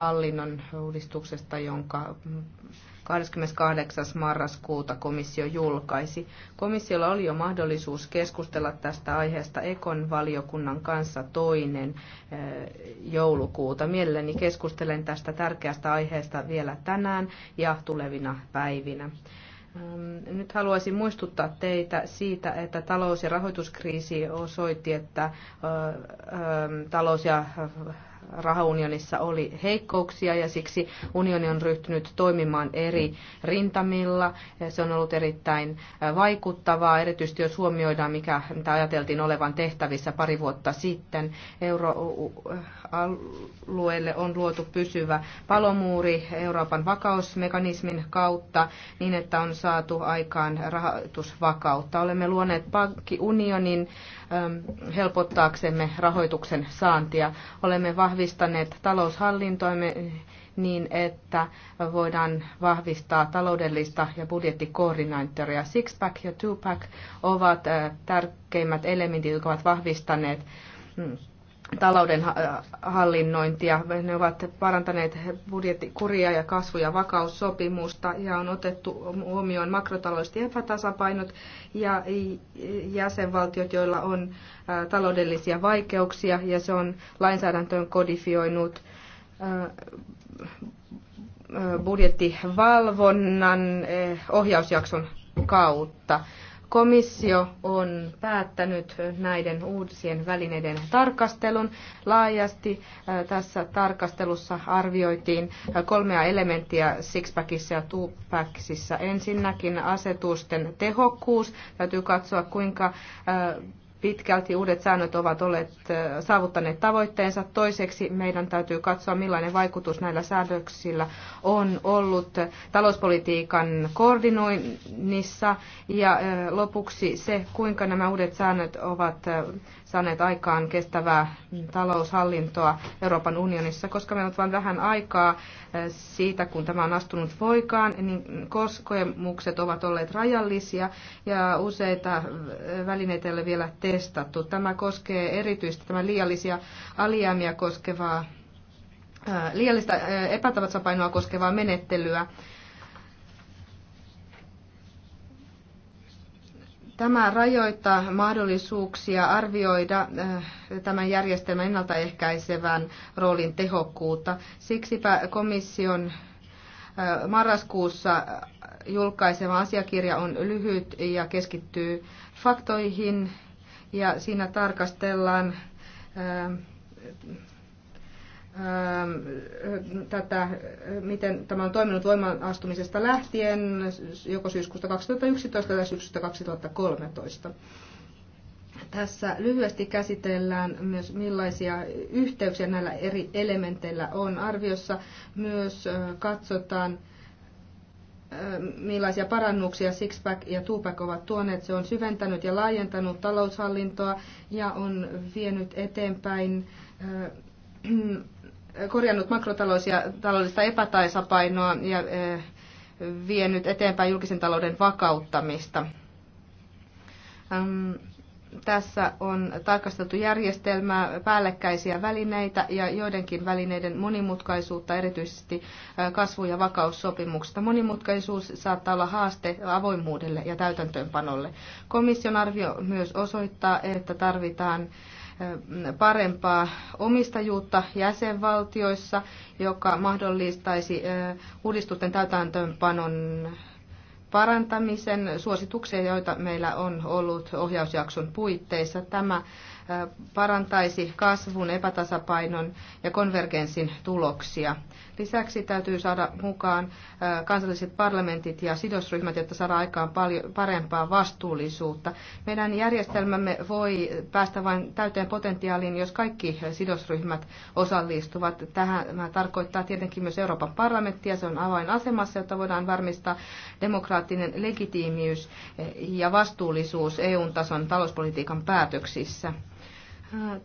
hallinnon uudistuksesta, jonka 28. marraskuuta komissio julkaisi. Komissiolla oli jo mahdollisuus keskustella tästä aiheesta Ekon valiokunnan kanssa toinen eh, joulukuuta. Mielelläni keskustelen tästä tärkeästä aiheesta vielä tänään ja tulevina päivinä. Nyt haluaisin muistuttaa teitä siitä, että talous- ja rahoituskriisi osoitti, että talous- ja rahaunionissa oli heikkouksia ja siksi unioni on ryhtynyt toimimaan eri rintamilla. Se on ollut erittäin vaikuttavaa, erityisesti jos huomioidaan, mikä mitä ajateltiin olevan tehtävissä pari vuotta sitten. Euroalueelle on luotu pysyvä palomuuri Euroopan vakausmekanismin kautta niin, että on saatu aikaan rahoitusvakautta. Olemme luoneet pankkiunionin Ähm, helpottaaksemme rahoituksen saantia. Olemme vahvistaneet taloushallintoimme niin, että voidaan vahvistaa taloudellista ja budjettikoordinaattoria. Sixpack ja Twopack ovat äh, tärkeimmät elementit, jotka ovat vahvistaneet mm, talouden äh, hallinnointia. Ne ovat parantaneet budjettikuria ja kasvu- ja vakaussopimusta ja on otettu huomioon makrotaloudelliset epätasapainot ja jäsenvaltiot, joilla on äh, taloudellisia vaikeuksia ja se on lainsäädäntöön kodifioinut äh, budjettivalvonnan eh, ohjausjakson kautta. Komissio on päättänyt näiden uusien välineiden tarkastelun laajasti. Äh, tässä tarkastelussa arvioitiin äh, kolmea elementtiä Sixpackissa ja Tupackissa. Ensinnäkin asetusten tehokkuus. Täytyy katsoa, kuinka äh, pitkälti uudet säännöt ovat olleet, saavuttaneet tavoitteensa. Toiseksi meidän täytyy katsoa, millainen vaikutus näillä säädöksillä on ollut talouspolitiikan koordinoinnissa ja lopuksi se, kuinka nämä uudet säännöt ovat saaneet aikaan kestävää taloushallintoa Euroopan unionissa. Koska meillä on vain vähän aikaa eh, siitä, kun tämä on astunut voikaan, niin koskemukset ovat olleet rajallisia ja useita eh, välineitä ei ole vielä testattu. Tämä koskee erityisesti tämä liiallisia alijäämiä koskevaa eh, liiallista epätavatsapainoa koskevaa menettelyä Tämä rajoittaa mahdollisuuksia arvioida eh, tämän järjestelmän ennaltaehkäisevän roolin tehokkuutta. Siksipä komission eh, marraskuussa julkaisema asiakirja on lyhyt ja keskittyy faktoihin ja siinä tarkastellaan eh, Ähm, tätä, miten tämä on toiminut voimaan astumisesta lähtien, joko syyskuusta 2011 tai syksystä 2013. Tässä lyhyesti käsitellään myös millaisia yhteyksiä näillä eri elementeillä on. Arviossa myös katsotaan, millaisia parannuksia Sixpack ja Tupac ovat tuoneet. Se on syventänyt ja laajentanut taloushallintoa ja on vienyt eteenpäin korjannut makrotalous- ja taloudellista epätaisapainoa ja eh, vienyt eteenpäin julkisen talouden vakauttamista. Tässä on tarkasteltu järjestelmää, päällekkäisiä välineitä ja joidenkin välineiden monimutkaisuutta, erityisesti kasvu- ja vakaussopimuksista. Monimutkaisuus saattaa olla haaste avoimuudelle ja täytäntöönpanolle. Komission arvio myös osoittaa, että tarvitaan parempaa omistajuutta jäsenvaltioissa, joka mahdollistaisi uudistusten täytäntöönpanon parantamisen suosituksia, joita meillä on ollut ohjausjakson puitteissa. Tämä parantaisi kasvun, epätasapainon ja konvergenssin tuloksia. Lisäksi täytyy saada mukaan äh, kansalliset parlamentit ja sidosryhmät, jotta saadaan aikaan paljon parempaa vastuullisuutta. Meidän järjestelmämme voi päästä vain täyteen potentiaaliin, jos kaikki sidosryhmät osallistuvat. Tähän tarkoittaa tietenkin myös Euroopan parlamenttia. Se on avainasemassa, jotta voidaan varmistaa demokraattinen legitiimiys ja vastuullisuus EU-tason talouspolitiikan päätöksissä.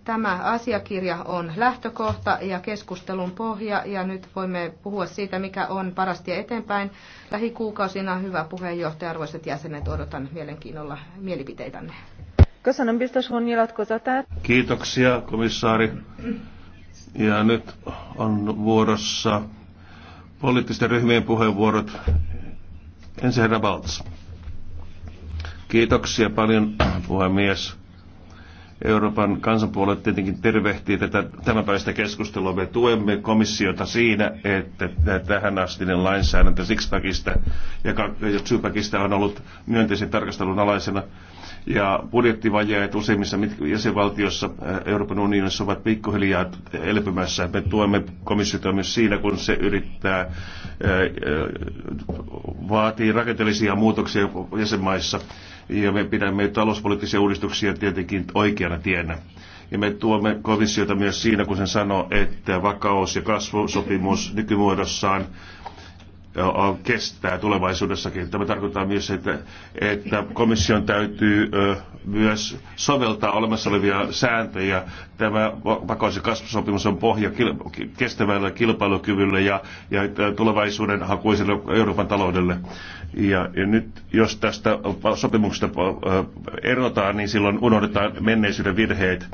Tämä asiakirja on lähtökohta ja keskustelun pohja ja nyt voimme puhua siitä, mikä on paras tie eteenpäin. Lähikuukausina hyvä puheenjohtaja, arvoisat jäsenet, odotan mielenkiinnolla mielipiteitänne. Kiitoksia komissaari. Ja nyt on vuorossa poliittisten ryhmien puheenvuorot. Ensi herra Valts. Kiitoksia paljon puhemies Euroopan kansanpuolue tietenkin tervehtii tätä tämänpäiväistä keskustelua. Me tuemme komissiota siinä, että tähän astinen lainsäädäntö Sixpackista ja Tsypäkistä on ollut myönteisen tarkastelun alaisena. Ja budjettivajeet useimmissa jäsenvaltioissa Euroopan unionissa ovat pikkuhiljaa elpymässä. Me tuemme komissiota myös siinä, kun se yrittää vaatii rakenteellisia muutoksia jäsenmaissa ja me pidämme talouspoliittisia uudistuksia tietenkin oikeana tienä. Ja me tuomme komissiota myös siinä, kun sen sanoo, että vakaus- ja kasvusopimus nykymuodossaan kestää tulevaisuudessakin. Tämä tarkoittaa myös, että, että komission täytyy myös soveltaa olemassa olevia sääntöjä. Tämä vakaus- ja kasvusopimus on pohja kestävälle kilpailukyvylle ja, ja tulevaisuuden hakuiselle Euroopan taloudelle. Ja, ja nyt jos tästä sopimuksesta erotaan, niin silloin unohdetaan menneisyyden virheet.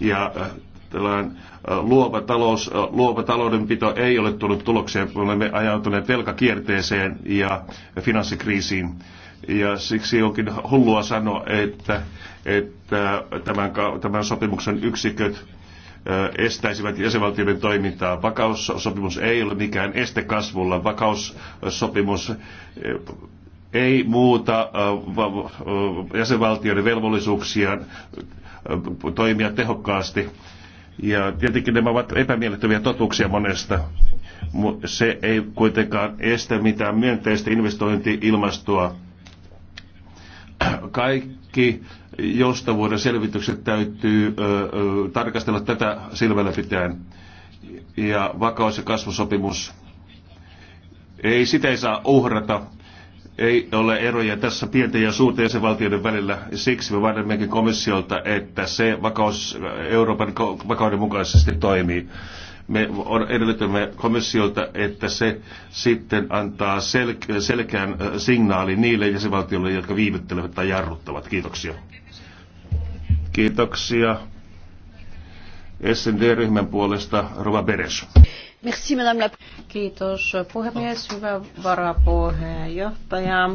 Ja Tällainen luova, talous, luova taloudenpito ei ole tullut tulokseen, me olemme ajautuneet velkakierteeseen ja finanssikriisiin. Ja siksi onkin hullua sanoa, että, että tämän, tämän sopimuksen yksiköt estäisivät jäsenvaltioiden toimintaa. Vakaussopimus ei ole mikään este kasvulla. Vakaussopimus ei muuta jäsenvaltioiden velvollisuuksia toimia tehokkaasti ja tietenkin nämä ovat epämiellyttäviä totuuksia monesta. Se ei kuitenkaan estä mitään myönteistä investointi-ilmastoa. Kaikki joustavuuden selvitykset täytyy ö, ö, tarkastella tätä silmällä pitäen. Ja vakaus- ja kasvusopimus, ei, sitä ei saa uhrata ei ole eroja tässä pienten ja suurten jäsenvaltioiden välillä. Siksi me vaadimmekin komissiolta, että se vakaus Euroopan vakauden mukaisesti toimii. Me edellytämme komissiolta, että se sitten antaa sel- selkeän signaalin niille jäsenvaltioille, jotka viivyttelevät tai jarruttavat. Kiitoksia. Kiitoksia. SND-ryhmän puolesta Rova Beres. Merci, madame la... Kiitos puhemies, hyvä varapuheenjohtaja.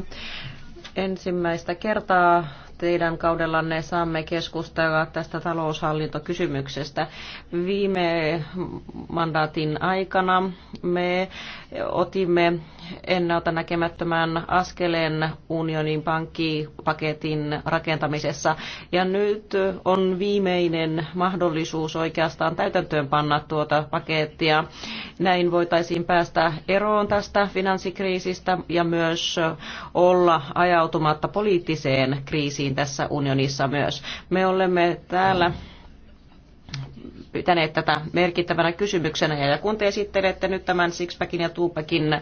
Ensimmäistä kertaa teidän kaudellanne saamme keskustella tästä taloushallintokysymyksestä. Viime mandaatin aikana me otimme ennalta näkemättömän askeleen unionin pankkipaketin rakentamisessa. Ja nyt on viimeinen mahdollisuus oikeastaan täytäntöön panna tuota pakettia. Näin voitaisiin päästä eroon tästä finanssikriisistä ja myös olla ajautumatta poliittiseen kriisiin tässä unionissa myös. Me olemme täällä pitäneet tätä merkittävänä kysymyksenä. Ja kun te esittelette nyt tämän Sixpackin ja Tuupakin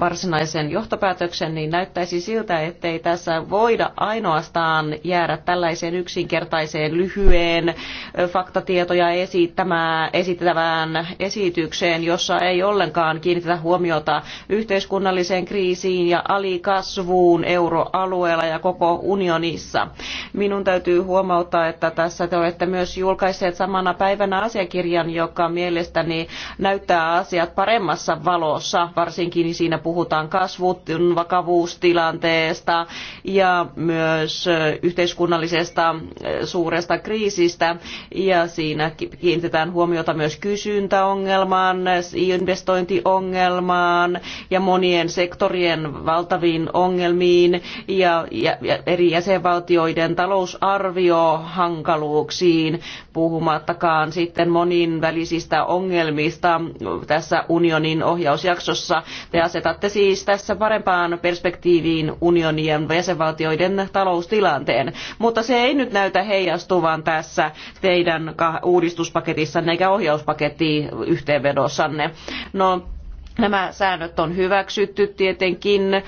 varsinaisen johtopäätöksen, niin näyttäisi siltä, ettei tässä voida ainoastaan jäädä tällaiseen yksinkertaiseen lyhyeen faktatietoja esittämään, esitykseen, jossa ei ollenkaan kiinnitetä huomiota yhteiskunnalliseen kriisiin ja alikasvuun euroalueella ja koko unionissa. Minun täytyy huomauttaa, että tässä te olette myös julkaisseet samana päivänä asiakirjan, joka mielestäni näyttää asiat paremmassa valossa, varsinkin varsinkin niin siinä puhutaan kasvun vakavuustilanteesta ja myös yhteiskunnallisesta eh, suuresta kriisistä ja siinä kiinnitetään huomiota myös kysyntäongelmaan, investointiongelmaan ja monien sektorien valtaviin ongelmiin ja, eri jäsenvaltioiden talousarviohankaluuksiin, puhumattakaan sitten monin välisistä ongelmista tässä unionin ohjausjaksossa te asetatte siis tässä parempaan perspektiiviin unionien jäsenvaltioiden taloustilanteen, mutta se ei nyt näytä heijastuvan tässä teidän uudistuspaketissanne eikä ohjauspakettiin yhteenvedossanne. No, Nämä säännöt on hyväksytty tietenkin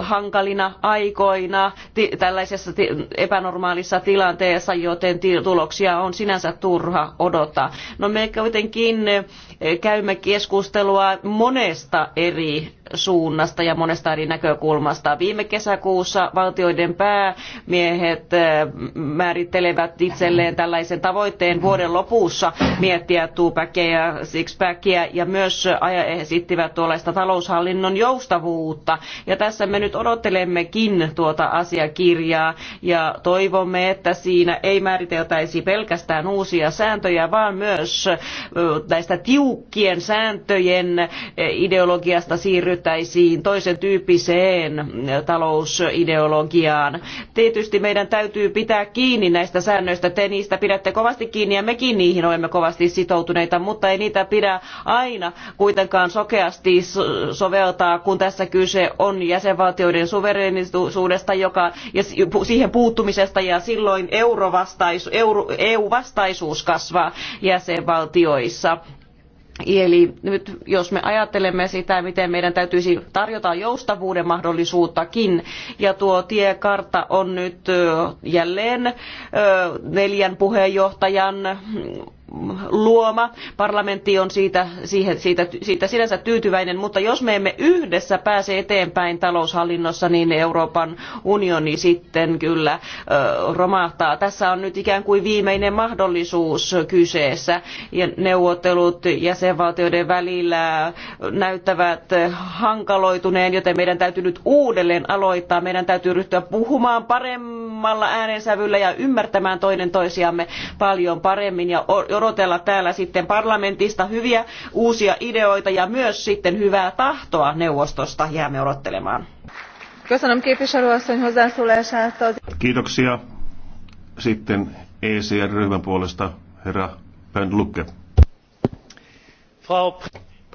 hankalina aikoina tällaisessa epänormaalissa tilanteessa, joten tuloksia on sinänsä turha odottaa. No me kuitenkin käymme keskustelua monesta eri suunnasta ja monesta eri näkökulmasta. Viime kesäkuussa valtioiden päämiehet eh, määrittelevät itselleen tällaisen tavoitteen vuoden lopussa miettiä tuupäkkiä ja sixpäkkiä ja myös esittivät tuollaista taloushallinnon joustavuutta. Ja tässä me nyt odottelemmekin tuota asiakirjaa ja toivomme, että siinä ei määriteltäisi pelkästään uusia sääntöjä, vaan myös eh, näistä tiukkien sääntöjen eh, ideologiasta siirryt siirryttäisiin toisen tyyppiseen talousideologiaan. Tietysti meidän täytyy pitää kiinni näistä säännöistä. Te niistä pidätte kovasti kiinni ja mekin niihin olemme kovasti sitoutuneita, mutta ei niitä pidä aina kuitenkaan sokeasti soveltaa, kun tässä kyse on jäsenvaltioiden suverenisuudesta joka, ja siihen puuttumisesta ja silloin EU-vastaisuus kasvaa jäsenvaltioissa. Eli nyt jos me ajattelemme sitä, miten meidän täytyisi tarjota joustavuuden mahdollisuuttakin, ja tuo tiekartta on nyt jälleen neljän puheenjohtajan luoma. Parlamentti on siitä, siihen, siitä, siitä sinänsä tyytyväinen, mutta jos me emme yhdessä pääse eteenpäin taloushallinnossa, niin Euroopan unioni sitten kyllä ö, romahtaa. Tässä on nyt ikään kuin viimeinen mahdollisuus kyseessä ja neuvottelut jäsenvaltioiden välillä näyttävät hankaloituneen, joten meidän täytyy nyt uudelleen aloittaa. Meidän täytyy ryhtyä puhumaan paremmalla äänensävyllä ja ymmärtämään toinen toisiamme paljon paremmin ja odotella täällä sitten parlamentista hyviä uusia ideoita ja myös sitten hyvää tahtoa neuvostosta. Jäämme odottelemaan. Kiitoksia. Sitten ECR-ryhmän puolesta herra Bernd Lucke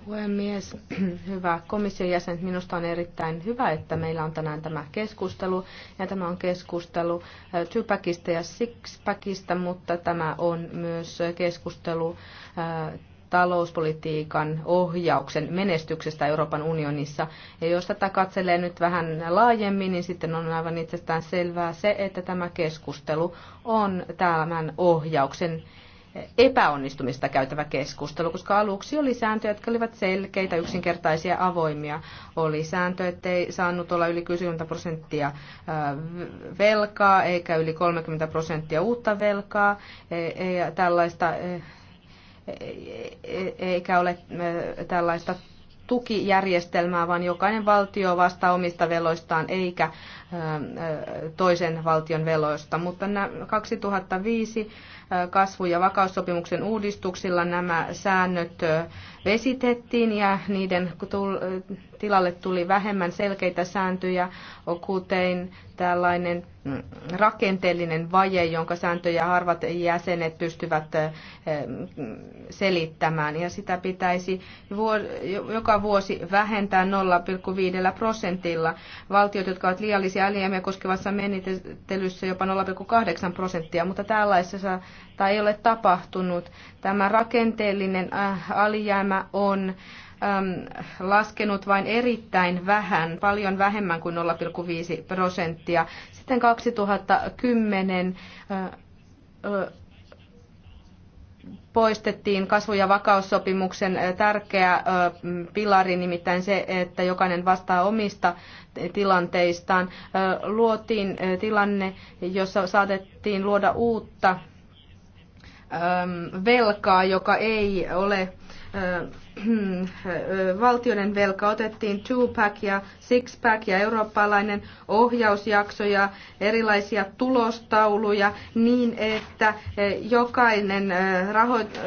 puhemies, hyvä komission jäsen, minusta on erittäin hyvä, että meillä on tänään tämä keskustelu. Ja tämä on keskustelu äh, Tsypäkistä ja Sixpäkistä, mutta tämä on myös keskustelu äh, talouspolitiikan ohjauksen menestyksestä Euroopan unionissa. Ja jos tätä katselee nyt vähän laajemmin, niin sitten on aivan itsestään selvää se, että tämä keskustelu on tämän ohjauksen epäonnistumista käytävä keskustelu, koska aluksi oli sääntöjä, jotka olivat selkeitä, yksinkertaisia, avoimia. Oli sääntö, ei saanut olla yli 60 prosenttia velkaa eikä yli 30 prosenttia uutta velkaa. E, e, ja tällaista, e, eikä ole tällaista tukijärjestelmää, vaan jokainen valtio vastaa omista veloistaan eikä toisen valtion veloista. Mutta 2005 kasvu- ja vakaussopimuksen uudistuksilla nämä säännöt vesitettiin ja niiden tilalle tuli vähemmän selkeitä sääntöjä, kuten tällainen mm, rakenteellinen vaje, jonka sääntöjä harvat jäsenet pystyvät eh, selittämään. Ja sitä pitäisi joka vuosi vähentää 0,5 prosentilla. Valtiot, jotka ovat liiallisia alijäämiä koskevassa menettelyssä jopa 0,8 prosenttia, mutta tällaisessa tai ei ole tapahtunut. Tämä rakenteellinen äh, alijäämä on laskenut vain erittäin vähän, paljon vähemmän kuin 0,5 prosenttia. Sitten 2010 äh, poistettiin kasvu- ja vakaussopimuksen äh, tärkeä pilari, nimittäin se, että jokainen vastaa omista tilanteistaan. Luotiin tilanne, jossa saatettiin luoda uutta Ähm, velkaa, joka ei ole äh, äh, valtioiden velka otettiin two-pack ja six-pack ja eurooppalainen ohjausjakso ja erilaisia tulostauluja niin, että äh, jokainen rahoit-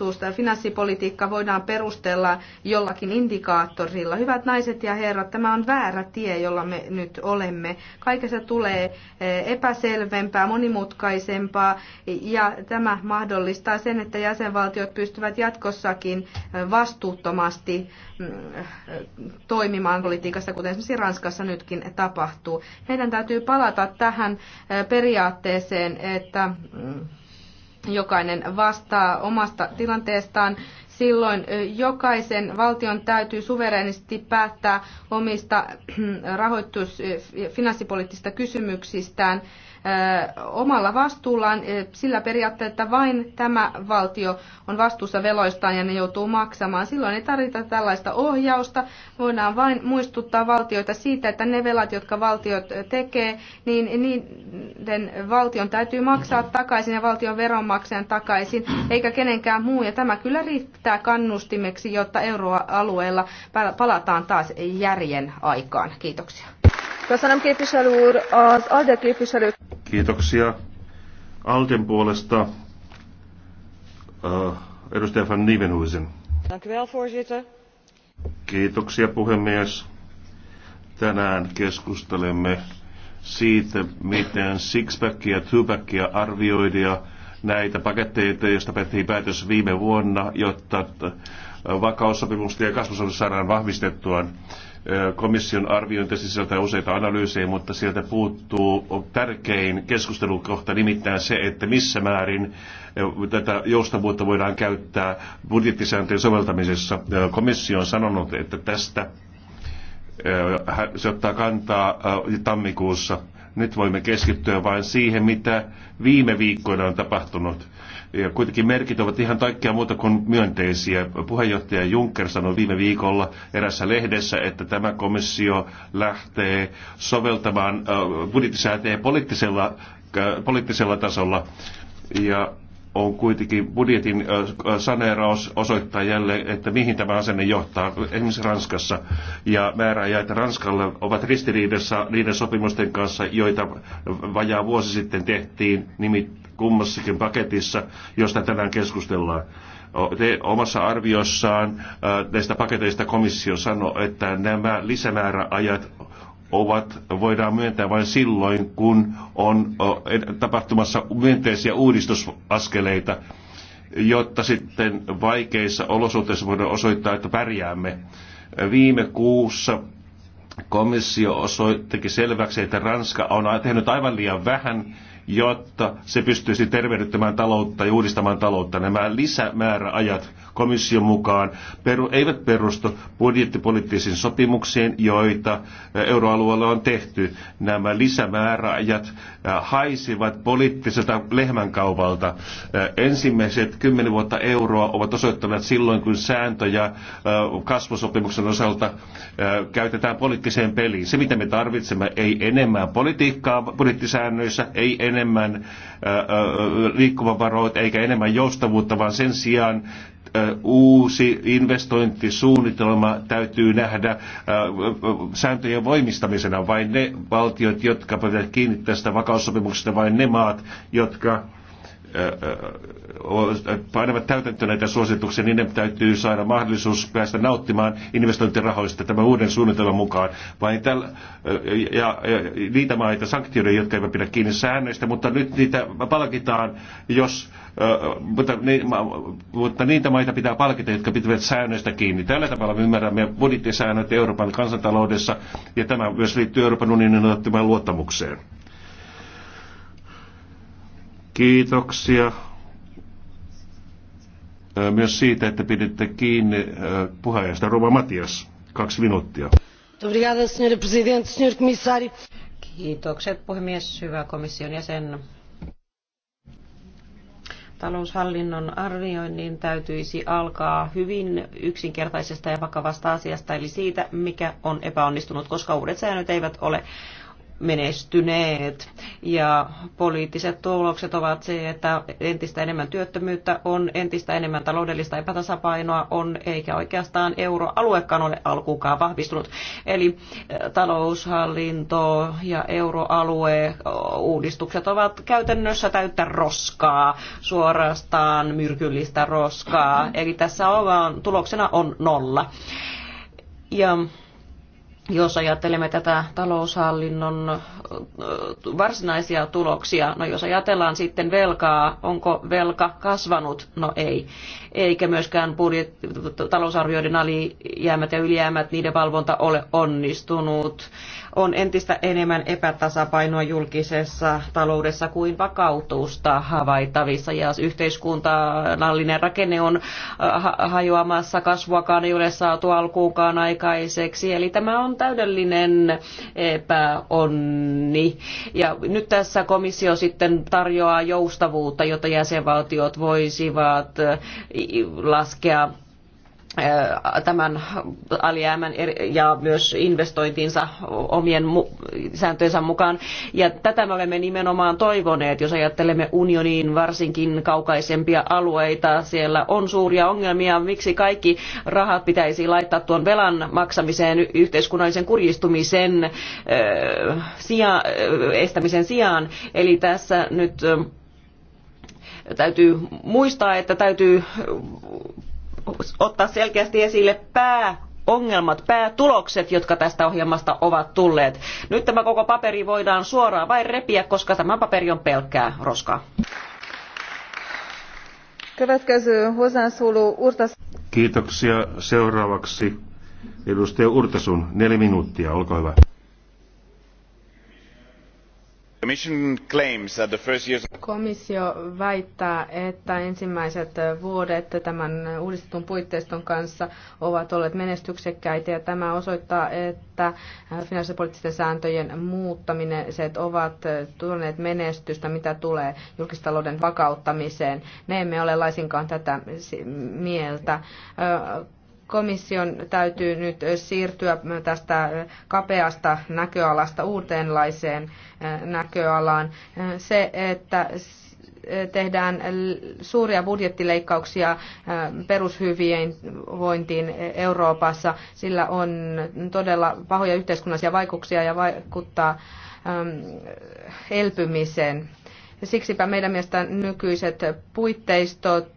rahoitusta ja finanssipolitiikka voidaan perustella jollakin indikaattorilla. Hyvät naiset ja herrat, tämä on väärä tie, jolla me nyt olemme. Kaikessa tulee eh, epäselvempää, monimutkaisempaa ja tämä mahdollistaa sen, että jäsenvaltiot pystyvät jatkossakin eh, vastuuttomasti mm, eh, toimimaan politiikassa, kuten esimerkiksi Ranskassa nytkin tapahtuu. Meidän täytyy palata tähän periaatteeseen, että mm, jokainen vastaa omasta tilanteestaan. Silloin jokaisen valtion täytyy suverenisti päättää omista rahoitus- ja finanssipoliittisista kysymyksistään omalla vastuullaan sillä periaatteella, että vain tämä valtio on vastuussa veloistaan ja ne joutuu maksamaan. Silloin ei tarvita tällaista ohjausta. Voidaan vain muistuttaa valtioita siitä, että ne velat, jotka valtiot tekee, niin niiden valtion täytyy maksaa takaisin ja valtion veronmaksajan takaisin, eikä kenenkään muu. Ja tämä kyllä riittää kannustimeksi, jotta euroalueella palataan taas järjen aikaan. Kiitoksia. Köszönöm képviselő úr, az ALDE képviselők... Kiitoksia. Alten puolesta uh, edustaja Van Nivenhuisen. Dank u wel, voorzitter. Kiitoksia puhemies. Tänään keskustelemme siitä, miten sixpackia ja twopackia arvioidaan näitä paketteja, joista päätettiin päätös viime vuonna, jotta vakaussopimusta ja kasvusopimusta saadaan vahvistettua. Komission arviointi sisältää useita analyysejä, mutta sieltä puuttuu tärkein keskustelukohta, nimittäin se, että missä määrin tätä joustavuutta voidaan käyttää budjettisääntöjen soveltamisessa. Komissio on sanonut, että tästä se ottaa kantaa tammikuussa nyt voimme keskittyä vain siihen, mitä viime viikkoina on tapahtunut. Ja kuitenkin merkit ovat ihan kaikkea muuta kuin myönteisiä. Puheenjohtaja Juncker sanoi viime viikolla erässä lehdessä, että tämä komissio lähtee soveltamaan budjettisäätöjä poliittisella, poliittisella tasolla. Ja on kuitenkin budjetin saneeraus osoittaa jälleen, että mihin tämä asenne johtaa. Esimerkiksi Ranskassa ja että Ranskalle ovat ristiriidassa niiden sopimusten kanssa, joita vajaa vuosi sitten tehtiin nimit kummassakin paketissa, josta tänään keskustellaan. Te omassa arviossaan näistä paketeista komissio sanoi, että nämä lisämääräajat ovat, voidaan myöntää vain silloin, kun on tapahtumassa myönteisiä uudistusaskeleita, jotta sitten vaikeissa olosuhteissa voidaan osoittaa, että pärjäämme. Viime kuussa komissio osoitti selväksi, että Ranska on tehnyt aivan liian vähän jotta se pystyisi tervehdyttämään taloutta ja uudistamaan taloutta. Nämä lisämääräajat komission mukaan peru, eivät perustu budjettipoliittisiin sopimuksiin, joita euroalueella on tehty. Nämä lisämääräajat haisivat poliittiselta lehmänkaupalta. Ensimmäiset kymmenen vuotta euroa ovat osoittaneet silloin, kun sääntöjä kasvusopimuksen osalta käytetään poliittiseen peliin. Se, mitä me tarvitsemme, ei enemmän politiikkaa budjettisäännöissä, ei enemmän enemmän liikkumavaroita eikä enemmän joustavuutta, vaan sen sijaan uusi investointisuunnitelma täytyy nähdä sääntöjen voimistamisena. Vain ne valtiot, jotka pitävät kiinni tästä vakaussopimuksesta, vain ne maat, jotka painavat täytäntöön näitä suosituksia, niiden täytyy saada mahdollisuus päästä nauttimaan investointirahoista tämän uuden suunnitelman mukaan. Vai täl, ja, ja, niitä maita sanktioiden, jotka eivät pidä kiinni säännöistä, mutta nyt niitä palkitaan, jos, mutta, ni, mutta niitä maita pitää palkita, jotka pitävät säännöistä kiinni. Tällä tavalla me ymmärrämme budjettisäännöt Euroopan kansantaloudessa ja tämä myös liittyy Euroopan unionin ottamaan luottamukseen. Kiitoksia myös siitä, että piditte kiinni puheenjohtaja Rova Matias. Kaksi minuuttia. Kiitokset puhemies, hyvä komission jäsen. Taloushallinnon arvioinnin täytyisi alkaa hyvin yksinkertaisesta ja vakavasta asiasta, eli siitä, mikä on epäonnistunut, koska uudet säännöt eivät ole menestyneet. Ja poliittiset tulokset ovat se, että entistä enemmän työttömyyttä on, entistä enemmän taloudellista epätasapainoa on, eikä oikeastaan euroaluekaan ole alkuunkaan vahvistunut. Eli eh, taloushallinto ja euroalue eh, uudistukset ovat käytännössä täyttä roskaa, suorastaan myrkyllistä roskaa. Eli tässä on, tuloksena on nolla. Ja jos ajattelemme tätä taloushallinnon varsinaisia tuloksia, no jos ajatellaan sitten velkaa, onko velka kasvanut? No ei. Eikä myöskään budjet, talousarvioiden alijäämät ja ylijäämät, niiden valvonta ole onnistunut on entistä enemmän epätasapainoa julkisessa taloudessa kuin vakautusta havaittavissa ja yhteiskuntallinen rakenne on äh, hajoamassa, kasvuakaan ei ole saatu alkuunkaan aikaiseksi. Eli tämä on täydellinen epäonni. Ja nyt tässä komissio sitten tarjoaa joustavuutta, jotta jäsenvaltiot voisivat äh, laskea tämän alijäämän ja myös investointinsa omien sääntöjensä mukaan. Ja tätä me olemme nimenomaan toivoneet, jos ajattelemme unioniin varsinkin kaukaisempia alueita. Siellä on suuria ongelmia, miksi kaikki rahat pitäisi laittaa tuon velan maksamiseen yhteiskunnallisen kurjistumisen estämisen sijaan. Eli tässä nyt täytyy muistaa, että täytyy ottaa selkeästi esille pääongelmat, päätulokset, jotka tästä ohjelmasta ovat tulleet. Nyt tämä koko paperi voidaan suoraan vain repiä, koska tämä paperi on pelkkää roskaa. Kiitoksia. Seuraavaksi edustaja Urtasun. Neljä minuuttia, olkaa hyvä. Komissio väittää, että ensimmäiset vuodet tämän uudistetun puitteiston kanssa ovat olleet menestyksekkäitä ja tämä osoittaa, että finanssipoliittisten sääntöjen muuttamiset ovat tuoneet menestystä, mitä tulee julkistalouden vakauttamiseen. Me emme ole laisinkaan tätä mieltä komission täytyy nyt siirtyä tästä kapeasta näköalasta uuteenlaiseen näköalaan. Se, että tehdään suuria budjettileikkauksia perushyvinvointiin Euroopassa, sillä on todella pahoja yhteiskunnallisia vaikutuksia ja vaikuttaa elpymiseen. Siksipä meidän mielestä nykyiset puitteistot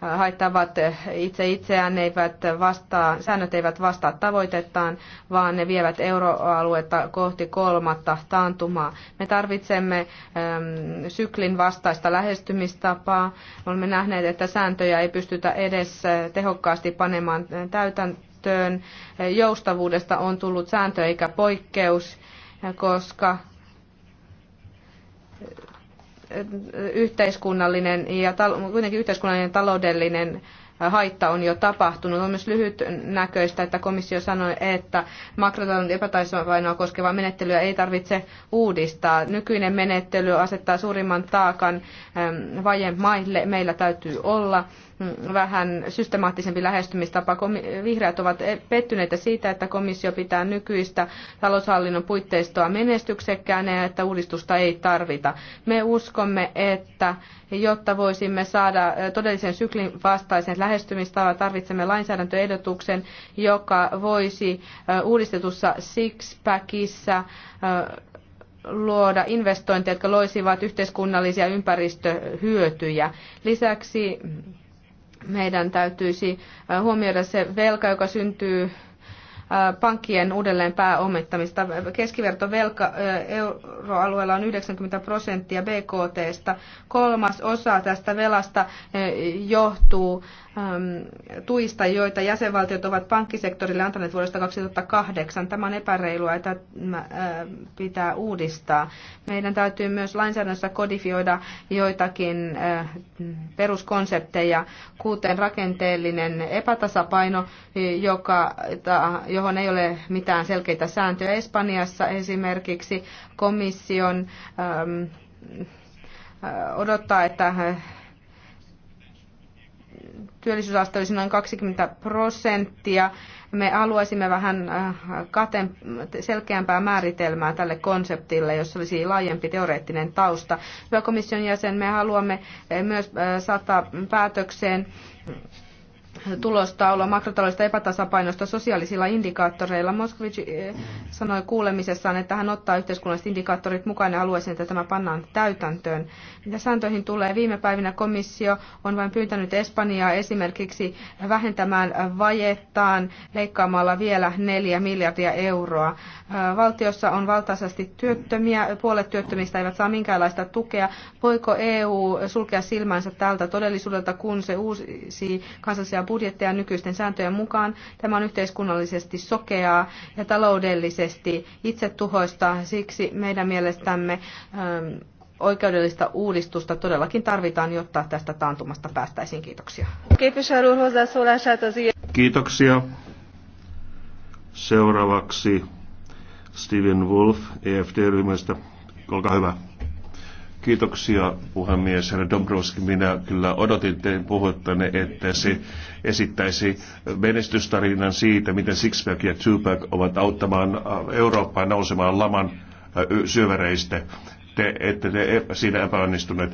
haittavat itse itseään, eivät vastaa, säännöt eivät vastaa tavoitettaan, vaan ne vievät euroaluetta kohti kolmatta taantumaa. Me tarvitsemme äm, syklin vastaista lähestymistapaa. Olemme nähneet, että sääntöjä ei pystytä edes tehokkaasti panemaan täytäntöön. Joustavuudesta on tullut sääntö eikä poikkeus, koska yhteiskunnallinen ja kuitenkin yhteiskunnallinen taloudellinen haitta on jo tapahtunut. On myös lyhytnäköistä, että komissio sanoi, että makrotalouden epätasapainoa koskevaa menettelyä ei tarvitse uudistaa. Nykyinen menettely asettaa suurimman taakan vajen maille. Meillä täytyy olla vähän systemaattisempi lähestymistapa. Vihreät ovat pettyneitä siitä, että komissio pitää nykyistä taloushallinnon puitteistoa menestyksekkäänä ja että uudistusta ei tarvita. Me uskomme, että jotta voisimme saada todellisen syklin vastaisen lähestymistavan, tarvitsemme lainsäädäntöehdotuksen, joka voisi uudistetussa six-packissa luoda investointeja, jotka loisivat yhteiskunnallisia ympäristöhyötyjä. Lisäksi meidän täytyisi huomioida se velka, joka syntyy pankkien uudelleen pääomittamista. Keskivertovelka euroalueella on 90 prosenttia BKTstä. Kolmas osa tästä velasta johtuu tuista, joita jäsenvaltiot ovat pankkisektorille antaneet vuodesta 2008. Tämä on epäreilua että pitää uudistaa. Meidän täytyy myös lainsäädännössä kodifioida joitakin peruskonsepteja, kuten rakenteellinen epätasapaino, joka, johon ei ole mitään selkeitä sääntöjä. Espanjassa esimerkiksi komission ähm, äh, odottaa, että äh, työllisyysaste olisi noin 20 prosenttia. Me haluaisimme vähän äh, katen, selkeämpää määritelmää tälle konseptille, jos olisi laajempi teoreettinen tausta. Hyvä komission jäsen, me haluamme myös saattaa päätökseen tulostaulua makrotaloudesta epätasapainosta sosiaalisilla indikaattoreilla. Moskvic eh, sanoi kuulemisessaan, että hän ottaa yhteiskunnalliset indikaattorit mukaan ja haluaisi, että tämä pannaan täytäntöön. Mitä sääntöihin tulee? Viime päivinä komissio on vain pyytänyt Espanjaa esimerkiksi vähentämään vajettaan leikkaamalla vielä neljä miljardia euroa. Eh, valtiossa on valtaisesti työttömiä, puolet työttömistä eivät saa minkäänlaista tukea. Voiko EU sulkea silmänsä tältä todellisuudelta, kun se uusi kansallisia kansallisia budjetteja nykyisten sääntöjen mukaan. Tämä on yhteiskunnallisesti sokeaa ja taloudellisesti itsetuhoista. Siksi meidän mielestämme ähm, oikeudellista uudistusta todellakin tarvitaan, jotta tästä taantumasta päästäisiin. Kiitoksia. Kiitoksia. Seuraavaksi Steven Wolf EFT-ryhmästä. Olkaa hyvä. Kiitoksia puhemies. Herra Dombrovski, minä kyllä odotin teidän puhuttanne, että se esittäisi menestystarinan siitä, miten Sixpack ja Tupac ovat auttamaan äh, Eurooppaa nousemaan laman äh, syövereistä. Te ette te e- siinä epäonnistuneet.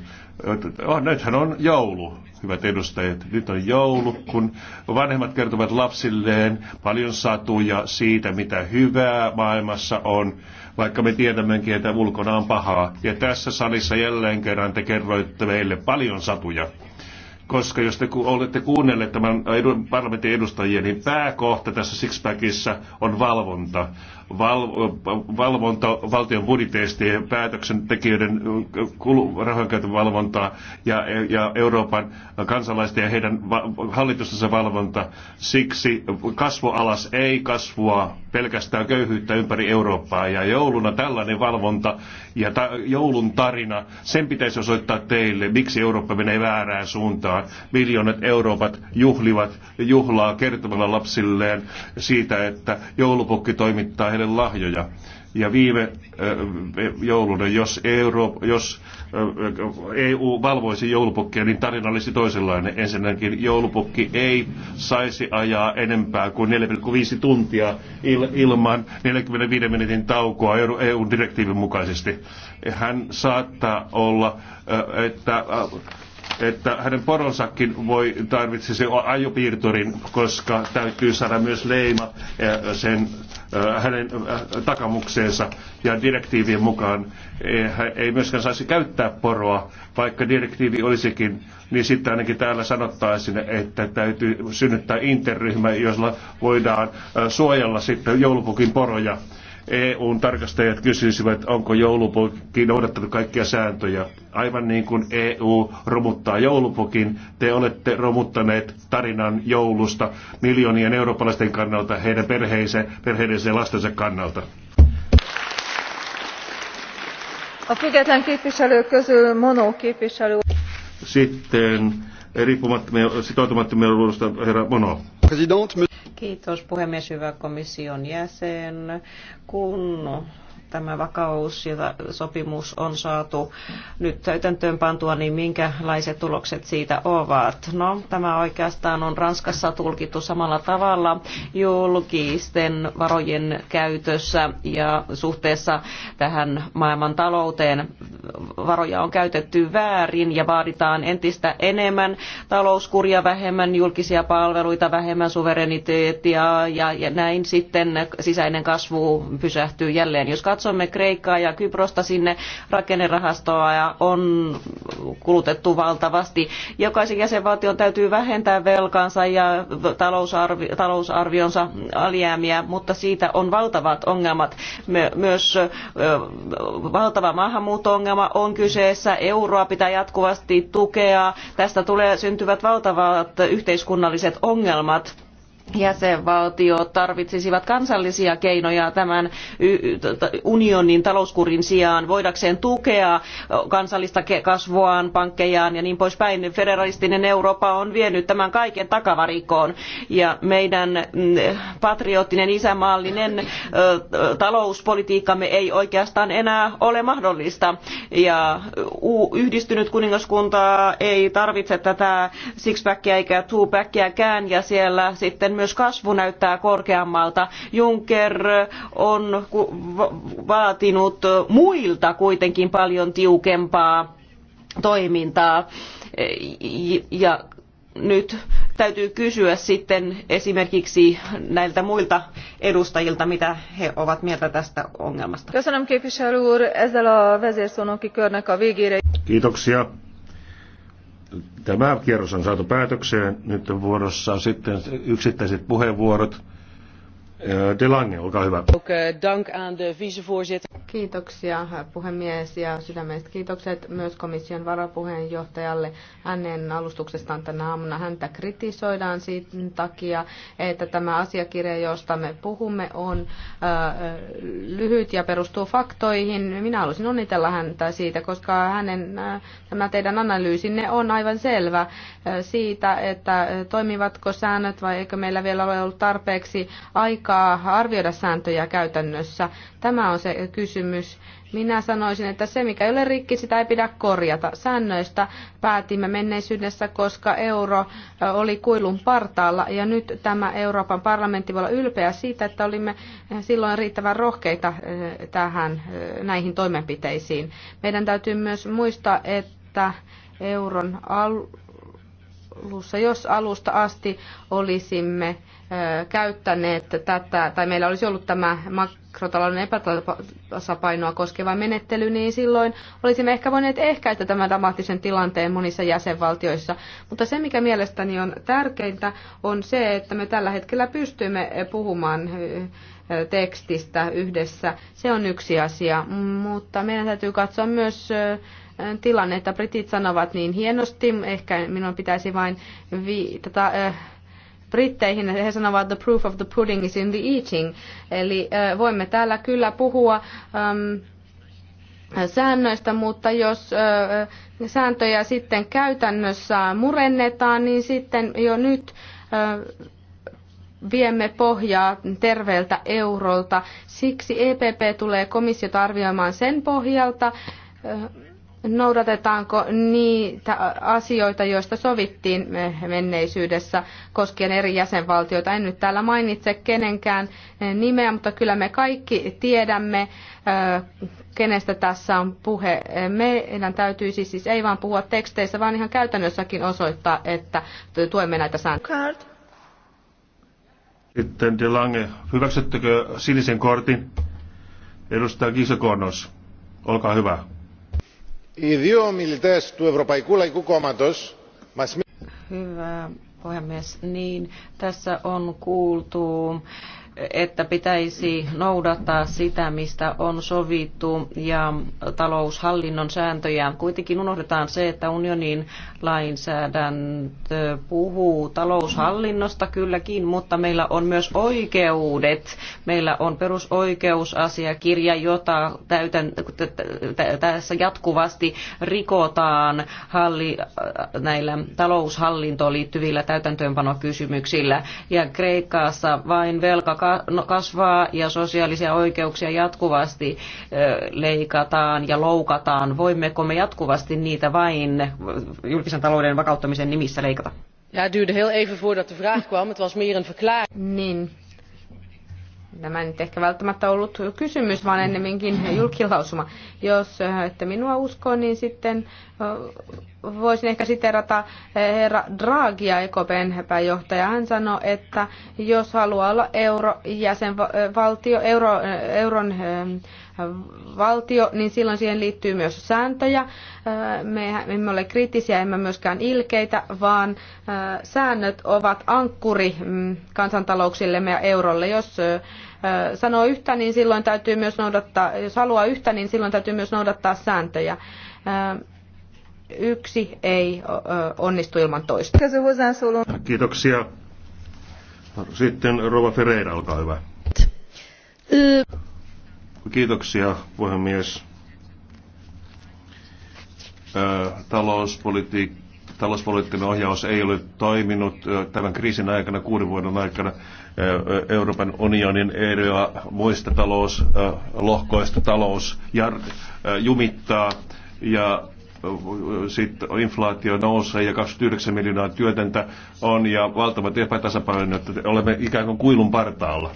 Äh, oh, nythän on joulu, hyvät edustajat. Nyt on joulu, kun vanhemmat kertovat lapsilleen paljon satuja siitä, mitä hyvää maailmassa on vaikka me tiedämmekin, että ulkona on pahaa. Ja tässä salissa jälleen kerran te kerroitte meille paljon satuja koska jos te olette kuunnelleet tämän parlamentin edustajia, niin pääkohta tässä Sixpackissa on valvonta valvonta valtion budjeteista ja päätöksentekijöiden rahoinkäytön valvontaa ja, ja Euroopan kansalaisten ja heidän hallitustensa valvonta. Siksi kasvu alas ei kasvua, pelkästään köyhyyttä ympäri Eurooppaa. Ja jouluna tällainen valvonta ja ta, joulun tarina, sen pitäisi osoittaa teille, miksi Eurooppa menee väärään suuntaan. Miljoonat Euroopat juhlivat juhlaa kertomalla lapsilleen siitä, että joulupukki toimittaa heille lahjoja. Ja viime jouluna, jos, Euro, jos EU valvoisi joulupukkia, niin tarina olisi toisenlainen. Ensinnäkin joulupukki ei saisi ajaa enempää kuin 4,5 tuntia ilman 45 minuutin taukoa EU-direktiivin e mukaisesti. Hän saattaa olla, että että hänen poronsakin voi tarvitsisi ajopiirturin, koska täytyy saada myös leima sen hänen takamukseensa ja direktiivien mukaan ei myöskään saisi käyttää poroa, vaikka direktiivi olisikin, niin sitten ainakin täällä sanottaisiin, että täytyy synnyttää interryhmä, jolla voidaan suojella sitten joulupukin poroja. EUn tarkastajat kysyisivät, onko joulupukki noudattanut kaikkia sääntöjä. Aivan niin kuin EU romuttaa joulupukin, te olette romuttaneet tarinan joulusta miljoonien eurooppalaisten kannalta, heidän perheensä, perheidensä ja lastensa kannalta. Sitten riippumattomien sitoutumattomien luodosta herra Mono. Kiitos puhemies, hyvä komission jäsen. Kun tämä vakaus ja sopimus on saatu nyt täytäntöön pantua, niin minkälaiset tulokset siitä ovat? No, tämä oikeastaan on Ranskassa tulkittu samalla tavalla julkisten varojen käytössä ja suhteessa tähän maailman talouteen. Varoja on käytetty väärin ja vaaditaan entistä enemmän talouskuria, vähemmän julkisia palveluita, vähemmän suvereniteettia ja, ja näin sitten sisäinen kasvu pysähtyy jälleen. Jos katsomme Kreikkaa ja Kyprosta sinne rakennerahastoa ja on kulutettu valtavasti. Jokaisen jäsenvaltion täytyy vähentää velkaansa ja talousarvi, talousarvionsa alijäämiä, mutta siitä on valtavat ongelmat. myös valtava maahanmuutto-ongelma on kyseessä. Euroa pitää jatkuvasti tukea. Tästä tulee syntyvät valtavat yhteiskunnalliset ongelmat jäsenvaltiot tarvitsisivat kansallisia keinoja tämän tota, unionin talouskurin sijaan voidakseen tukea kansallista kasvuaan, pankkejaan ja niin poispäin. Federalistinen Eurooppa on vienyt tämän kaiken takavarikoon ja meidän mm, patriottinen isämaallinen talouspolitiikkamme ei oikeastaan enää ole mahdollista ja yhdistynyt kuningaskunta ei tarvitse tätä sixpackia eikä two-packiäkään ja siellä sitten myös kasvu näyttää korkeammalta. Juncker on vaatinut muilta kuitenkin paljon tiukempaa toimintaa ja nyt täytyy kysyä sitten esimerkiksi näiltä muilta edustajilta, mitä he ovat mieltä tästä ongelmasta. Kiitoksia. Tämä kierros on saatu päätökseen. Nyt on vuorossa sitten yksittäiset puheenvuorot. Eh, Delange, olkaa hyvä. Eh, Kiitoksia eh, puhemies ja sydämelliset kiitokset myös komission varapuheenjohtajalle hänen alustuksestaan tänä aamuna. Häntä kritisoidaan sen takia, että tämä asiakirja, josta me puhumme, on lyhyt ja perustuu faktoihin. Minä haluaisin onnitella häntä siitä, koska hänen, tämä teidän analyysinne on aivan selvä siitä, että toimivatko säännöt vai eikö meillä vielä ole ollut tarpeeksi aikaa osaa arvioida sääntöjä käytännössä. Tämä on se kysymys. Minä sanoisin, että se mikä ei ole rikki, sitä ei pidä korjata. Säännöistä päätimme menneisyydessä, koska euro oli kuilun partaalla ja nyt tämä Euroopan parlamentti voi olla ylpeä siitä, että olimme silloin riittävän rohkeita tähän, näihin toimenpiteisiin. Meidän täytyy myös muistaa, että euron alussa, jos alusta asti olisimme käyttäneet tätä, tai meillä olisi ollut tämä makrotalouden epätasapainoa koskeva menettely, niin silloin olisimme ehkä voineet ehkäistä tämän dramaattisen tilanteen monissa jäsenvaltioissa. Mutta se, mikä mielestäni on tärkeintä, on se, että me tällä hetkellä pystymme puhumaan tekstistä yhdessä. Se on yksi asia, mutta meidän täytyy katsoa myös tilannetta. Britit sanovat niin hienosti, ehkä minun pitäisi vain äh, britteihin, he sanovat, että the proof of the pudding is in the eating. Eli voimme täällä kyllä puhua säännöistä, mutta jos sääntöjä sitten käytännössä murennetaan, niin sitten jo nyt viemme pohjaa terveeltä eurolta. Siksi EPP tulee komissiota arvioimaan sen pohjalta, noudatetaanko niitä asioita, joista sovittiin menneisyydessä koskien eri jäsenvaltioita. En nyt täällä mainitse kenenkään nimeä, mutta kyllä me kaikki tiedämme, kenestä tässä on puhe. Meidän täytyisi siis, siis ei vain puhua teksteissä, vaan ihan käytännössäkin osoittaa, että tuemme näitä sääntöjä. Sitten Lange, hyväksyttekö sinisen kortin? Edustaja Kisokonos, olkaa hyvä puhemies niin, tässä on kuultu että pitäisi noudattaa sitä, mistä on sovittu ja taloushallinnon sääntöjä. Kuitenkin unohdetaan se, että unionin lainsäädäntö puhuu taloushallinnosta kylläkin, mutta meillä on myös oikeudet. Meillä on perusoikeusasiakirja, jota täytän, tässä jatkuvasti rikotaan halli, näillä taloushallintoon liittyvillä täytäntöönpanokysymyksillä. Ja Kreikassa vain velka No, kasvaa ja sosiaalisia oikeuksia jatkuvasti leikataan ja loukataan. Voimmeko me jatkuvasti niitä vain julkisen talouden vakauttamisen nimissä leikata? Ja, duurde heel even voordat de vraag kwam. Het was meer een verklaring. Niin, nämä nyt ehkä välttämättä ollut kysymys, vaan ennemminkin julkilausuma. Jos äh, että minua uskoo, niin sitten äh, voisin ehkä siterata äh, herra Draghia, EKPn pääjohtaja. Hän sanoi, että jos haluaa olla eurojäsenvaltio, euro, euron valtio, niin silloin siihen liittyy myös sääntöjä. Me emme ole kriittisiä, emme myöskään ilkeitä, vaan säännöt ovat ankkuri mm, kansantalouksillemme ja eurolle. Jos sanoo yhtä, niin silloin täytyy myös noudattaa, jos haluaa yhtä, niin silloin täytyy myös noudattaa sääntöjä. Yksi ei onnistu ilman toista. Kiitoksia. Sitten Rova Ferreira, olkaa hyvä. Kiitoksia, puhemies. Talouspolitiikka talouspoliittinen ohjaus ei ole toiminut tämän kriisin aikana, kuuden vuoden aikana. Euroopan unionin eroa muista talouslohkoista talous jumittaa ja sitten inflaatio nousee ja 29 miljoonaa työtöntä on ja valtavat epätasapainot. Olemme ikään kuin kuilun partaalla.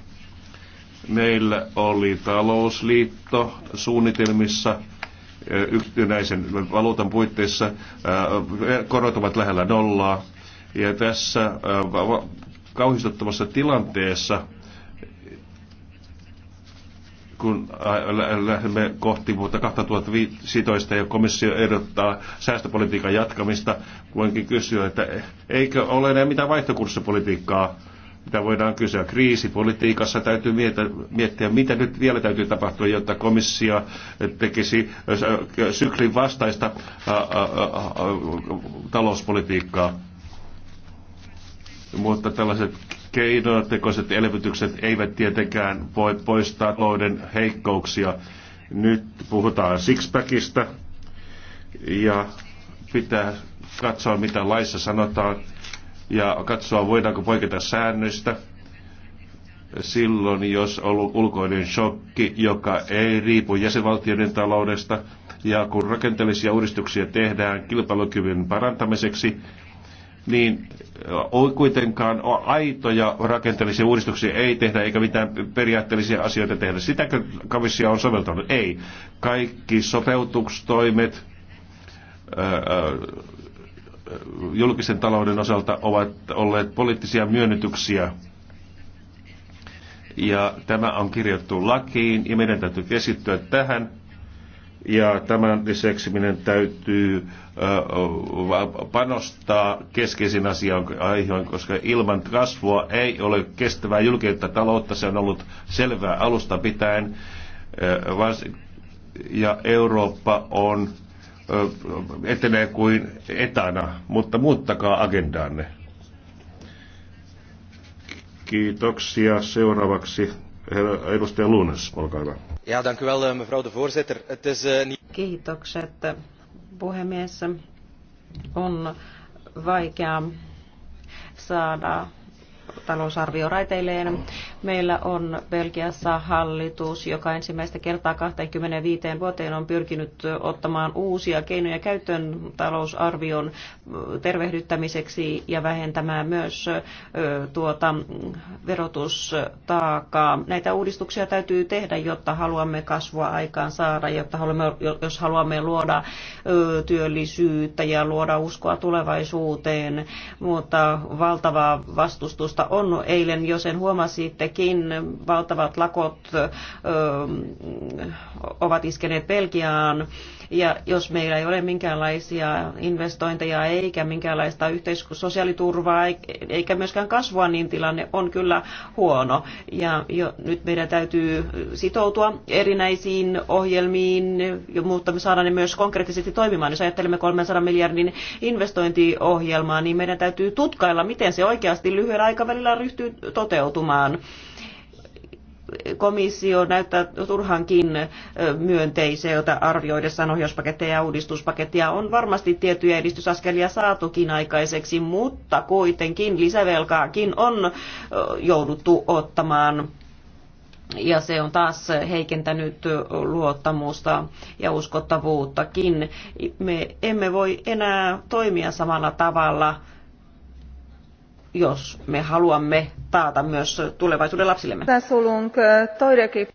Meillä oli talousliitto suunnitelmissa yhtenäisen valuutan puitteissa korot ovat lähellä nollaa. Ja tässä kauhistuttavassa tilanteessa, kun lähdemme kohti vuotta 2015 ja komissio ehdottaa säästöpolitiikan jatkamista, voinkin kysyä, että eikö ole enää mitään vaihtokurssipolitiikkaa, mitä voidaan kysyä. Kriisipolitiikassa täytyy miettiä, mitä nyt vielä täytyy tapahtua, jotta komissio tekisi syklin vastaista talouspolitiikkaa mutta tällaiset keinotekoiset elvytykset eivät tietenkään voi poistaa talouden heikkouksia. Nyt puhutaan sixpackista ja pitää katsoa, mitä laissa sanotaan ja katsoa, voidaanko poiketa säännöistä silloin, jos on ollut ulkoinen shokki, joka ei riipu jäsenvaltioiden taloudesta, ja kun rakenteellisia uudistuksia tehdään kilpailukyvyn parantamiseksi, niin kuitenkaan aitoja rakenteellisia uudistuksia ei tehdä eikä mitään periaatteellisia asioita tehdä. Sitäkö komissio on soveltanut? Ei. Kaikki sopeutukstoimet julkisen talouden osalta ovat olleet poliittisia myönnytyksiä. Ja tämä on kirjattu lakiin ja meidän täytyy keskittyä tähän ja tämän lisäksi minen täytyy panostaa keskeisin asiaan aiheen, koska ilman kasvua ei ole kestävää julkista taloutta. Se on ollut selvää alusta pitäen. Ja Eurooppa on etenee kuin etana, mutta muuttakaa agendaanne. Kiitoksia. Seuraavaksi edustaja Lunes, olkaa hyvä. Ja, dank u wel, eh, mevrouw de voorzitter. Het is, uh... Kiitokset, puhemies. On vaikea saada talousarvioraiteilleen. Meillä on Belgiassa hallitus, joka ensimmäistä kertaa 25 vuoteen on pyrkinyt ottamaan uusia keinoja käyttöön talousarvion tervehdyttämiseksi ja vähentämään myös tuota verotustaakaa. Näitä uudistuksia täytyy tehdä, jotta haluamme kasvua aikaan saada, jotta haluamme, jos haluamme luoda työllisyyttä ja luoda uskoa tulevaisuuteen, mutta valtavaa vastustusta muutosta on. No, eilen, jos en huomasittekin, valtavat lakot ö, ovat iskeneet Belgiaan ja jos meillä ei ole minkäänlaisia investointeja eikä minkäänlaista sosiaaliturvaa eikä myöskään kasvua, niin tilanne on kyllä huono. Ja jo, nyt meidän täytyy sitoutua erinäisiin ohjelmiin, mutta me saadaan ne myös konkreettisesti toimimaan. Jos ajattelemme 300 miljardin investointiohjelmaa, niin meidän täytyy tutkailla, miten se oikeasti lyhyellä aikavälillä ryhtyy toteutumaan komissio näyttää turhankin myönteiseltä arvioidessaan ohjauspaketteja ja uudistuspakettia. On varmasti tiettyjä edistysaskelia saatukin aikaiseksi, mutta kuitenkin lisävelkaakin on jouduttu ottamaan ja se on taas heikentänyt luottamusta ja uskottavuuttakin. Me emme voi enää toimia samalla tavalla jos me haluamme taata myös tulevaisuuden lapsillemme.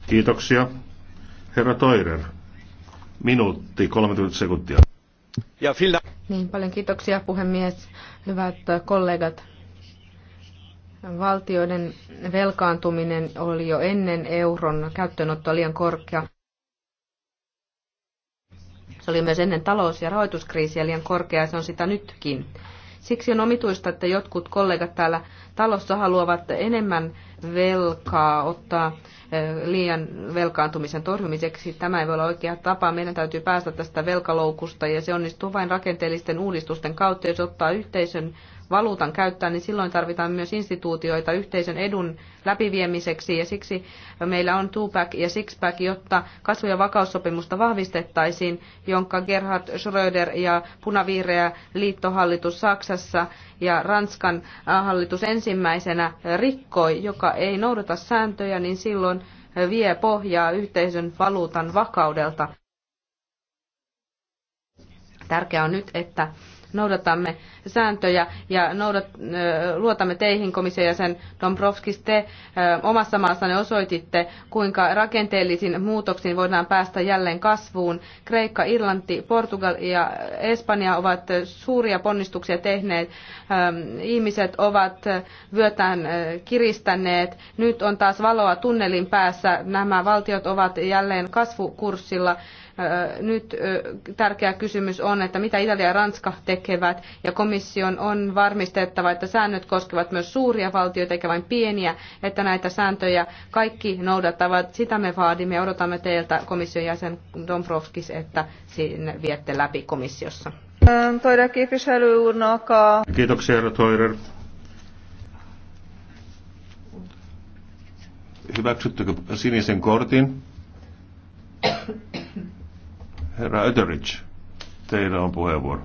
Kiitoksia. Herra Toirer, minuutti 30 sekuntia. Ja Filda. Niin, paljon kiitoksia puhemies. Hyvät kollegat, valtioiden velkaantuminen oli jo ennen euron käyttöönottoa liian korkea. Se oli myös ennen talous- ja rahoituskriisiä liian korkea ja se on sitä nytkin. Siksi on omituista, että jotkut kollegat täällä talossa haluavat enemmän velkaa ottaa eh, liian velkaantumisen torjumiseksi. Tämä ei voi olla oikea tapa. Meidän täytyy päästä tästä velkaloukusta ja se onnistuu vain rakenteellisten uudistusten kautta, jos ottaa yhteisön valuutan käyttää, niin silloin tarvitaan myös instituutioita yhteisen edun läpiviemiseksi ja siksi meillä on Tupac ja Sixpack, jotta kasvu- ja vakaussopimusta vahvistettaisiin, jonka Gerhard Schröder ja punavihreä liittohallitus Saksassa ja Ranskan äh, hallitus ensimmäisenä rikkoi, joka ei noudata sääntöjä, niin silloin vie pohjaa yhteisön valuutan vakaudelta. Tärkeää on nyt, että noudatamme sääntöjä ja noudat, luotamme teihin komission jäsen Dombrovskis. Te omassa maassanne osoititte, kuinka rakenteellisin muutoksiin voidaan päästä jälleen kasvuun. Kreikka, Irlanti, Portugal ja Espanja ovat suuria ponnistuksia tehneet. Ihmiset ovat vyötään kiristäneet. Nyt on taas valoa tunnelin päässä. Nämä valtiot ovat jälleen kasvukurssilla. Nyt tärkeä kysymys on, että mitä Italia ja Ranska tekevät, ja komission on varmistettava, että säännöt koskevat myös suuria valtioita eikä vain pieniä, että näitä sääntöjä kaikki noudattavat. Sitä me vaadimme ja odotamme teiltä komission jäsen Dombrovskis, että sinne viette läpi komissiossa. Kiitoksia, herra Hyväksyttekö sinisen kortin? on puheenvuoro.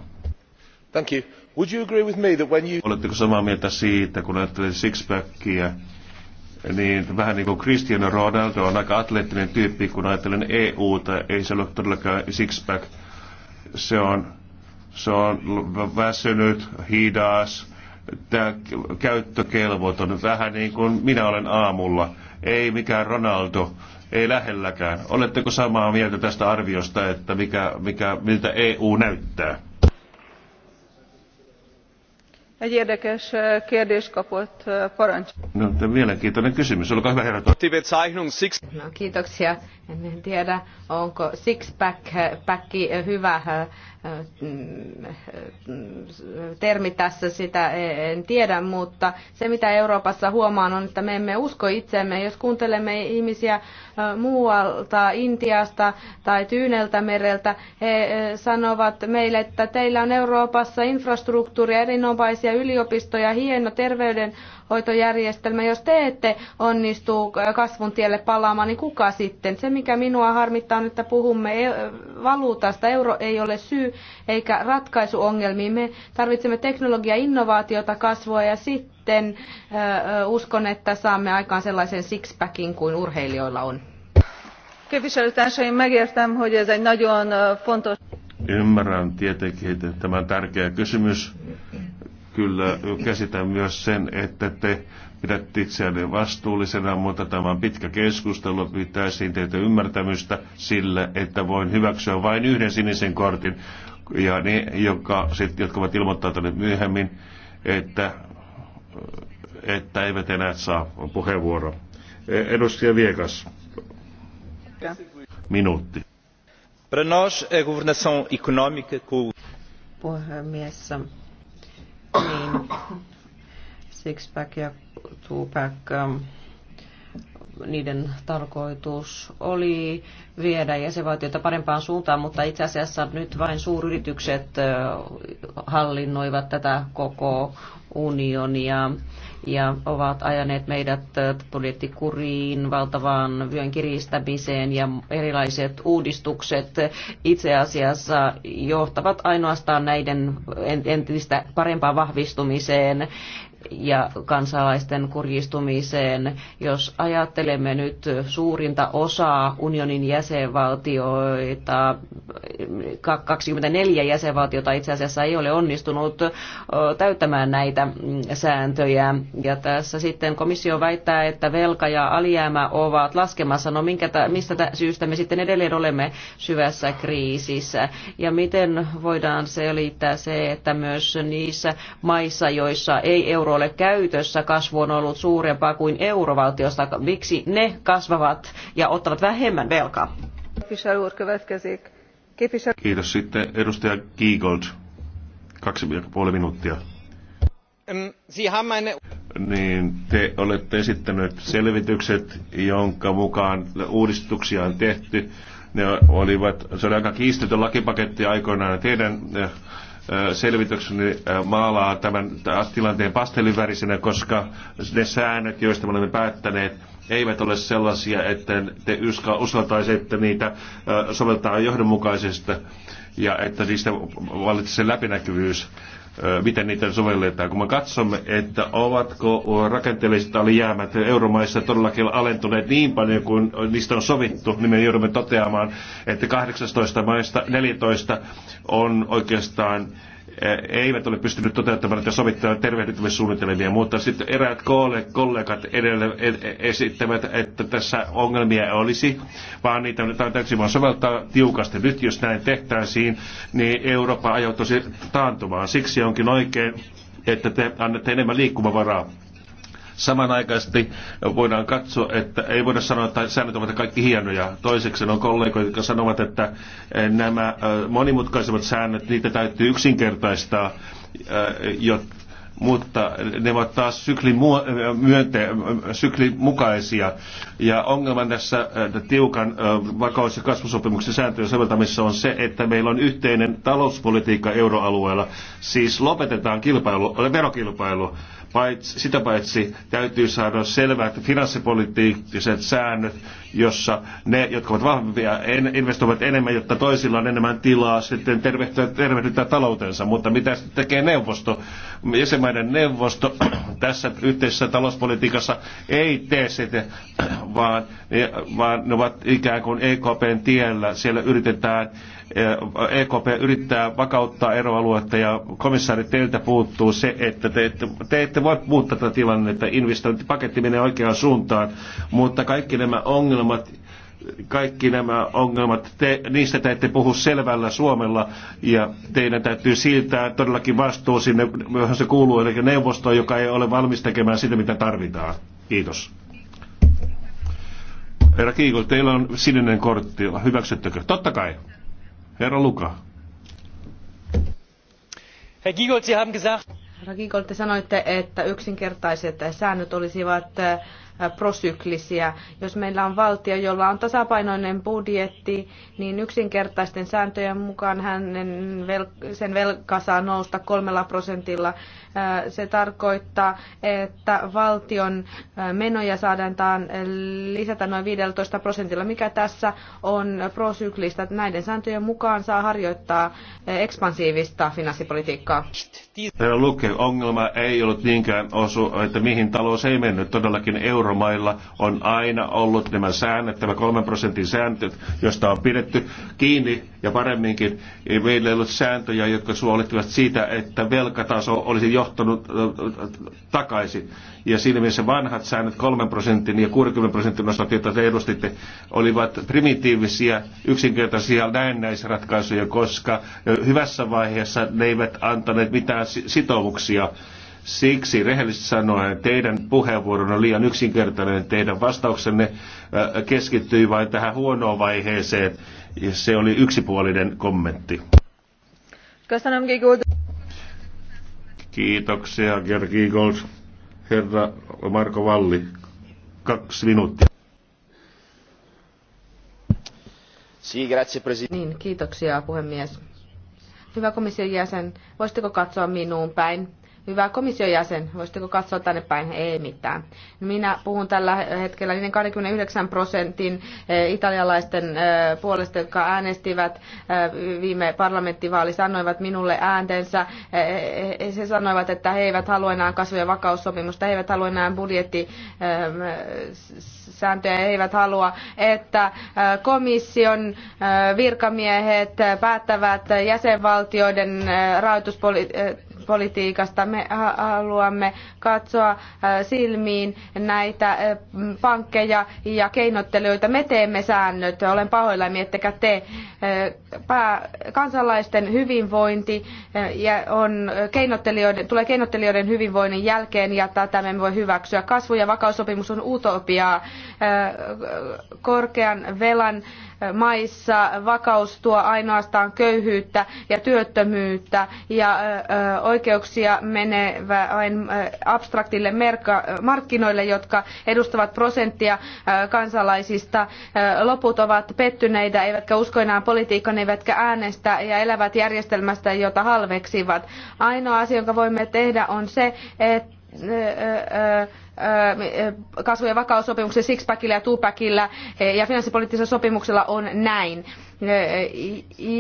Thank you. Would you agree with me that when you... Oletteko samaa mieltä siitä, kun ajattelee sixpackia, niin vähän niin kuin Cristiano Ronaldo on aika atleettinen tyyppi, kun ajattelen EUta, ei se ole todellakaan sixpack. Se on, se on väsynyt, hidas, tämä käyttökelvoton, vähän niin kuin minä olen aamulla, ei mikään Ronaldo, ei lähelläkään. Oletteko samaa mieltä tästä arviosta, että mikä, mikä, miltä EU näyttää? No, mielenkiintoinen kysymys. Olkaa hyvä, herra. No, kiitoksia. En tiedä, onko six-pack hyvä äh, äh, termi tässä, sitä en tiedä, mutta se mitä Euroopassa huomaan on, että me emme usko itsemme. Jos kuuntelemme ihmisiä äh, muualta, Intiasta tai Tyyneltä mereltä, he sanovat meille, että teillä on Euroopassa infrastruktuuria, erinomaisia yliopistoja, hieno terveyden hoitojärjestelmä. Jos te ette onnistu kasvun tielle palaamaan, niin kuka sitten? Se, mikä minua harmittaa on, että puhumme e- valuutasta. Euro ei ole syy eikä ratkaisu ongelmiin. Me tarvitsemme teknologiaa, innovaatiota, kasvua ja sitten uskon, että saamme aikaan sellaisen sixpackin kuin urheilijoilla on. Képviselőtársaim, megértem, hogy ez egy nagyon fontos... Ymmärrän tietenkin, että tämä on tärkeä kysymys kyllä käsitän myös sen, että te pidätte itseänne vastuullisena, mutta tämä on pitkä keskustelu. Pitäisiin teitä ymmärtämystä sille, että voin hyväksyä vain yhden sinisen kortin. Ja ne, jotka, sit, jotka ovat ilmoittautuneet myöhemmin, että, että eivät enää saa puheenvuoroa. Edustaja Viekas. Minuutti. nós, a governação com... Puhemies, niin six-pack ja two-pack um, niiden tarkoitus oli viedä jäsenvaltioita parempaan suuntaan, mutta itse asiassa nyt vain suuryritykset hallinnoivat tätä koko unionia ja ovat ajaneet meidät budjettikuriin, valtavaan vyön kiristämiseen ja erilaiset uudistukset itse asiassa johtavat ainoastaan näiden entistä parempaan vahvistumiseen ja kansalaisten kurjistumiseen. Jos ajattelemme nyt suurinta osaa unionin jäsenvaltioita, 24 jäsenvaltiota itse asiassa ei ole onnistunut täyttämään näitä mm, sääntöjä. Ja tässä sitten komissio väittää, että velka ja alijäämä ovat laskemassa. No minkä mistä syystä me sitten edelleen olemme syvässä kriisissä? Ja miten voidaan selittää se, että myös niissä maissa, joissa ei euro euro ole käytössä, kasvu on ollut suurempaa kuin eurovaltiosta. Miksi ne kasvavat ja ottavat vähemmän velkaa? Kiitos. Sitten edustaja Giegold. Kaksi ja puoli minuuttia. Ähm, niin, te olette esittäneet selvitykset, jonka mukaan uudistuksia on tehty. Ne olivat, se oli aika kiistetty lakipaketti aikoinaan. Teidän eh, selvitykseni maalaa tämän tilanteen pastelivärisenä, koska ne säännöt, joista me olemme päättäneet, eivät ole sellaisia, että te uskaltaisitte niitä soveltaa johdonmukaisesti ja että niistä valitsisi läpinäkyvyys miten niitä sovelletaan. Kun me katsomme, että ovatko rakenteelliset alijäämät euromaissa todellakin alentuneet niin paljon kuin niistä on sovittu, niin me joudumme toteamaan, että 18 maista 14 on oikeastaan E, eivät ole pystyneet toteuttamaan ja sovittamaan tervehdyttämissuunnitelmia, mutta sitten eräät kollegat edelleen esittävät, että tässä ongelmia olisi, vaan niitä täytyy vain soveltaa tiukasti. Nyt jos näin tehtäisiin, niin Eurooppa ajautuisi taantumaan. Siksi onkin oikein, että te annatte enemmän liikkumavaraa Samanaikaisesti voidaan katsoa, että ei voida sanoa, että säännöt ovat kaikki hienoja. Toiseksi on kollegoita, jotka sanovat, että nämä monimutkaisemmat säännöt, niitä täytyy yksinkertaistaa, jotta mutta ne ovat taas syklin, myönte- syklin mukaisia. Ja ongelma tässä tiukan vakaus- ja kasvusopimuksen sääntöjen soveltamissa on se, että meillä on yhteinen talouspolitiikka euroalueella. Siis lopetetaan kilpailu, verokilpailu Paitsi, sitä paitsi täytyy saada selvät finanssipoliittiset säännöt, jossa ne, jotka ovat vahvempia, en, investoivat enemmän, jotta toisilla on enemmän tilaa sitten tervehtyä, tervehdyttää taloutensa. Mutta mitä sitten tekee neuvosto? Jäsenmaiden neuvosto tässä yhteisessä talouspolitiikassa ei tee sitä, vaan, vaan ne ovat ikään kuin EKPn tiellä. Siellä yritetään EKP yrittää vakauttaa eroaluetta ja komissaari teiltä puuttuu se, että te ette, te ette voi muuttaa tätä tilannetta, investointipaketti menee oikeaan suuntaan, mutta kaikki nämä ongelmat, kaikki nämä ongelmat, te, niistä te ette puhu selvällä Suomella ja teidän täytyy siirtää todellakin vastuu sinne, johon se kuuluu, eli neuvostoon, joka ei ole valmis tekemään sitä, mitä tarvitaan. Kiitos. Herra Kiikol, teillä on sininen kortti. Hyväksyttekö? Totta kai. Herra Luka. Herr Giegold, Sie haben gesagt... Herra Giegold, te sanoitte, että yksinkertaiset säännöt olisivat prosyklisiä. Jos meillä on valtio, jolla on tasapainoinen budjetti, niin yksinkertaisten sääntöjen mukaan hänen vel- sen velka saa nousta kolmella prosentilla. Se tarkoittaa, että valtion menoja saadaan lisätä noin 15 prosentilla, mikä tässä on prosyklistä. Näiden sääntöjen mukaan saa harjoittaa ekspansiivista finanssipolitiikkaa. Herra Luke, ongelma ei ollut niinkään osu, että mihin talous ei mennyt. Todellakin euromailla on aina ollut nämä säännöt, tämä kolmen prosentin sääntöt, josta on pidetty kiinni ja paremminkin. Meillä ei ollut sääntöjä, jotka suolittivat siitä, että velkataso olisi johtanut takaisin. Ja siinä mielessä vanhat säännöt kolmen prosentin ja 60 prosentin osalta, joita te edustitte, olivat primitiivisiä, yksinkertaisia näennäisratkaisuja, koska hyvässä vaiheessa ne eivät antaneet mitään sitoumuksia. Siksi rehellisesti sanoen teidän puheenvuoron on liian yksinkertainen. Teidän vastauksenne keskittyi vain tähän huonoon vaiheeseen. Se oli yksipuolinen kommentti. Kiitoksia, Gergi Gols. Herra Marko Valli, kaksi minuuttia. Niin, kiitoksia puhemies Hyvä komission jäsen, voisitteko katsoa minuun päin? Hyvä komission jäsen, voisitteko katsoa tänne päin? Ei mitään. Minä puhun tällä hetkellä niiden 29 prosentin eh, italialaisten eh, puolesta, jotka äänestivät eh, viime parlamenttivaali, annoivat minulle ääntensä. He sanoivat, että he eivät halua enää kasvu- ja vakaussopimusta, he eivät halua enää budjettisääntöjä, he eivät halua, että komission virkamiehet päättävät jäsenvaltioiden rahoituspolitiikkaa politiikasta. Me haluamme katsoa äh, silmiin näitä äh, pankkeja ja keinottelijoita. Me teemme säännöt. Olen pahoillani, ettekä te. Äh, pää, kansalaisten hyvinvointi ja on keinottelijoiden, tulee keinottelijoiden hyvinvoinnin jälkeen ja tätä me emme voi hyväksyä. Kasvu- ja vakaussopimus on utopiaa. Korkean velan maissa vakaus tuo ainoastaan köyhyyttä ja työttömyyttä ja oikeuksia menevä vain abstraktille markkinoille, jotka edustavat prosenttia kansalaisista. Loput ovat pettyneitä, eivätkä usko enää politiikkaan, eivätkä äänestä ja elävät järjestelmästä, jota halveksivat. Ainoa asia, jonka voimme tehdä, on se, että kasvu- ja vakaussopimuksen sixpackilla ja twopackilla ja finanssipoliittisella sopimuksella on näin.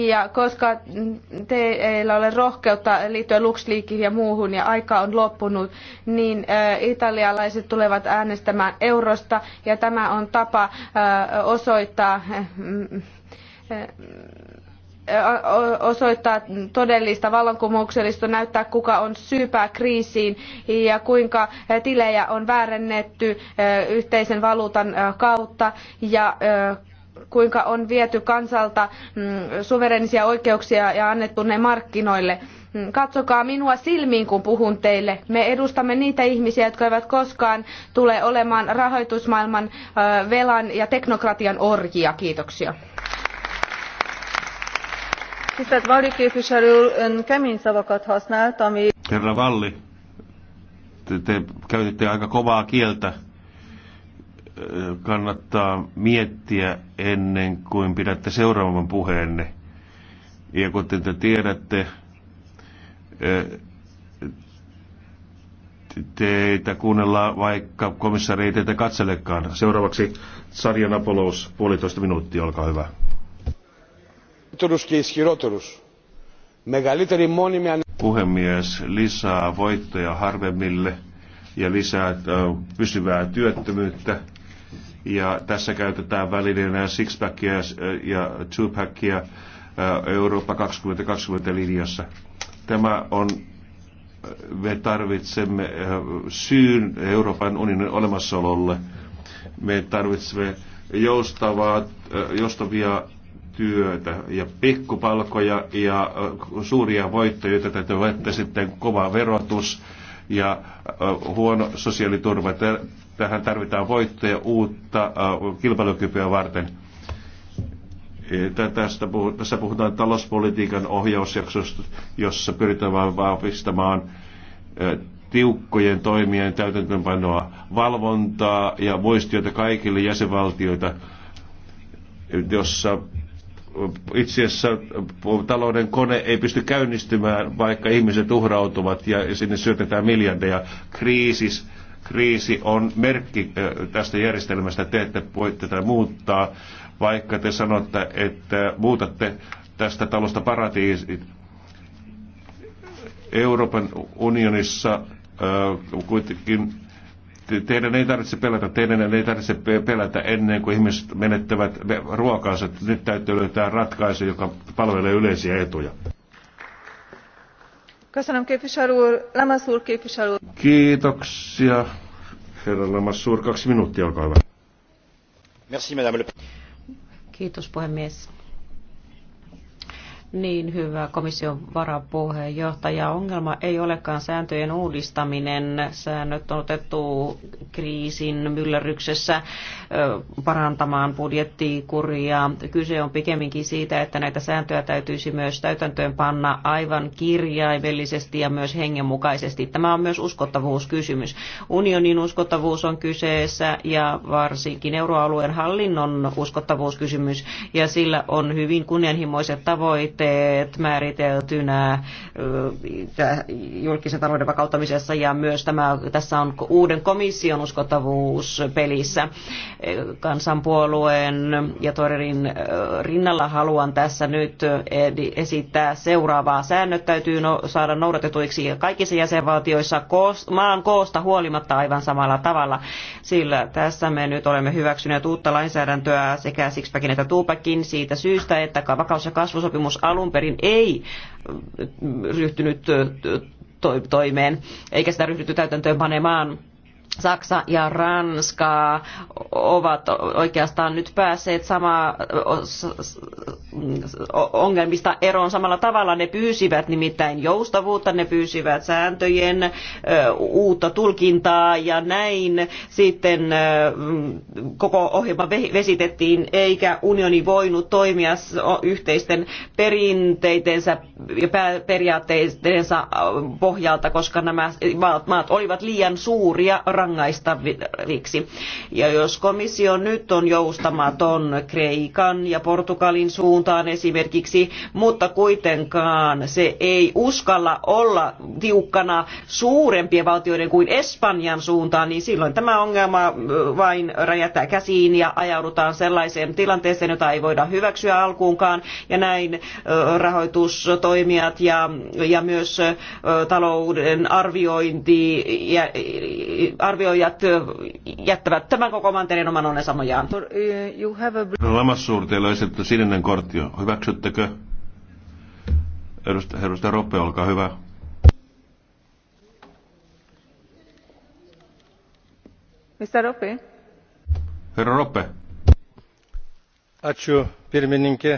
Ja koska teillä ole rohkeutta liittyä LuxLeakiin ja muuhun ja aika on loppunut, niin italialaiset tulevat äänestämään eurosta ja tämä on tapa osoittaa osoittaa todellista vallankumouksellista, näyttää kuka on syypää kriisiin ja kuinka tilejä on väärennetty yhteisen valuutan kautta ja kuinka on viety kansalta mm, suverenisia oikeuksia ja annettu ne markkinoille. Mm, katsokaa minua silmiin, kun puhun teille. Me edustamme niitä ihmisiä, jotka eivät koskaan tule olemaan rahoitusmaailman velan ja teknokratian orjia. Kiitoksia. Tisztelt Valli képviselő úr, ön kemény szavakat használt, ami... Herra Valli, te, te käytitte aika kovaa kieltä. Kannattaa miettiä ennen kuin pidätte seuraavan puheenne. Ja kuten te tiedätte, e, teitä kuunnellaan, vaikka komissaari ei teitä katselekaan. Seuraavaksi Sarja Napolous, puolitoista minuuttia, olkaa hyvä. Puhemies lisää voittoja harvemmille ja lisää äh, pysyvää työttömyyttä. Ja tässä käytetään välineenä sixpackia äh, ja twopackia äh, Eurooppa 2020 linjassa. Tämä on me tarvitsemme syyn Euroopan unionin olemassaololle. Me tarvitsemme joustavaa, joustavia työtä ja pikkupalkoja ja äh, suuria voittoja, joita täytyy vettä sitten kova verotus ja äh, huono sosiaaliturva. Tähän tarvitaan voittoja uutta äh, kilpailukykyä varten. Tästä puhutaan, tässä puhutaan talouspolitiikan ohjausjaksosta, jossa pyritään vahvistamaan tiukkojen toimien täytäntöönpanoa, valvontaa ja muistiota kaikille jäsenvaltioita, jossa itse asiassa talouden kone ei pysty käynnistymään, vaikka ihmiset uhrautuvat ja sinne syötetään miljardeja. Kriisis, kriisi on merkki tästä järjestelmästä, te ette voi tätä muuttaa, vaikka te sanotte, että muutatte tästä talosta paratiisit. Euroopan unionissa kuitenkin Teidän ei tarvitse pelätä, teidän ei tarvitse pelätä ennen kuin ihmiset menettävät ruokaansa. Nyt täytyy löytää ratkaisu, joka palvelee yleisiä etuja. Kiitoksia. Herra Lamassuur, kaksi minuuttia, olkaa hyvä. Kiitos puhemies. Niin hyvä komission varapuheenjohtaja. Ongelma ei olekaan sääntöjen uudistaminen. Säännöt on otettu kriisin myllerryksessä parantamaan budjettikuria. Kyse on pikemminkin siitä, että näitä sääntöjä täytyisi myös täytäntöön panna aivan kirjaimellisesti ja myös hengenmukaisesti. Tämä on myös uskottavuuskysymys. Unionin uskottavuus on kyseessä ja varsinkin euroalueen hallinnon uskottavuuskysymys ja sillä on hyvin kunnianhimoiset tavoitteet tavoitteet määriteltynä julkisen talouden vakauttamisessa ja myös tämä, tässä on uuden komission uskottavuus pelissä. Kansanpuolueen ja Torerin rinnalla haluan tässä nyt esittää seuraavaa. Säännöt täytyy no, saada noudatetuiksi kaikissa jäsenvaltioissa koos, maan koosta huolimatta aivan samalla tavalla, sillä tässä me nyt olemme hyväksyneet uutta lainsäädäntöä sekä Sixpackin että Tuupakin siitä syystä, että vakaus- ja kasvusopimus alun perin ei mm, ryhtynyt toimeen, eikä sitä ryhdytty täytäntöön panemaan Saksa ja Ranska ovat oikeastaan nyt päässeet sama ongelmista eroon samalla tavalla. Ne pyysivät nimittäin joustavuutta, ne pyysivät sääntöjen uutta tulkintaa ja näin sitten koko ohjelma vesitettiin eikä unioni voinut toimia yhteisten perinteitensä ja periaatteidensa pohjalta, koska nämä maat olivat liian suuria rangaistaviksi. Ja jos komissio nyt on joustamaton Kreikan ja Portugalin suuntaan esimerkiksi, mutta kuitenkaan se ei uskalla olla tiukkana suurempien valtioiden kuin Espanjan suuntaan, niin silloin tämä ongelma vain räjähtää käsiin ja ajaudutaan sellaiseen tilanteeseen, jota ei voida hyväksyä alkuunkaan. Ja näin rahoitustoimijat ja, ja myös talouden arviointi ja arvioijat jättävät tämän koko mantereen oman onnensa nojaan. Uh, on esitetty sininen kortti. Hyväksyttekö? Edustaja, edustaja Roppe, olkaa hyvä. Mr. Roppe. Herra Roppe. Ačiū, pirmininkė.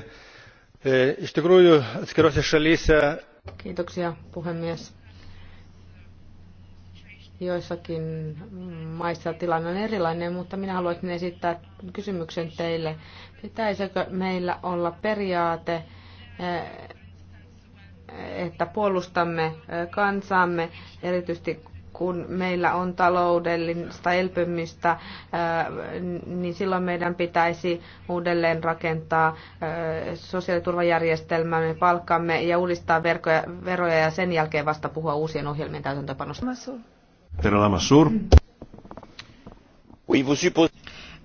E, Kiitoksia, puhemies Joissakin maissa tilanne on erilainen, mutta minä haluaisin esittää kysymyksen teille. Pitäisikö meillä olla periaate, eh, että puolustamme eh, kansaamme, erityisesti kun meillä on taloudellista elpymistä, eh, niin silloin meidän pitäisi uudelleen rakentaa sosiaaliturvajärjestelmämme, palkkamme ja uudistaa verkoja, veroja ja sen jälkeen vasta puhua uusien ohjelmien täytäntöpanosta. Sur. Herra Lamassur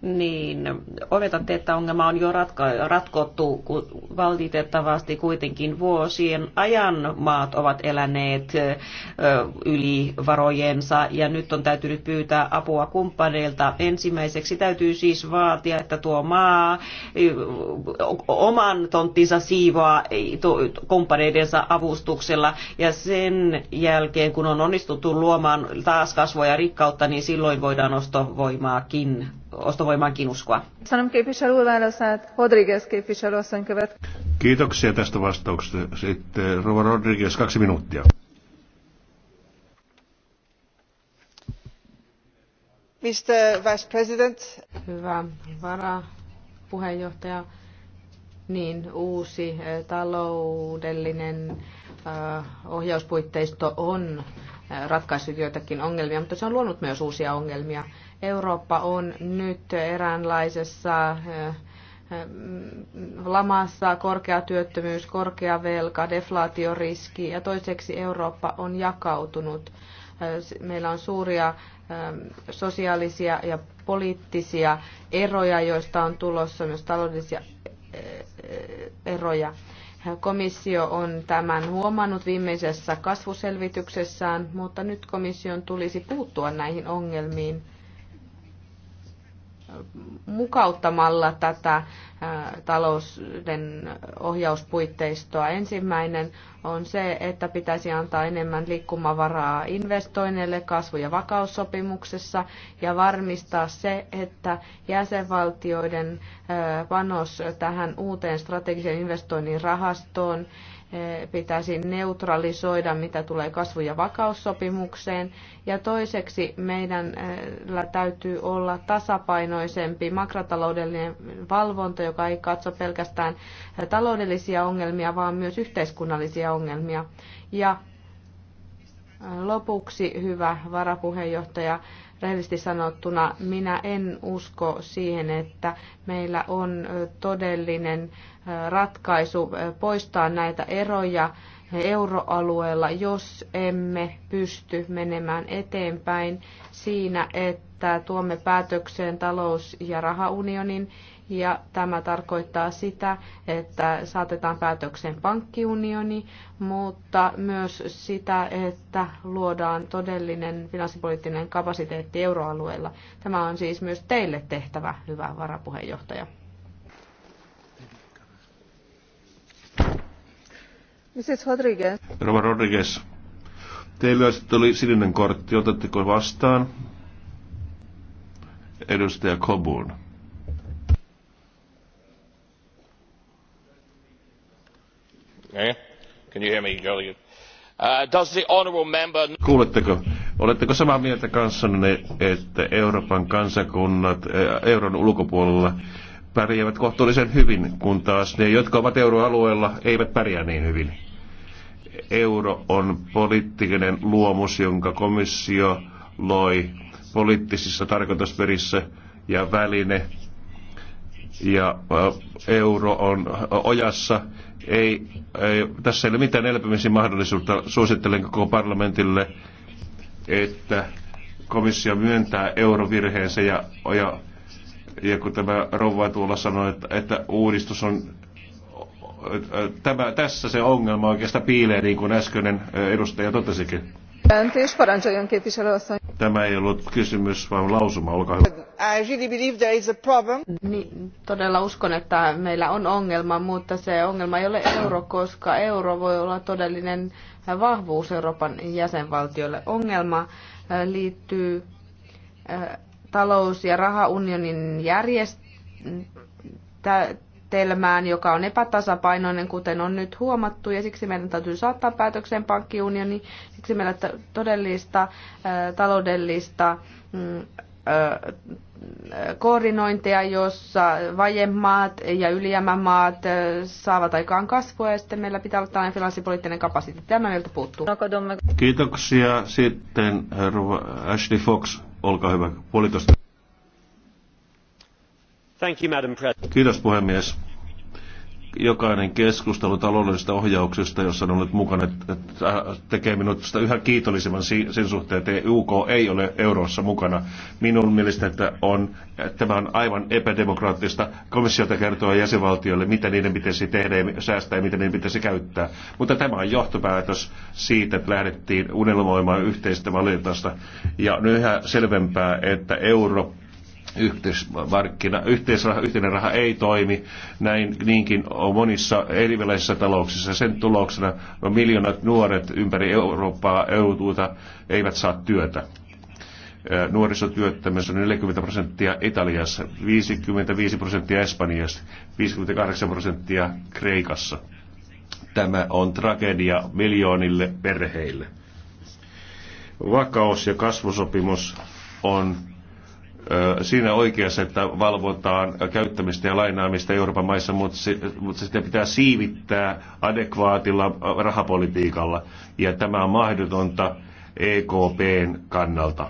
niin oletatte, että ongelma on jo ratka- ratkottu valitettavasti kuitenkin vuosien ajan maat ovat eläneet yli varojensa ja nyt on täytynyt pyytää apua kumppaneilta. Ensimmäiseksi täytyy siis vaatia, että tuo maa oman tonttinsa siivoaa kumppaneidensa avustuksella ja sen jälkeen kun on onnistuttu luomaan taas kasvoja rikkautta, niin silloin voidaan ostovoimaakin ostovoimaankin uskoa. Kiitoksia tästä vastauksesta. Sitten Rova Rodriguez, kaksi minuuttia. Mr. Vice President. Hyvä varapuheenjohtaja. Niin, uusi eh, taloudellinen eh, ohjauspuitteisto on eh, ratkaissut joitakin ongelmia, mutta se on luonut myös uusia ongelmia. Eurooppa on nyt eräänlaisessa eh, eh, lamassa, korkea työttömyys, korkea velka, deflaatioriski ja toiseksi Eurooppa on jakautunut. Eh, meillä on suuria sosiaalisia ja poliittisia eroja, joista on tulossa myös taloudellisia eroja. Komissio on tämän huomannut viimeisessä kasvuselvityksessään, mutta nyt komission tulisi puuttua näihin ongelmiin mukauttamalla tätä talouden ohjauspuitteistoa. Ensimmäinen on se, että pitäisi antaa enemmän liikkumavaraa investoinneille kasvu- ja vakaussopimuksessa ja varmistaa se, että jäsenvaltioiden panos tähän uuteen strategisen investoinnin rahastoon pitäisi neutralisoida, mitä tulee kasvu- ja vakaussopimukseen. Ja toiseksi meidän täytyy olla tasapainoisempi makrotaloudellinen valvonta, joka ei katso pelkästään taloudellisia ongelmia, vaan myös yhteiskunnallisia ongelmia. Ja lopuksi, hyvä varapuheenjohtaja, rehellisesti sanottuna minä en usko siihen, että meillä on todellinen ratkaisu poistaa näitä eroja euroalueella, jos emme pysty menemään eteenpäin siinä, että tuomme päätökseen talous- ja rahaunionin. Ja tämä tarkoittaa sitä, että saatetaan päätökseen pankkiunioni, mutta myös sitä, että luodaan todellinen finanssipoliittinen kapasiteetti euroalueella. Tämä on siis myös teille tehtävä, hyvä varapuheenjohtaja. Rodriguez. Rova Rodriguez. Teillä oli sininen kortti. Otatteko vastaan? Edustaja Coburn. Eh? Can you hear me, Jolly? Uh, does the honourable member... Kuuletteko? Oletteko samaa mieltä kanssanne, että Euroopan kansakunnat eh, euron ulkopuolella pärjäävät kohtuullisen hyvin, kun taas ne, jotka ovat euroalueella, eivät pärjää niin hyvin? euro on poliittinen luomus, jonka komissio loi poliittisissa tarkoitusperissä ja väline. Ja euro on ojassa. Ei, ei, tässä ei ole mitään elpymisen mahdollisuutta. Suosittelen koko parlamentille, että komissio myöntää eurovirheensä ja, ja, ja kun tämä rouva tuolla sanoi, että, että uudistus on tämä, tässä se ongelma oikeastaan piilee, niin kuin äskeinen edustaja totesikin. Tämä ei ollut kysymys, vaan lausuma, olkaa hyvä. I really believe there is a problem. Niin, todella uskon, että meillä on ongelma, mutta se ongelma ei ole euro, koska euro voi olla todellinen vahvuus Euroopan jäsenvaltioille. Ongelma liittyy talous- ja rahaunionin järjestelmään järjestelmään, joka on epätasapainoinen, kuten on nyt huomattu, ja siksi meidän täytyy saattaa päätökseen pankkiunioni, siksi meillä todellista taloudellista mm, koordinointia, jossa vajemaat ja ylijäämämaat saavat aikaan kasvua ja sitten meillä pitää olla tällainen finanssipoliittinen kapasiteetti. Tämä meiltä puuttuu. Kiitoksia. Sitten äh, Ashley Fox, olkaa hyvä. Puolitoista. Kiitos puhemies. Jokainen keskustelu taloudellisesta ohjauksesta, jossa olen ollut mukana, äh, tekee minusta yhä kiitollisemman sen suhteen, että e UK ei ole eurossa mukana. Minun mielestäni on, tämä on aivan epädemokraattista. Komissiota kertoo jäsenvaltioille, mitä niiden pitäisi tehdä ja säästää ja mitä niiden pitäisi käyttää. Mutta tämä on johtopäätös siitä, että lähdettiin unelmoimaan yhteistä valintasta. Ja on yhä selvempää, että euro yhteismarkkina, yhteisraha, yhteinen raha ei toimi. Näin niinkin on monissa erilaisissa talouksissa. Sen tuloksena miljoonat nuoret ympäri Eurooppaa, EU-tuuta, eivät saa työtä nuorisotyöttömyys on 40 prosenttia Italiassa, 55 prosenttia Espanjassa, 58 prosenttia Kreikassa. Tämä on tragedia miljoonille perheille. Vakaus- ja kasvusopimus on siinä oikeassa, että valvotaan käyttämistä ja lainaamista Euroopan maissa, mutta, se, mutta sitä pitää siivittää adekvaatilla rahapolitiikalla. Ja tämä on mahdotonta EKPn kannalta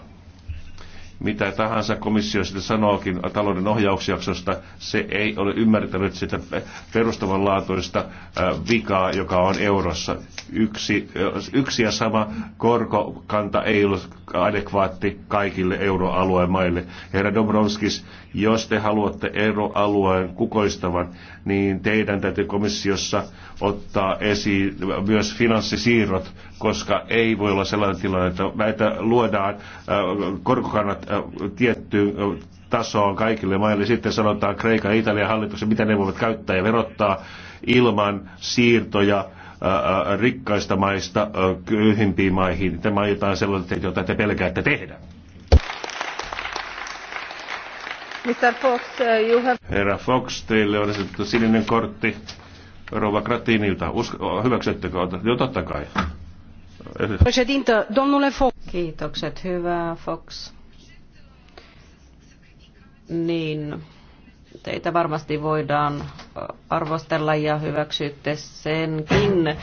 mitä tahansa komissio sitten sanookin talouden ohjausjaksosta, se ei ole ymmärtänyt sitä perustavanlaatuista vikaa, joka on eurossa. Yksi, yksi ja sama korkokanta ei ole adekvaatti kaikille euroalueen maille. Herra Dobrovskis, jos te haluatte euroalueen kukoistavan, niin teidän täytyy komissiossa ottaa esiin myös finanssisiirrot, koska ei voi olla sellainen tilanne, että näitä luodaan äh, korkokannat äh, tiettyyn äh, tasoon kaikille maille. Sitten sanotaan Kreikan ja Italian hallituksen, mitä ne voivat käyttää ja verottaa ilman siirtoja rikkaista maista köyhimpiin maihin. Tämä on jotain sellaista, jota te pelkäätte tehdä. Mr. Fox, uh, you have... Herra Fox, teille on esitetty sininen kortti. Rova Gratinilta. hyväksyttekö? Jo totta kai. Kiitokset, hyvä Fox. Niin, teitä varmasti voidaan arvostella ja hyväksytte senkin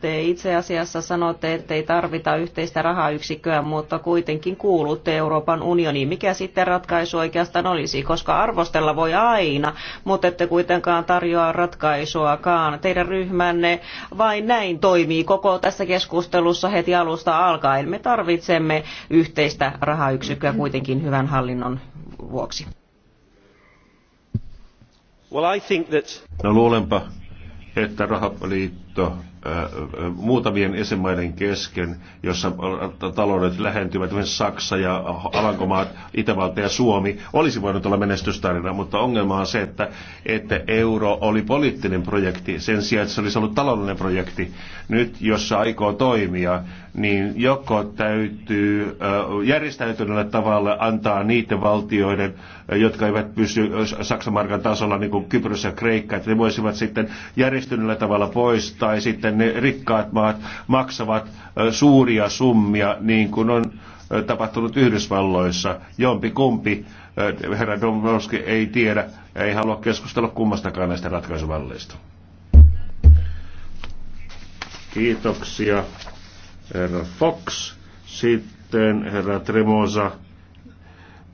te itse asiassa sanotte, että ei tarvita yhteistä rahayksikköä, mutta kuitenkin kuulutte Euroopan unioniin. Mikä sitten ratkaisu oikeastaan olisi? Koska arvostella voi aina, mutta ette kuitenkaan tarjoa ratkaisuakaan. Teidän ryhmänne vain näin toimii koko tässä keskustelussa heti alusta alkaen. Me tarvitsemme yhteistä rahayksikköä kuitenkin hyvän hallinnon vuoksi. Well, I think that... No luulenpa, että rahaliitto muutamien esimaiden kesken, jossa taloudet lähentyvät, esimerkiksi Saksa ja Alankomaat, Itävalta ja Suomi, olisi voinut olla menestystarina, mutta ongelma on se, että, että euro oli poliittinen projekti sen sijaan, että se olisi ollut taloudellinen projekti. Nyt, jos se aikoo toimia, niin joko täytyy järjestäytyneellä tavalla antaa niiden valtioiden, jotka eivät pysy Saksan markan tasolla, niin kuin Kypros ja Kreikka, että ne voisivat sitten järjestäytyneellä tavalla pois, tai sitten ne rikkaat maat maksavat suuria summia, niin kuin on tapahtunut Yhdysvalloissa. Jompi kumpi, herra Dombrowski ei tiedä, ei halua keskustella kummastakaan näistä ratkaisuvalleista. Kiitoksia, herra Fox. Sitten herra Tremosa,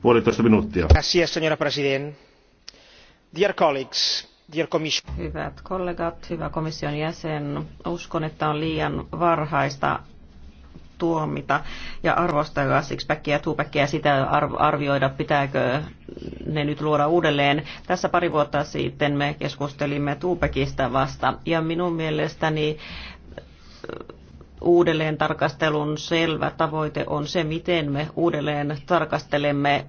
puolitoista minuuttia. Gracias, señora president. Dear colleagues, Hyvät kollegat, hyvä komission jäsen, uskon, että on liian varhaista tuomita ja arvostella sixpackia ja twopackia sitä arvioida, pitääkö ne nyt luoda uudelleen. Tässä pari vuotta sitten me keskustelimme twopacista vasta ja minun mielestäni uudelleen tarkastelun selvä tavoite on se, miten me uudelleen tarkastelemme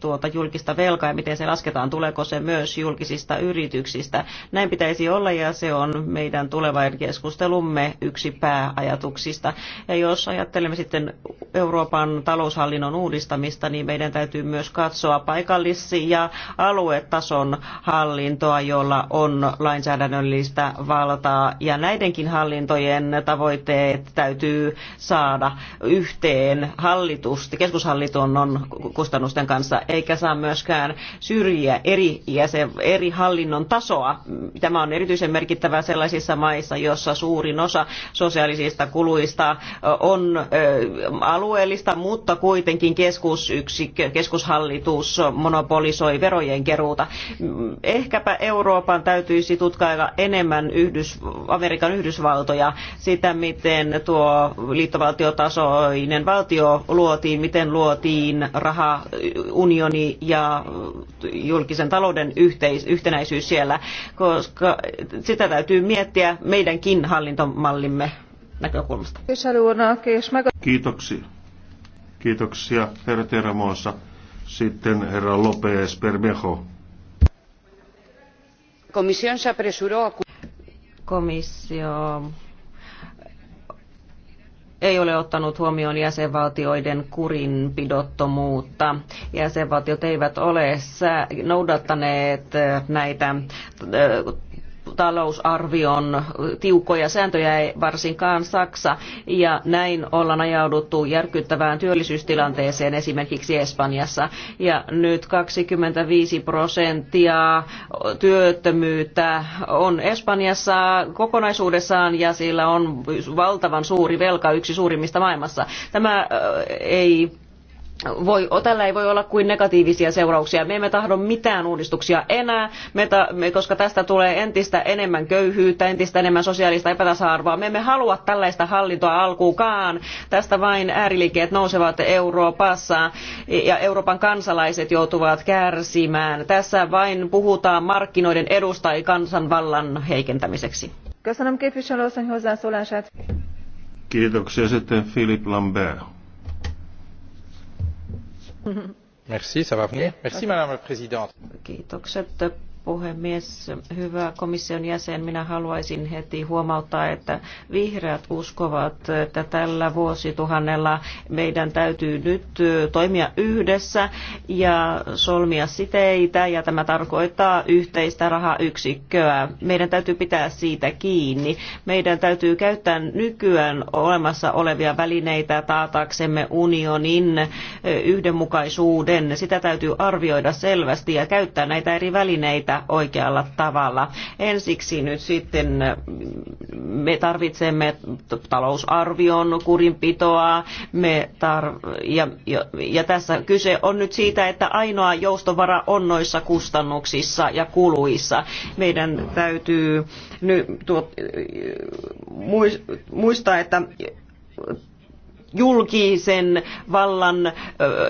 tuota julkista velkaa ja miten se lasketaan, tuleeko se myös julkisista yrityksistä. Näin pitäisi olla ja se on meidän tulevan keskustelumme yksi pääajatuksista. Ja jos ajattelemme sitten Euroopan taloushallinnon uudistamista, niin meidän täytyy myös katsoa paikallis- ja aluetason hallintoa, jolla on lainsäädännöllistä valtaa. Ja näidenkin hallintojen tavoitteet täytyy saada yhteen hallitus, keskushallitonnon kustannusten kanssa, eikä saa myöskään syrjiä eri, jäsen, eri hallinnon tasoa. Tämä on erityisen merkittävää sellaisissa maissa, joissa suurin osa sosiaalisista kuluista on alueellista, mutta kuitenkin keskusyksikkö, keskushallitus monopolisoi verojen keruuta. Ehkäpä Euroopan täytyisi tutkailla enemmän Yhdys, Amerikan Yhdysvaltoja, sitä miten tuo liittovaltiotasoinen valtio luotiin, miten luotiin raha, unioni ja julkisen talouden yhteis- yhtenäisyys siellä, koska sitä täytyy miettiä meidänkin hallintomallimme näkökulmasta. Kiitoksia. Kiitoksia, herra Teramoosa. Sitten herra Lopez Bermejo. Komissio se apresuró a komissio ei ole ottanut huomioon jäsenvaltioiden kurinpidottomuutta. Jäsenvaltiot eivät ole noudattaneet äh, näitä äh, talousarvion tiukkoja sääntöjä ei varsinkaan Saksa ja näin ollaan ajauduttu järkyttävään työllisyystilanteeseen esimerkiksi Espanjassa ja nyt 25 prosenttia työttömyyttä on Espanjassa kokonaisuudessaan ja sillä on valtavan suuri velka, yksi suurimmista maailmassa. Tämä ei voi, tällä ei voi olla kuin negatiivisia seurauksia. Me emme tahdo mitään uudistuksia enää, me ta, me, koska tästä tulee entistä enemmän köyhyyttä, entistä enemmän sosiaalista epätasa-arvoa. Me emme halua tällaista hallintoa alkuukaan. Tästä vain ääriliikkeet nousevat Euroopassa ja Euroopan kansalaiset joutuvat kärsimään. Tässä vain puhutaan markkinoiden edusta ja kansanvallan heikentämiseksi. Kiitoksia sitten Philip Lambert. Merci, ça va venir. Merci, Madame la Présidente. Kiitokset puhemies, hyvä komission jäsen, minä haluaisin heti huomauttaa, että vihreät uskovat, että tällä vuosituhannella meidän täytyy nyt toimia yhdessä ja solmia siteitä, ja tämä tarkoittaa yhteistä rahayksikköä. Meidän täytyy pitää siitä kiinni. Meidän täytyy käyttää nykyään olemassa olevia välineitä taataksemme unionin yhdenmukaisuuden. Sitä täytyy arvioida selvästi ja käyttää näitä eri välineitä niitä oikealla tavalla. Ensiksi nyt sitten me tarvitsemme talousarvion kurinpitoa me tar- ja, ja, ja tässä kyse on nyt siitä, että ainoa joustovara on noissa kustannuksissa ja kuluissa. Meidän täytyy nyt tuot, muistaa, että julkisen vallan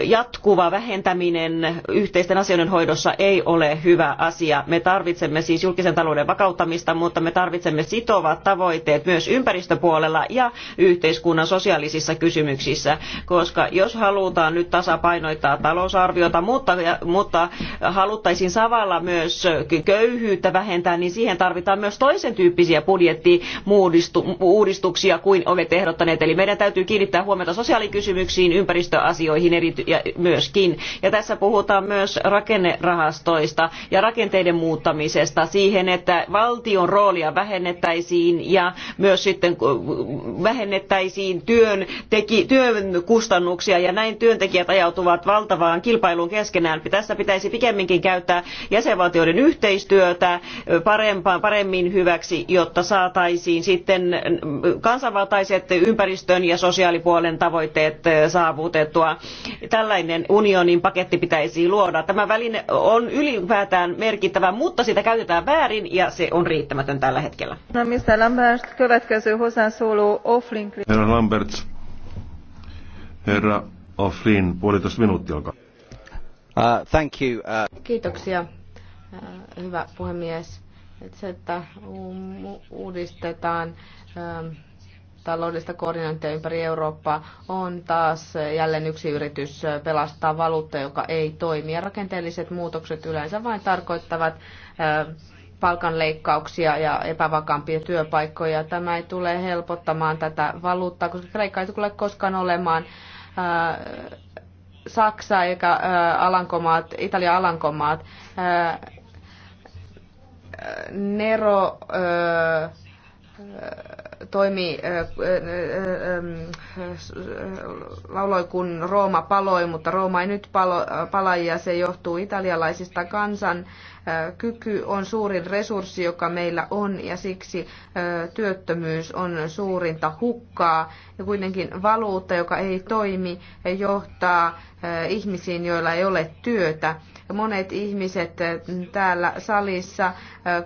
jatkuva vähentäminen yhteisten asioiden hoidossa ei ole hyvä asia. Me tarvitsemme siis julkisen talouden vakauttamista, mutta me tarvitsemme sitovat tavoitteet myös ympäristöpuolella ja yhteiskunnan sosiaalisissa kysymyksissä, koska jos halutaan nyt tasapainoittaa talousarviota, mutta, mutta haluttaisiin samalla myös köyhyyttä vähentää, niin siihen tarvitaan myös toisen tyyppisiä budjettiuudistuksia kuin olet ehdottaneet. Eli meidän täytyy kiinnittää huomiota huomiota sosiaalikysymyksiin, ympäristöasioihin eri, ja myöskin. Ja tässä puhutaan myös rakennerahastoista ja rakenteiden muuttamisesta siihen, että valtion roolia vähennettäisiin ja myös sitten vähennettäisiin työn, teki, työn kustannuksia ja näin työntekijät ajautuvat valtavaan kilpailuun keskenään. Tässä pitäisi pikemminkin käyttää jäsenvaltioiden yhteistyötä parempaan, paremmin hyväksi, jotta saataisiin sitten kansanvaltaiset ympäristön ja sosiaalipuolen sukupuolen tavoitteet eh, saavutettua. Tällainen unionin paketti pitäisi luoda. Tämä väline on ylipäätään merkittävä, mutta sitä käytetään väärin ja se on riittämätön tällä hetkellä. No, herra Lambert, herra Offlin, puolitoista minuuttia, Uh, thank you. Uh... Kiitoksia, uh, hyvä puhemies. Se, että uudistetaan um, taloudellista koordinointia ympäri Eurooppaa on taas jälleen yksi yritys pelastaa valuutta, joka ei toimi. Ja rakenteelliset muutokset yleensä vain tarkoittavat palkanleikkauksia ja epävakaampia työpaikkoja. Tämä ei tule helpottamaan tätä valuuttaa, koska Kreikka ei tule koskaan olemaan Saksa eikä Alankomaat, Italia Alankomaat. Nero toimi, lauloi kun Rooma paloi, mutta Rooma ei nyt palo, pala ja se johtuu italialaisista kansan kyky on suurin resurssi, joka meillä on ja siksi työttömyys on suurinta hukkaa. Ja kuitenkin valuutta, joka ei toimi, johtaa ihmisiin, joilla ei ole työtä Monet ihmiset äh, täällä salissa äh,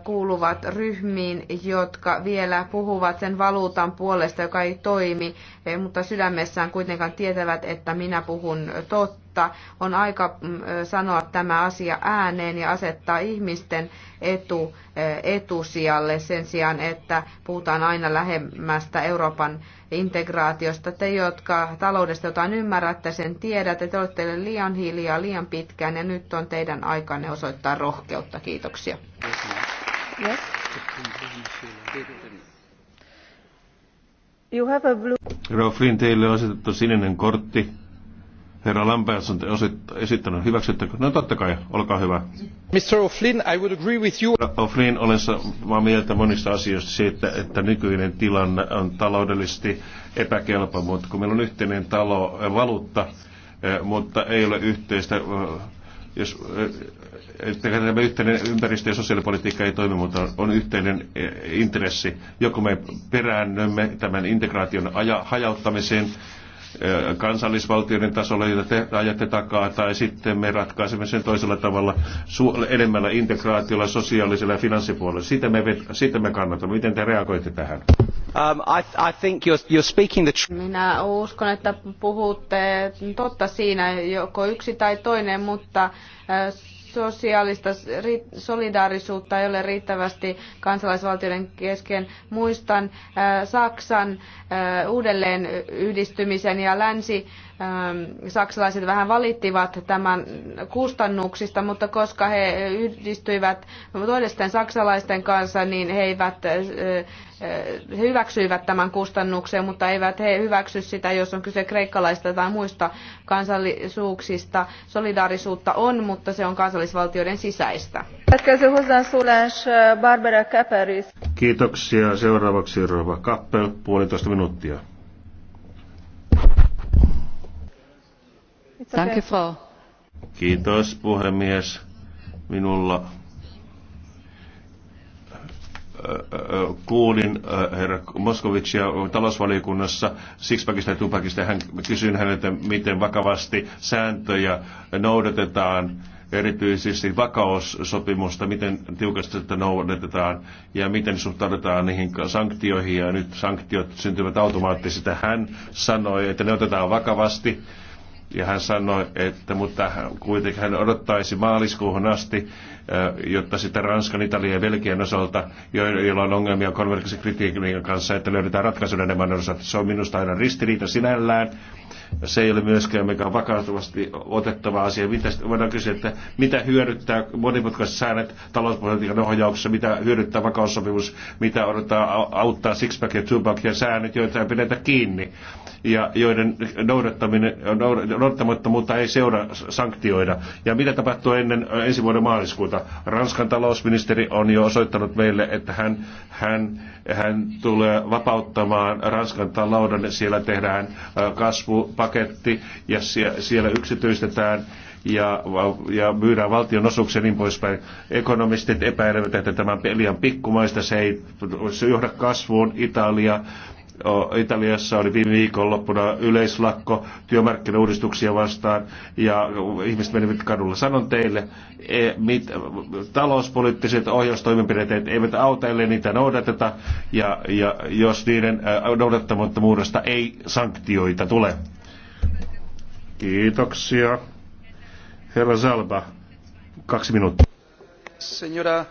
kuuluvat ryhmiin, jotka vielä puhuvat sen valuutan puolesta, joka ei toimi, eh, mutta sydämessään kuitenkaan tietävät, että minä puhun totta mutta on aika mm, sanoa tämä asia ääneen ja asettaa ihmisten etu etusijalle sen sijaan, että puhutaan aina lähemmästä Euroopan integraatiosta. Te, jotka taloudesta jotain ymmärrätte, sen tiedätte. Te olette liian hiljaa, liian pitkään ja nyt on teidän aikanne osoittaa rohkeutta. Kiitoksia. Yes. You have a blue... Roflin, teille on asetettu sininen kortti herra Lambert on esittänyt. hyväksyttäkö? No totta kai, olkaa hyvä. Mr. O'Flynn, I would agree with you. O'Flynn, olen samaa mieltä monista asioista siitä, että nykyinen tilanne on taloudellisesti epäkelpo, mutta kun meillä on yhteinen talo, äh, valuutta, äh, mutta ei ole yhteistä äh, jos tämä yhteinen ympäristö- ja sosiaalipolitiikka ei toimi, mutta on yhteinen intressi. Joko me peräännymme tämän integraation hajauttamiseen kansallisvaltioiden tasolla, joita te ajatte takaa, tai sitten me ratkaisemme sen toisella tavalla enemmällä integraatiolla, sosiaalisella ja finanssipuolella. Sitä me, sitä me kannatamme. Miten te reagoitte tähän? Um, I, I think you're, you're speaking the tr- Minä uskon, että puhutte totta siinä, joko yksi tai toinen, mutta sosiaalista solidaarisuutta ei ole riittävästi kansalaisvaltioiden kesken. Muistan äh, Saksan äh, uudelleen yhdistymisen ja länsi Ähm, saksalaiset vähän valittivat tämän kustannuksista, mutta koska he yhdistyivät toisten saksalaisten kanssa, niin he eivät äh, äh, he hyväksyivät tämän kustannuksen, mutta eivät he hyväksy sitä, jos on kyse kreikkalaista tai muista kansallisuuksista. Solidaarisuutta on, mutta se on kansallisvaltioiden sisäistä. Äh, Kiitoksia. Seuraavaksi Rova Kappel, puolitoista minuuttia. Danke, Frau. Kiitos, puhemies. Minulla äh, äh, kuulin äh, herra Moskovicia talousvaliokunnassa Sixpackista ja Tupakista. Hän kysyin häneltä, miten vakavasti sääntöjä noudatetaan, erityisesti vakaussopimusta, miten tiukasti sitä noudatetaan ja miten suhtaudutaan niihin sanktioihin. Ja nyt sanktiot syntyvät automaattisesti. Hän sanoi, että ne otetaan vakavasti ja hän sanoi, että mutta kuitenkin hän odottaisi maaliskuuhun asti, jotta sitten Ranskan, Italian ja Belgian osalta, joilla on ongelmia kritiikin kanssa, että löydetään ratkaisuja enemmän osalta. Se on minusta aina ristiriita sinällään, se ei ole myöskään mikään vakautuvasti otettava asia. Mitä, voidaan kysyä, että mitä hyödyttää monimutkaiset säännöt talouspolitiikan ohjauksessa, mitä hyödyttää vakaussopimus, mitä odottaa auttaa sixpack ja twopack ja säännöt, joita ei pidetä kiinni ja joiden noudattaminen, noudattamattomuutta ei seuraa sanktioida. Ja mitä tapahtuu ennen ensi vuoden maaliskuuta? Ranskan talousministeri on jo osoittanut meille, että hän, hän, hän tulee vapauttamaan Ranskan talouden. Siellä tehdään kasvu paketti ja siellä yksityistetään ja, ja myydään valtion osuuksia niin poispäin. Ekonomistit epäilevät, että tämä peli on pikkumaista, se ei se johda kasvuun. Italia Italiassa oli viime viikonloppuna yleislakko työmarkkinauudistuksia vastaan ja ihmiset menivät kadulla. Sanon teille, e, mit, talouspoliittiset ohjaustoimenpiteet eivät auta, ellei niitä noudateta ja, ja jos niiden noudattamattomuudesta ei sanktioita tule. Kiitoksia. Herra Salba, kaksi minuuttia. Senora...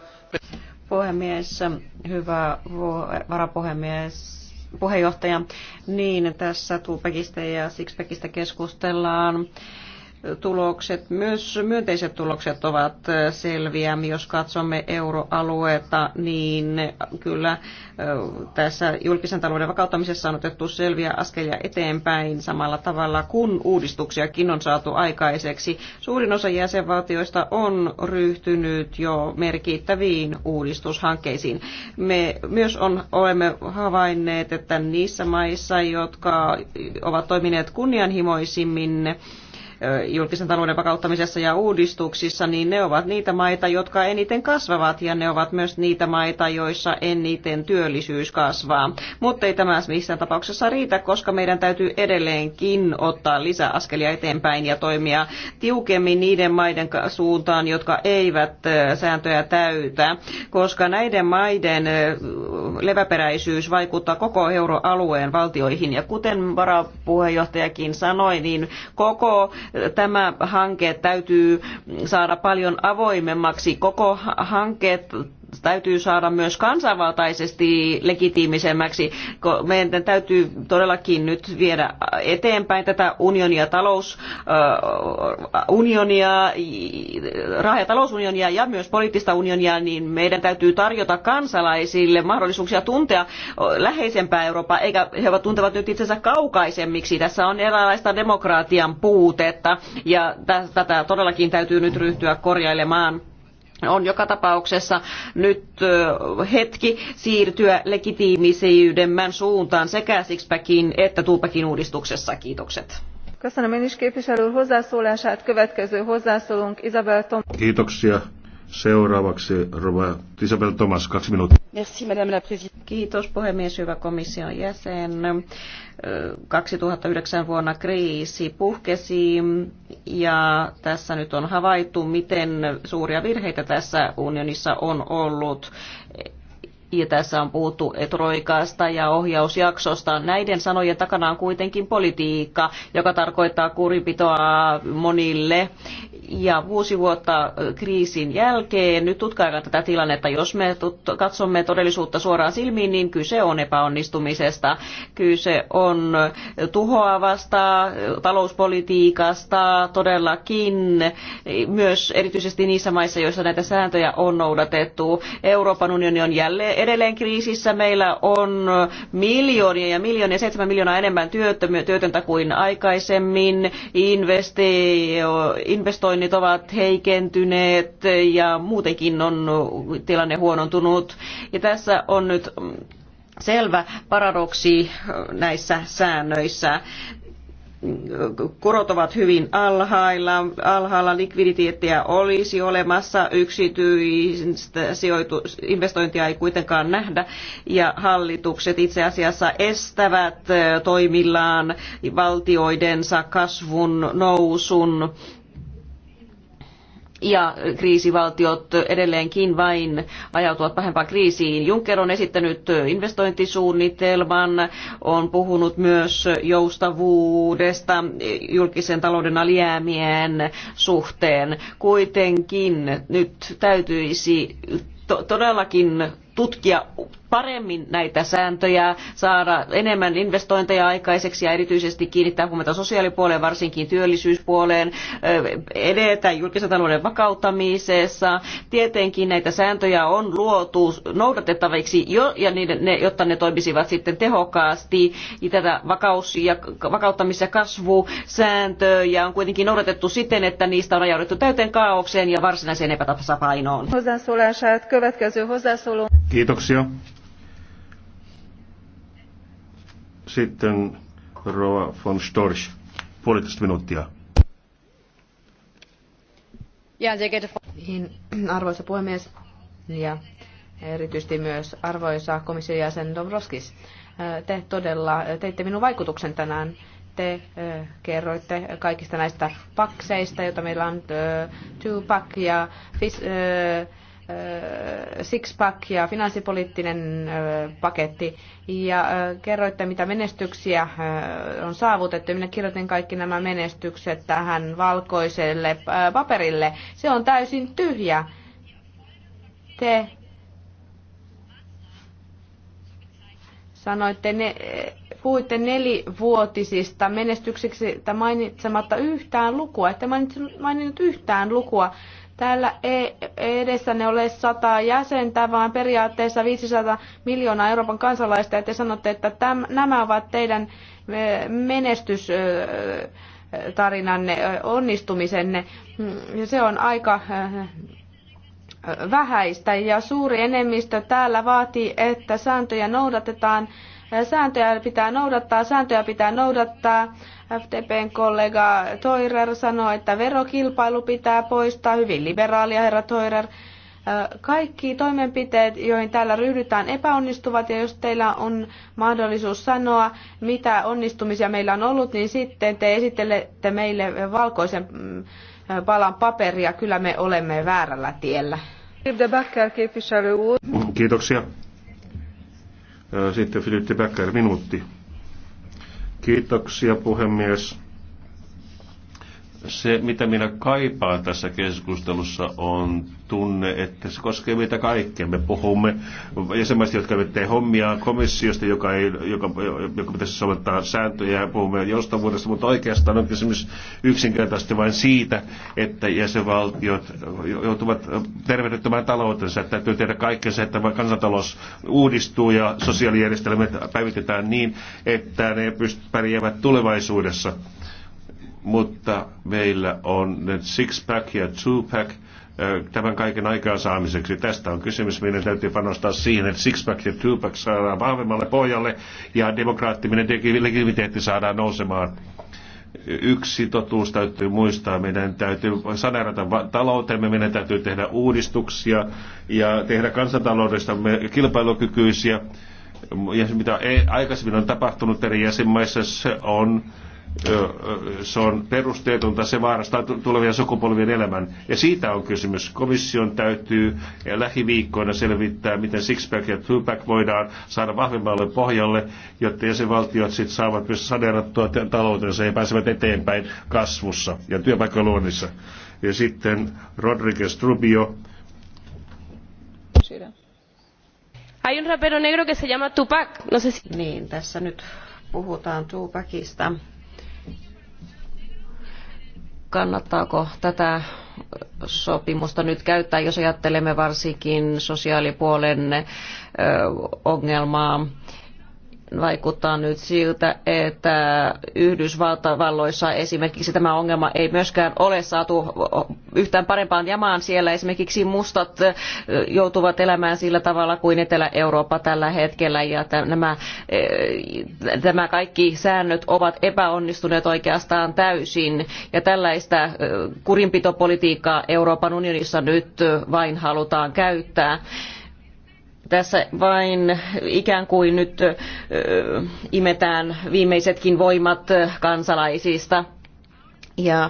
Puhemies, hyvä varapuhemies, puheenjohtaja. Niin, tässä Tuupekista ja Sixpackista keskustellaan tulokset, myös myönteiset tulokset ovat selviä. Jos katsomme euroalueita, niin kyllä tässä julkisen talouden vakauttamisessa on otettu selviä askelia eteenpäin samalla tavalla, kun uudistuksiakin on saatu aikaiseksi. Suurin osa jäsenvaltioista on ryhtynyt jo merkittäviin uudistushankkeisiin. Me myös on, olemme havainneet, että niissä maissa, jotka ovat toimineet kunnianhimoisimmin, julkisen talouden vakauttamisessa ja uudistuksissa, niin ne ovat niitä maita, jotka eniten kasvavat ja ne ovat myös niitä maita, joissa eniten työllisyys kasvaa. Mutta ei tämä missään tapauksessa riitä, koska meidän täytyy edelleenkin ottaa lisäaskelia eteenpäin ja toimia tiukemmin niiden maiden suuntaan, jotka eivät sääntöjä täytä, koska näiden maiden leväperäisyys vaikuttaa koko euroalueen valtioihin. Ja kuten varapuheenjohtajakin sanoi, niin koko Tämä hanke täytyy saada paljon avoimemmaksi. Koko hanke täytyy saada myös kansainvaltaisesti legitiimisemmäksi. Meidän täytyy todellakin nyt viedä eteenpäin tätä unionia, talousunionia, raha- ja talousunionia ja myös poliittista unionia, niin meidän täytyy tarjota kansalaisille mahdollisuuksia tuntea läheisempää Eurooppaa, eikä he ovat tuntevat nyt itsensä kaukaisemmiksi. Tässä on eräänlaista demokratian puutetta ja tätä todellakin täytyy nyt ryhtyä korjailemaan on joka tapauksessa nyt hetki siirtyä legitiimisyydemmän suuntaan sekä Sixpackin että Tuupakin uudistuksessa. Kiitokset. Köszönöm Kiitoksia. Seuraavaksi Rova Isabel Thomas, kaksi minuuttia. Merci, madame la Kiitos puhemies, hyvä komission jäsen. 2009 vuonna kriisi puhkesi ja tässä nyt on havaittu, miten suuria virheitä tässä unionissa on ollut ja tässä on puhuttu troikaasta ja ohjausjaksosta. Näiden sanojen takana on kuitenkin politiikka, joka tarkoittaa kuripitoa monille. Ja vuosi vuotta kriisin jälkeen, nyt tutkaillaan tätä tilannetta, jos me katsomme todellisuutta suoraan silmiin, niin kyse on epäonnistumisesta. Kyse on tuhoavasta talouspolitiikasta todellakin, myös erityisesti niissä maissa, joissa näitä sääntöjä on noudatettu. Euroopan unioni on jälleen edelleen kriisissä. Meillä on miljoonia ja miljoonia, seitsemän miljoonaa enemmän työtöntä kuin aikaisemmin. investoinnit ovat heikentyneet ja muutenkin on tilanne huonontunut. Ja tässä on nyt selvä paradoksi näissä säännöissä korot ovat hyvin alhailla, alhaalla likviditeettiä olisi olemassa, yksityistä sijoitus, investointia ei kuitenkaan nähdä ja hallitukset itse asiassa estävät toimillaan valtioidensa kasvun nousun ja kriisivaltiot edelleenkin vain ajautuvat pahempaan kriisiin. Juncker on esittänyt investointisuunnitelman, on puhunut myös joustavuudesta julkisen talouden alijäämien suhteen. Kuitenkin nyt täytyisi todellakin tutkia paremmin näitä sääntöjä, saada enemmän investointeja aikaiseksi ja erityisesti kiinnittää huomiota sosiaalipuoleen, varsinkin työllisyyspuoleen, edetä julkisen talouden vakauttamisessa. Tietenkin näitä sääntöjä on luotu noudatettaviksi, jo, ja niiden, ne, jotta ne toimisivat sitten tehokkaasti. Tätä vakaus- ja, vakauttamis- ja kasvusääntöjä on kuitenkin noudatettu siten, että niistä on ajauduttu täyteen kaaukseen ja varsinaiseen epätasapainoon. Kiitoksia. Sitten Roa von Storch, puolitoista minuuttia. Niin, arvoisa puhemies ja erityisesti myös arvoisa komission jäsen Dombrovskis, äh, te todella teitte minun vaikutuksen tänään te äh, kerroitte kaikista näistä pakseista, joita meillä on äh, Tupac ja Fis, six-pack ja finanssipoliittinen paketti. Ja kerroitte, mitä menestyksiä on saavutettu. Minä kirjoitin kaikki nämä menestykset tähän valkoiselle paperille. Se on täysin tyhjä. Te sanoitte, ne, puhuitte nelivuotisista menestyksiksi mainitsematta yhtään lukua, ette maininnut yhtään lukua Täällä ei edessänne ole 100 jäsentä, vaan periaatteessa 500 miljoonaa Euroopan kansalaista, ja te sanotte, että täm, nämä ovat teidän eh, menestystarinanne, eh, onnistumisenne. Mm, ja Se on aika eh, vähäistä ja suuri enemmistö täällä vaatii, että sääntöjä noudatetaan. Sääntöjä pitää noudattaa, sääntöjä pitää noudattaa FTPn kollega Toirer sanoi, että verokilpailu pitää poistaa, hyvin liberaalia herra Toirer. Kaikki toimenpiteet, joihin täällä ryhdytään, epäonnistuvat ja jos teillä on mahdollisuus sanoa, mitä onnistumisia meillä on ollut, niin sitten te esittelette meille valkoisen mm, palan paperia. Kyllä me olemme väärällä tiellä. Kiitoksia. Sitten Filippi Becker, minuutti. Kiitoksia puhemies. Se, mitä minä kaipaan tässä keskustelussa, on tunne, että se koskee meitä kaikkia. Me puhumme jäsenmaista, jotka eivät tee hommia, komissiosta, joka, ei, joka, joka pitäisi soveltaa sääntöjä, ja puhumme joustavuudesta, mutta oikeastaan on kysymys yksinkertaisesti vain siitä, että jäsenvaltiot joutuvat tervehdyttämään taloutensa. Täytyy tehdä kaikkensa, että kansantalous uudistuu ja sosiaalijärjestelmät päivitetään niin, että ne pärjäävät tulevaisuudessa. Mutta meillä on nyt six-pack ja two-pack, tämän kaiken aikaansaamiseksi. Tästä on kysymys. Meidän täytyy panostaa siihen, että six-pack ja two-pack saadaan vahvemmalle pohjalle ja demokraattinen legitimiteetti saadaan nousemaan. Yksi totuus täytyy muistaa. Meidän täytyy saneerata taloutemme, meidän täytyy tehdä uudistuksia ja tehdä kansantaloudestamme kilpailukykyisiä. Ja mitä aikaisemmin on tapahtunut eri jäsenmaissa, se on se on perusteetonta, se vaarastaa tulevien sukupolvien elämän. Ja siitä on kysymys. Komission täytyy lähiviikkoina selvittää, miten six-pack ja two-pack voidaan saada vahvemmalle pohjalle, jotta jäsenvaltiot sit saavat myös saneerattua taloutensa ja pääsevät eteenpäin kasvussa ja työpaikkaluonnissa. Ja sitten Rodriguez Rubio. Sydän. Hay un rapero negro que se llama Tupac. No sé si... Niin, tässä nyt puhutaan Tupacista kannattaako tätä sopimusta nyt käyttää, jos ajattelemme varsinkin sosiaalipuolen ongelmaa vaikuttaa nyt siltä, että Yhdysvalloissa esimerkiksi tämä ongelma ei myöskään ole saatu yhtään parempaan jamaan. Siellä esimerkiksi mustat joutuvat elämään sillä tavalla kuin Etelä-Eurooppa tällä hetkellä ja nämä, tämä kaikki säännöt ovat epäonnistuneet oikeastaan täysin ja tällaista kurinpitopolitiikkaa Euroopan unionissa nyt vain halutaan käyttää tässä vain ikään kuin nyt imetään viimeisetkin voimat kansalaisista. Ja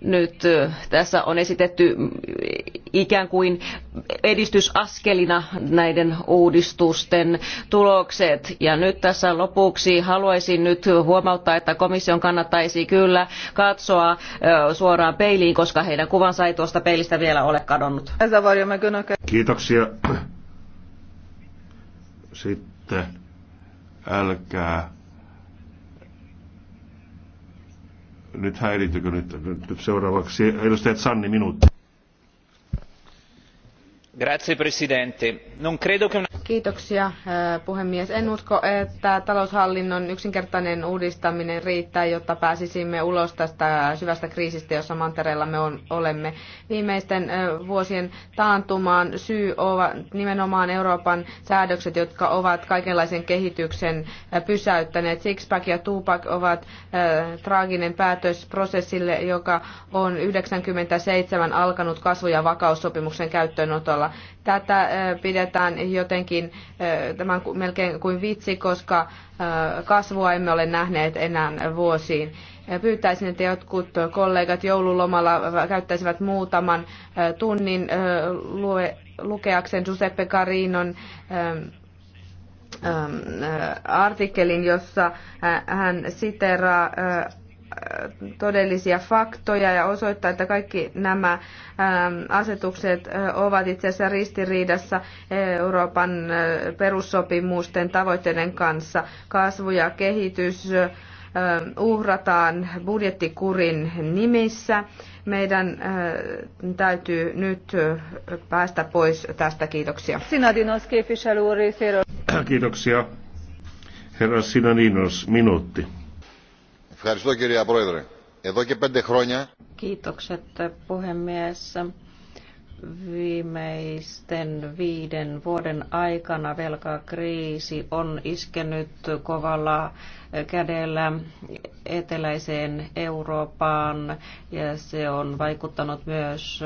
nyt tässä on esitetty ikään kuin edistysaskelina näiden uudistusten tulokset. Ja nyt tässä lopuksi haluaisin nyt huomauttaa, että komission kannattaisi kyllä katsoa suoraan peiliin, koska heidän kuvansa ei tuosta peilistä vielä ole kadonnut. Kiitoksia sitten älkää nyt häiritykö nyt, nyt, nyt seuraavaksi edustajat Sanni minuutti. Kiitoksia eh, puhemies. En usko, että taloushallinnon yksinkertainen uudistaminen riittää, jotta pääsisimme ulos tästä syvästä kriisistä, jossa mantereellamme me olemme. Viimeisten eh, vuosien taantumaan syy ovat nimenomaan Euroopan säädökset, jotka ovat kaikenlaisen kehityksen eh, pysäyttäneet. Sixpack ja Tupac ovat traaginen päätös prosessille, joka on 97 alkanut kasvu- ja vakaussopimuksen käyttöönotolla keskustelua. Tätä pidetään jotenkin tämän melkein kuin vitsi, koska kasvua emme ole nähneet enää vuosiin. Pyytäisin, että jotkut kollegat joululomalla käyttäisivät muutaman tunnin lukeakseen Giuseppe Carinon artikkelin, jossa hän siteraa Äh, todellisia faktoja ja osoittaa, että kaikki nämä ähm, asetukset äh, ovat itse asiassa ristiriidassa Euroopan äh, perussopimusten tavoitteiden kanssa. Kasvu ja kehitys uhrataan budjettikurin nimissä. Meidän täytyy nyt päästä pois tästä. Kiitoksia. Sinadinos, Kiitoksia. Herra Sinadinos, minuutti. Kiitokset puhemies. Viimeisten viiden vuoden aikana velkakriisi on iskenyt kovalla kädellä eteläiseen Eurooppaan ja se on vaikuttanut myös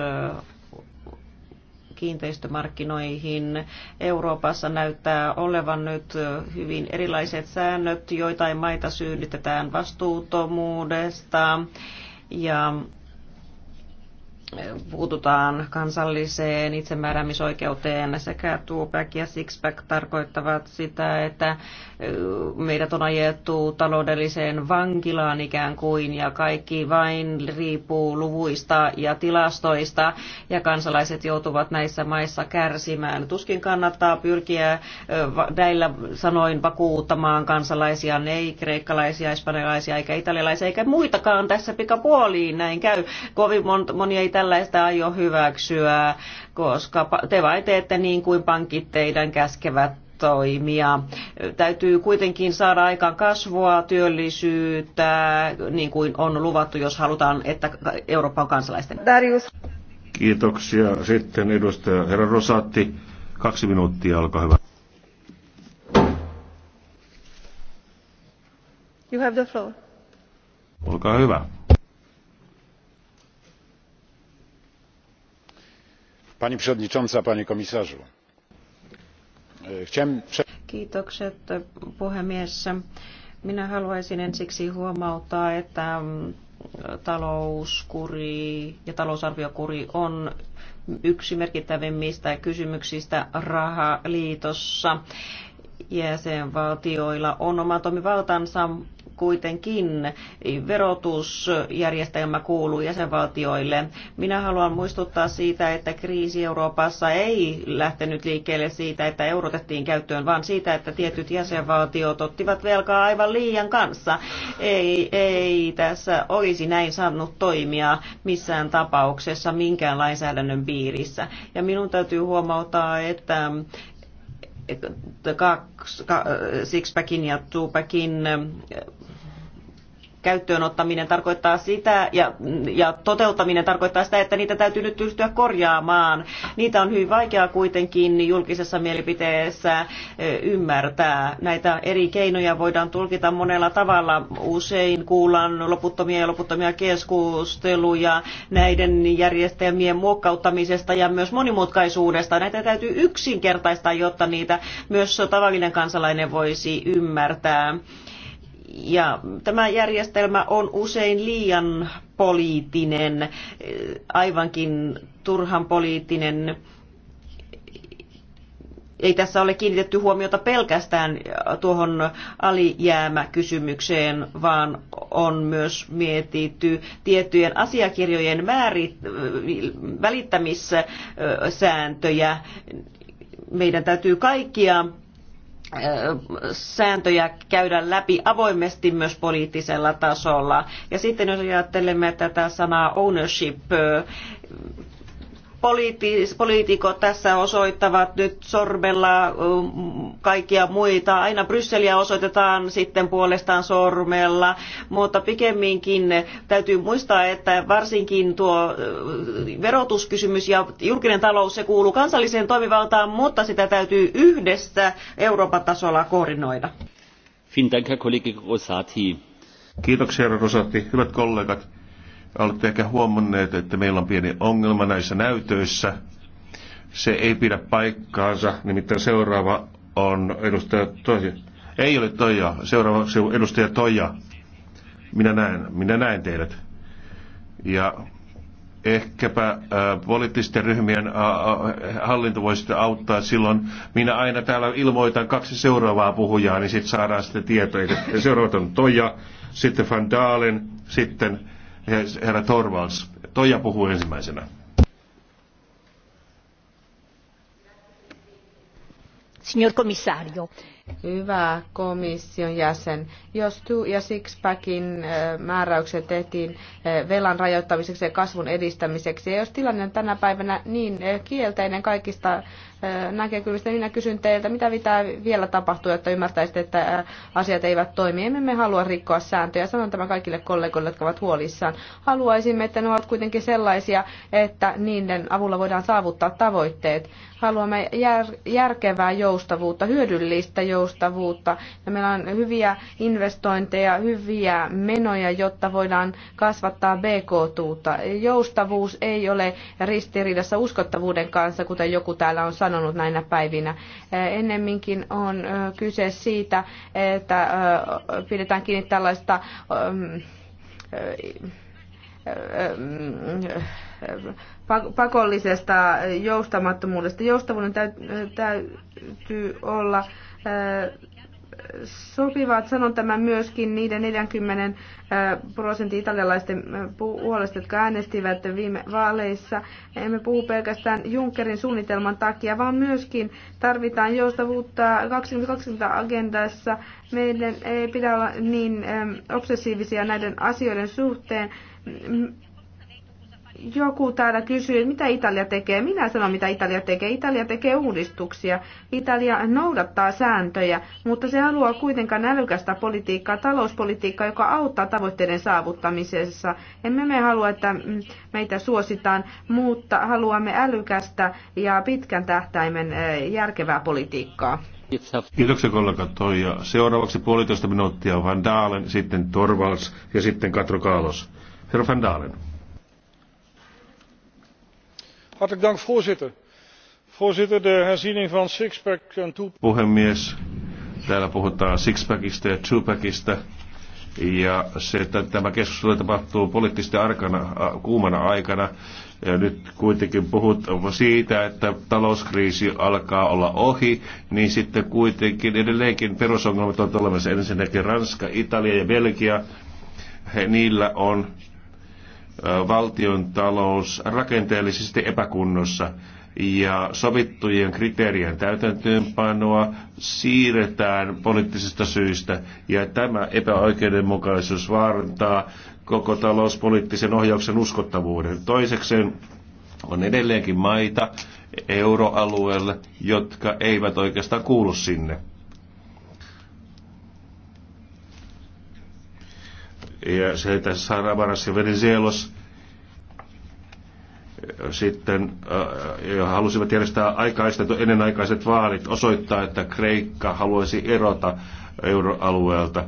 kiinteistömarkkinoihin. Euroopassa näyttää olevan nyt hyvin erilaiset säännöt. Joitain maita syynnytetään vastuuttomuudesta ja puututaan kansalliseen itsemääräämisoikeuteen sekä tuopäk ja sixpack tarkoittavat sitä, että meidät on ajettu taloudelliseen vankilaan ikään kuin ja kaikki vain riippuu luvuista ja tilastoista ja kansalaiset joutuvat näissä maissa kärsimään. Tuskin kannattaa pyrkiä näillä sanoin vakuuttamaan kansalaisia, ei kreikkalaisia, espanjalaisia eikä italialaisia eikä muitakaan tässä pikapuoliin näin käy. Kovin monia itä tällaista aio hyväksyä, koska te vain teette niin kuin pankit teidän käskevät toimia. Täytyy kuitenkin saada aikaan kasvua, työllisyyttä, niin kuin on luvattu, jos halutaan, että Euroopan kansalaisten. Darius. Kiitoksia. Sitten edustaja herra Rosatti. Kaksi minuuttia, olkaa hyvä. You have the floor. Olkaa hyvä. pani przewodnicząca panie komisarzu! puhemies minä haluaisin ensiksi huomauttaa että mm, talouskuri ja talousarviokuri on yksi merkittävimmistä kysymyksistä rahaliitossa jäsenvaltioilla on oma toimivaltansa kuitenkin verotusjärjestelmä kuuluu jäsenvaltioille. Minä haluan muistuttaa siitä, että kriisi Euroopassa ei lähtenyt liikkeelle siitä, että eurotettiin käyttöön, vaan siitä, että tietyt jäsenvaltiot ottivat velkaa aivan liian kanssa. Ei, ei tässä olisi näin saanut toimia missään tapauksessa minkään lainsäädännön piirissä. Ja minun täytyy huomauttaa, että Sixpackin ja Tupackin käyttöönottaminen tarkoittaa sitä ja, ja toteuttaminen tarkoittaa sitä, että niitä täytyy nyt pystyä korjaamaan. Niitä on hyvin vaikeaa kuitenkin julkisessa mielipiteessä ymmärtää. Näitä eri keinoja voidaan tulkita monella tavalla. Usein kuullaan loputtomia ja loputtomia keskusteluja näiden järjestelmien muokkauttamisesta ja myös monimutkaisuudesta. Näitä täytyy yksinkertaistaa, jotta niitä myös tavallinen kansalainen voisi ymmärtää. Ja tämä järjestelmä on usein liian poliittinen, aivankin turhan poliittinen ei tässä ole kiinnitetty huomiota pelkästään tuohon alijäämäkysymykseen, vaan on myös mietitty tiettyjen asiakirjojen määrit, välittämissääntöjä. Meidän täytyy kaikkia sääntöjä käydä läpi avoimesti myös poliittisella tasolla. Ja sitten jos ajattelemme tätä sanaa ownership, poliitikot tässä osoittavat nyt sormella um, kaikkia muita. Aina Brysseliä osoitetaan sitten puolestaan sormella, mutta pikemminkin täytyy muistaa, että varsinkin tuo uh, verotuskysymys ja julkinen talous, se kuuluu kansalliseen toimivaltaan, mutta sitä täytyy yhdessä Euroopan tasolla koordinoida. Kiitoksia, Rosati. Hyvät kollegat Olette ehkä huomanneet, että meillä on pieni ongelma näissä näytöissä. Se ei pidä paikkaansa, nimittäin seuraava on edustaja Toija. Ei ole Toija, seuraava on edustaja Toija. Minä näen, minä näen teidät. Ja ehkäpä äh, poliittisten ryhmien äh, äh hallinto voi sitten auttaa silloin. Minä aina täällä ilmoitan kaksi seuraavaa puhujaa, niin sitten saadaan sitten tietoja. Seuraavat on Toija, sitten Van Dalen, sitten herra Torvalds. Toija puhuu ensimmäisenä. Signor commissario. Hyvä komission jäsen. Jos tu ja Sixpackin määräykset tehtiin velan rajoittamiseksi ja kasvun edistämiseksi, ja jos tilanne on tänä päivänä niin kielteinen kaikista näkökulmasta. Minä kysyn teiltä, mitä pitää vielä tapahtua, jotta ymmärtäisitte, että asiat eivät toimi. Emme me halua rikkoa sääntöjä. Sanon tämän kaikille kollegoille, jotka ovat huolissaan. Haluaisimme, että ne ovat kuitenkin sellaisia, että niiden avulla voidaan saavuttaa tavoitteet. Haluamme jär- järkevää joustavuutta, hyödyllistä joustavuutta. Ja meillä on hyviä investointeja, hyviä menoja, jotta voidaan kasvattaa BKT. Joustavuus ei ole ristiriidassa uskottavuuden kanssa, kuten joku täällä on sanonut sanonut näinä päivinä. Äh, ennemminkin on äh, kyse siitä, että äh, pidetään kiinni tällaista ähm, pakollisesta joustamattomuudesta. Joustavuuden täytyy olla sopivat. Sanon tämän myöskin niiden 40 prosentin italialaisten puolesta, jotka äänestivät viime vaaleissa. Emme puhu pelkästään Junckerin suunnitelman takia, vaan myöskin tarvitaan joustavuutta 2020-agendassa. Meidän ei pidä olla niin obsessiivisia näiden asioiden suhteen joku täällä kysyi, mitä Italia tekee. Minä sanon, mitä Italia tekee. Italia tekee uudistuksia. Italia noudattaa sääntöjä, mutta se haluaa kuitenkaan älykästä politiikkaa, talouspolitiikkaa, joka auttaa tavoitteiden saavuttamisessa. Emme me halua, että mm, meitä suositaan, mutta haluamme älykästä ja pitkän tähtäimen eh, järkevää politiikkaa. Kiitoksia kollega Toija. Seuraavaksi puolitoista minuuttia Van Daalen, sitten Torvalds ja sitten Katro Kaalos. Herra Van Daalen voorzitter de herziening van sixpack en twopack. puhemies täällä puhutaan sixpackista ja twopackista ja se, että tämä keskustelu tapahtuu poliittisesti arkana, kuumana aikana. Ja nyt kuitenkin puhutaan siitä, että talouskriisi alkaa olla ohi, niin sitten kuitenkin edelleenkin perusongelmat on olemassa. Ensinnäkin Ranska, Italia ja Belgia, he, niillä on valtion talous rakenteellisesti epäkunnossa ja sovittujen kriteerien täytäntöönpanoa siirretään poliittisista syistä ja tämä epäoikeudenmukaisuus vaarantaa koko talouspoliittisen ohjauksen uskottavuuden. Toisekseen on edelleenkin maita euroalueelle, jotka eivät oikeastaan kuulu sinne. ja se tässä Saravaras ja Venizelos sitten äh, ja halusivat järjestää aikaistetut ennenaikaiset vaalit osoittaa, että Kreikka haluaisi erota euroalueelta.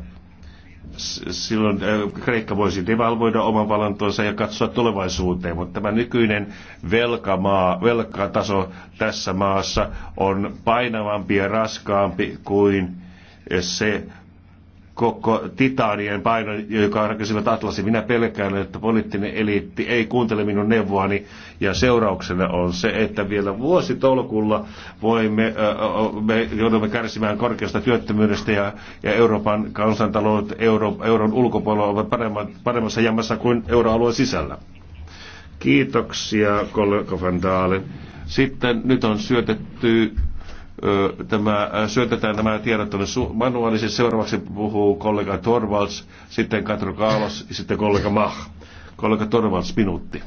Silloin äh, Kreikka voisi devalvoida oman valantonsa ja katsoa tulevaisuuteen, mutta tämä nykyinen velkamaa, velkataso tässä maassa on painavampi ja raskaampi kuin se koko titaanien paino, joka rakensivat Atlasin. Minä pelkään, että poliittinen eliitti ei kuuntele minun neuvoani ja seurauksena on se, että vielä vuositolkulla voimme, me joudumme kärsimään korkeasta työttömyydestä ja, ja Euroopan kansantaloudet euro, euron ulkopuolella ovat paremmassa jamassa kuin euroalueen sisällä. Kiitoksia kollega Van Daalen. Sitten nyt on syötetty tämä, syötetään tämä tiedot tuonne manuaalisesti. Seuraavaksi puhuu kollega Torvalds, sitten Katro Kaalos ja sitten kollega Mah Kollega Torvalds, minuutti.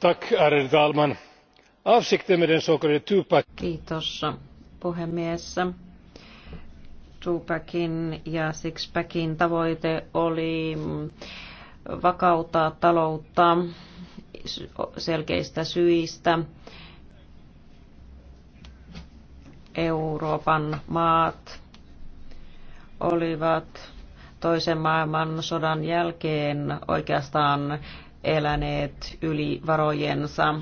Tack, ärade talman. Avsikten med den så kallade Tupac... Kiitos, puhemies. Tupacin ja Sixpackin tavoite oli vakauttaa taloutta selkeistä syistä. Euroopan maat olivat toisen maailmansodan jälkeen oikeastaan eläneet yli varojensa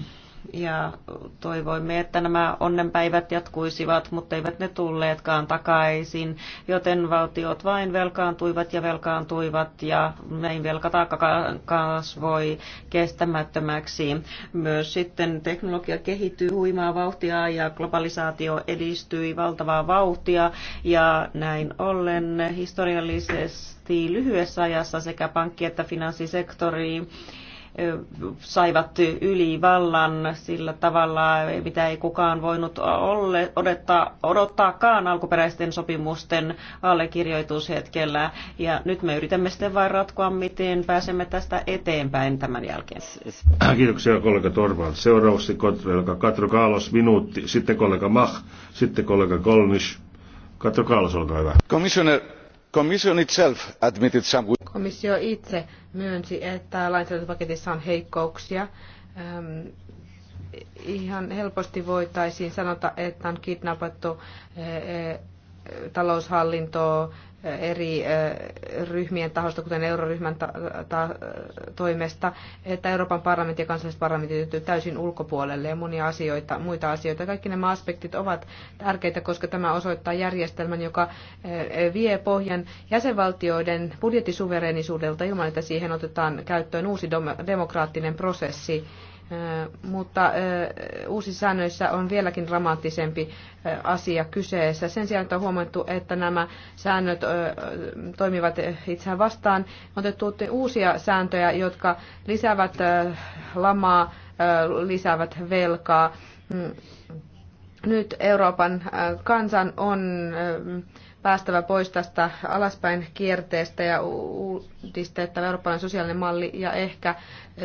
ja toivoimme, että nämä onnenpäivät jatkuisivat, mutta eivät ne tulleetkaan takaisin, joten valtiot vain velkaantuivat ja velkaantuivat ja näin velkataakka kasvoi kestämättömäksi. Myös sitten teknologia kehittyy huimaa vauhtia ja globalisaatio edistyi valtavaa vauhtia ja näin ollen historiallisesti lyhyessä ajassa sekä pankki- että finanssisektori saivat yli vallan sillä tavalla, mitä ei kukaan voinut olle, odottaa, odottaakaan alkuperäisten sopimusten allekirjoitushetkellä. Ja nyt me yritämme sitten vain ratkoa, miten pääsemme tästä eteenpäin tämän jälkeen. Kiitoksia kollega Torvald. Seuraavaksi kollega Katro Kaalos minuutti, sitten kollega Mach, sitten kollega Kolnish. Katro Kaalos, olkaa hyvä. Komissioner komissio itse myönsi että lainsäädäntöpaketissa on heikkouksia. Ehm, ihan helposti voitaisiin sanoa että on kidnappattu eh, eh, taloushallintoa eri ryhmien tahosta, kuten euroryhmän ta- ta- toimesta, että Euroopan parlamentti ja kansalliset parlamentit yhtyy täysin ulkopuolelle ja monia asioita, muita asioita. Kaikki nämä aspektit ovat tärkeitä, koska tämä osoittaa järjestelmän, joka vie pohjan jäsenvaltioiden budjettisuverenisuudelta ilman, että siihen otetaan käyttöön uusi demokraattinen prosessi mutta uusissa säännöissä on vieläkin dramaattisempi asia kyseessä. Sen sijaan, että on huomattu, että nämä säännöt toimivat itseään vastaan, on otettu uusia sääntöjä, jotka lisäävät lamaa, lisäävät velkaa. Mm. Nyt Euroopan kansan on päästävä pois tästä alaspäin kierteestä ja uudistettava eurooppalainen sosiaalinen malli ja ehkä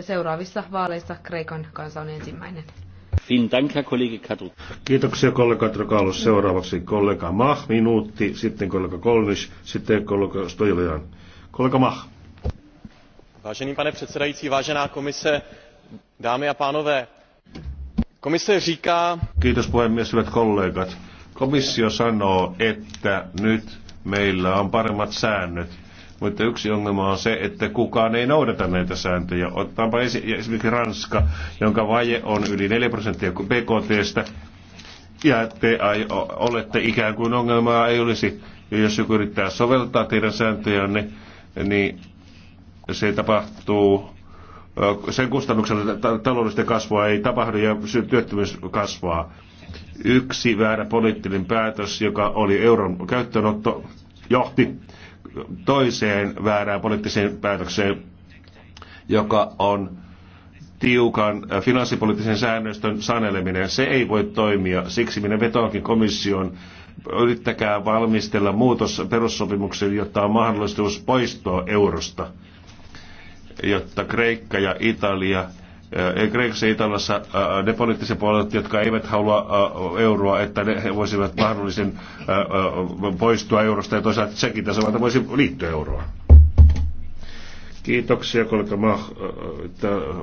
seuraavissa vaaleissa Kreikan kansa on ensimmäinen. Kiitoksia kollega Trokaalus. Seuraavaksi kollega Mah, minuutti, sitten kollega Kolnish, sitten kollega Stojlian. Kollega Mah. Vážený pane předsedající, vážená komise, dámy a pánové, komise říká... Kiitos puhemies, hyvät kollegat. Komissio sanoo, että nyt meillä on paremmat säännöt mutta yksi ongelma on se, että kukaan ei noudata näitä sääntöjä. Ottaanpa esimerkiksi Ranska, jonka vaje on yli 4 prosenttia BKTstä, ja te olette ikään kuin ongelmaa ei olisi. Ja jos joku yrittää soveltaa teidän sääntöjänne, niin se tapahtuu sen kustannuksella taloudellista kasvua ei tapahdu ja työttömyys kasvaa. Yksi väärä poliittinen päätös, joka oli euron käyttöönotto, johti toiseen väärään poliittiseen päätökseen, joka on tiukan äh, finanssipoliittisen säännöstön saneleminen. Se ei voi toimia. Siksi minä vetoankin komission yrittäkää valmistella muutos perussopimuksen, jotta on mahdollisuus poistua eurosta, jotta Kreikka ja Italia Kreikassa ja Italassa ne poliittiset puolet, jotka eivät halua euroa, että ne he voisivat mahdollisen poistua eurosta ja toisaalta sekin että voisi liittyä euroa. Kiitoksia, kollega, Mah,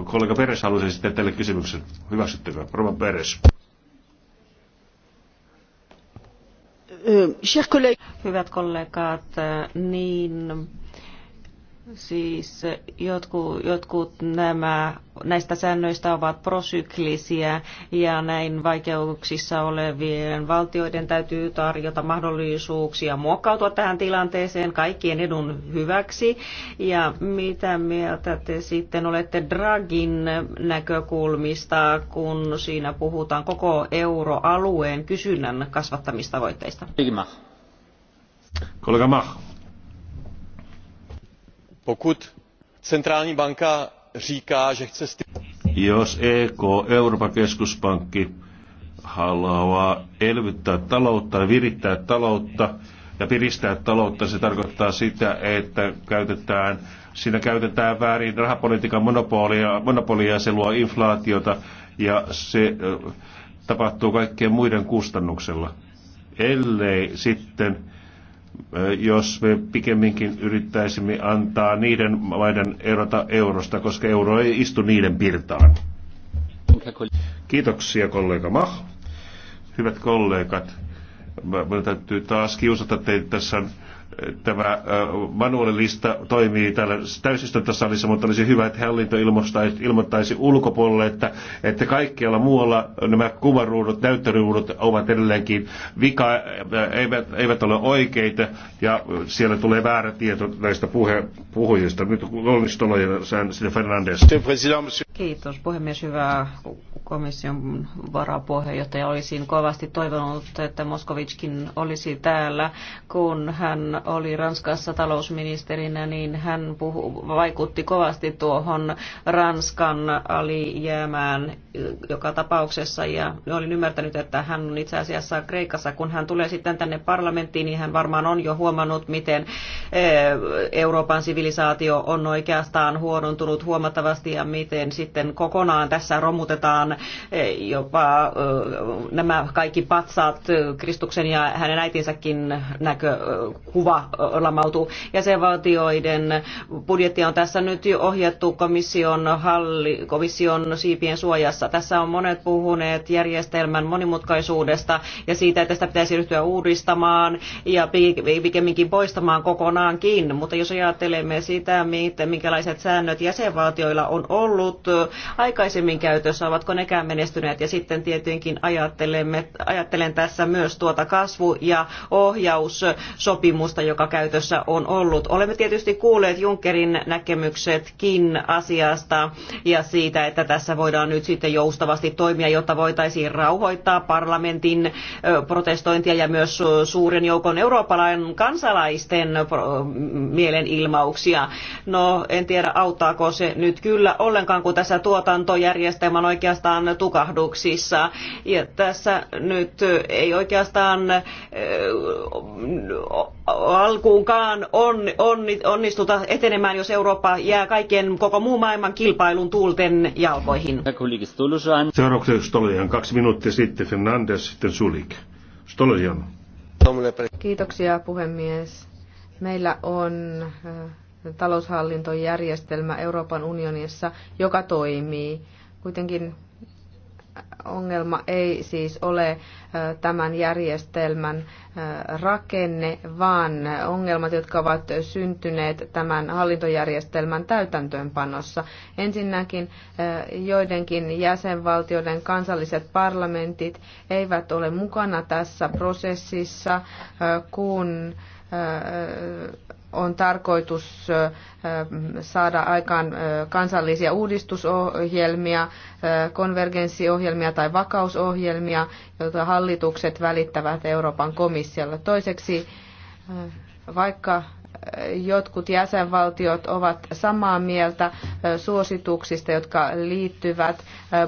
kollega Peres halusi sitten teille kysymyksen. Hyväksyttekö? Roma Peres. Hyvät kollegat, niin Siis jotkut, jotkut nämä, näistä säännöistä ovat prosyklisiä ja näin vaikeuksissa olevien valtioiden täytyy tarjota mahdollisuuksia muokkautua tähän tilanteeseen kaikkien edun hyväksi. Ja mitä mieltä te sitten olette Dragin näkökulmista, kun siinä puhutaan koko euroalueen kysynnän kasvattamista voitteista? Kollega Mach. Pokud centrální banka říká, že chce... Jos EK, Euroopan keskuspankki, haluaa elvyttää taloutta, virittää taloutta ja piristää taloutta, se tarkoittaa sitä, että käytetään, siinä käytetään väärin rahapolitiikan monopolia, monopolia se luo inflaatiota ja se tapahtuu kaikkien muiden kustannuksella. Ellei sitten jos me pikemminkin yrittäisimme antaa niiden maiden erota eurosta, koska euro ei istu niiden pirtaan. Kiitoksia kollega Mah. Hyvät kollegat, minun täytyy taas kiusata teitä tässä tämä manuaalilista toimii täällä täysistuntosalissa, mutta olisi hyvä, että hallinto ilmoittaisi, ulkopuolelle, että, että kaikkialla muualla nämä kuvaruudut, näyttöruudut ovat edelleenkin vika, eivät, eivät ole oikeita ja siellä tulee väärä tieto näistä puhe, puhujista. Nyt Olnistolo ja Fernandes. Kiitos puhemies, hyvä komission varapuheenjohtaja. Olisin kovasti toivonut, että Moskovitskin olisi täällä. Kun hän oli Ranskassa talousministerinä, niin hän puhu, vaikutti kovasti tuohon Ranskan alijäämään joka tapauksessa ja olin ymmärtänyt, että hän on itse asiassa Kreikassa. Kun hän tulee sitten tänne parlamenttiin, niin hän varmaan on jo huomannut, miten eh, Euroopan sivilisaatio on oikeastaan huonontunut huomattavasti ja miten sitten kokonaan tässä romutetaan eh, jopa eh, nämä kaikki patsaat Kristuksen ja hänen äitinsäkin näkökuva lamautuu. Jäsenvaltioiden budjetti on tässä nyt ohjattu komission, halli, komission siipien suojassa Euroopassa. Tässä on monet puhuneet järjestelmän monimutkaisuudesta ja siitä, että sitä pitäisi ryhtyä uudistamaan ja pikemminkin poistamaan kokonaankin. Mutta jos ajattelemme sitä, minkälaiset säännöt jäsenvaltioilla on ollut aikaisemmin käytössä, ovatko nekään menestyneet ja sitten tietenkin ajattelemme, ajattelen tässä myös tuota kasvu- ja ohjaussopimusta, joka käytössä on ollut. Olemme tietysti kuulleet Junckerin näkemyksetkin asiasta ja siitä, että tässä voidaan nyt sitten joustavasti toimia, jotta voitaisiin rauhoittaa parlamentin protestointia ja myös suuren joukon eurooppalainen kansalaisten mielenilmauksia. No, en tiedä auttaako se nyt kyllä ollenkaan, kun tässä tuotantojärjestelmä on oikeastaan tukahduksissa. Ja tässä nyt ei oikeastaan alkuunkaan on, on, onnistuta etenemään, jos Eurooppa jää kaiken koko muun maailman kilpailun tuulten jalkoihin. Seuraavaksi Stolian. Kaksi minuuttia sitten Fernandes, sitten Sulik. Stolian. Kiitoksia puhemies. Meillä on äh, taloushallintojärjestelmä Euroopan unionissa, joka toimii. Kuitenkin ongelma ei siis ole tämän järjestelmän rakenne, vaan ongelmat, jotka ovat syntyneet tämän hallintojärjestelmän täytäntöönpanossa. Ensinnäkin joidenkin jäsenvaltioiden kansalliset parlamentit eivät ole mukana tässä prosessissa, kun on tarkoitus saada aikaan kansallisia uudistusohjelmia, konvergenssiohjelmia tai vakausohjelmia, joita hallitukset välittävät Euroopan komissiolle. Toiseksi, vaikka jotkut jäsenvaltiot ovat samaa mieltä suosituksista, jotka liittyvät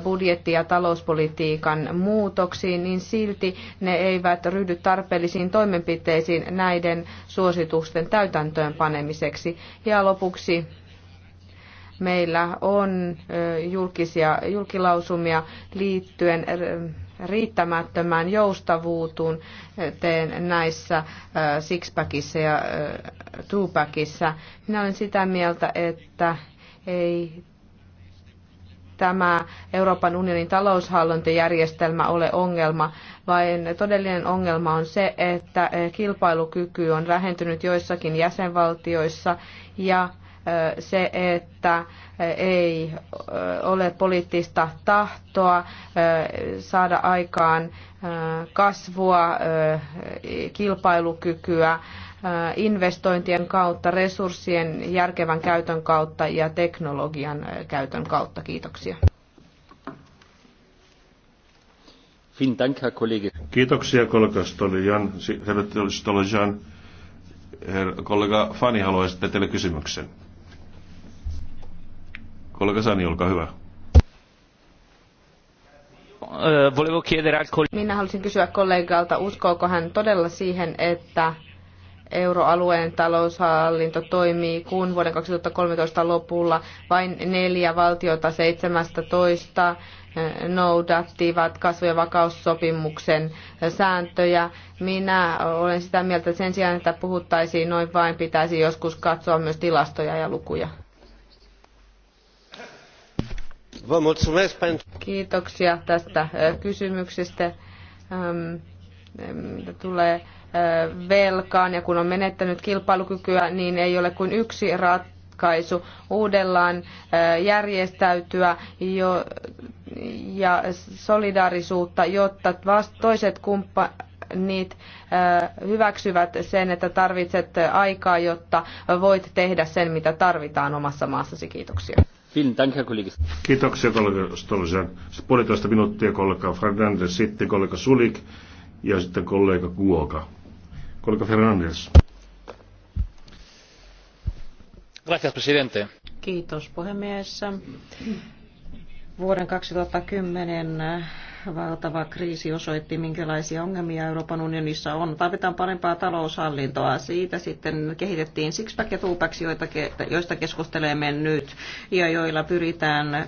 budjetti- ja talouspolitiikan muutoksiin, niin silti ne eivät ryhdy tarpeellisiin toimenpiteisiin näiden suositusten täytäntöönpanemiseksi. Ja lopuksi meillä on julkisia, julkilausumia liittyen riittämättömään joustavuuteen näissä äh, sixpackissa ja äh, twopackissa. Minä olen sitä mieltä, että ei tämä Euroopan unionin taloushallintojärjestelmä ole ongelma, vaan todellinen ongelma on se, että äh, kilpailukyky on vähentynyt joissakin jäsenvaltioissa ja se, että ei ole poliittista tahtoa saada aikaan kasvua, kilpailukykyä investointien kautta, resurssien järkevän käytön kautta ja teknologian käytön kautta. Kiitoksia. Kiitoksia kollega Stolijan. Herra kollega Fani haluaa esittää teille kysymyksen. Kollega Sani, olkaa hyvä. Minä haluaisin kysyä kollegalta, uskooko hän todella siihen, että euroalueen taloushallinto toimii, kuun vuoden 2013 lopulla vain neljä valtiota 17 noudattivat kasvu- ja vakaussopimuksen sääntöjä. Minä olen sitä mieltä, että sen sijaan, että puhuttaisiin noin vain, pitäisi joskus katsoa myös tilastoja ja lukuja. Kiitoksia tästä kysymyksestä. Tulee velkaan ja kun on menettänyt kilpailukykyä, niin ei ole kuin yksi ratkaisu uudellaan järjestäytyä jo, ja solidaarisuutta, jotta toiset kumppanit hyväksyvät sen, että tarvitset aikaa, jotta voit tehdä sen, mitä tarvitaan omassa maassasi. Kiitoksia. Kiitoksia kollega Stolzen. Puolitoista minuuttia kollega Fernandes, sitten kollega Sulik ja sitten kollega Kuoka. Kollega Fernandes. Gracias, presidente. Kiitos puhemies. Vuoden 2010 valtava kriisi osoitti, minkälaisia ongelmia Euroopan unionissa on. Tarvitaan parempaa taloushallintoa. Siitä sitten kehitettiin sixpack ja tuupax, joista keskustelemme nyt, ja joilla pyritään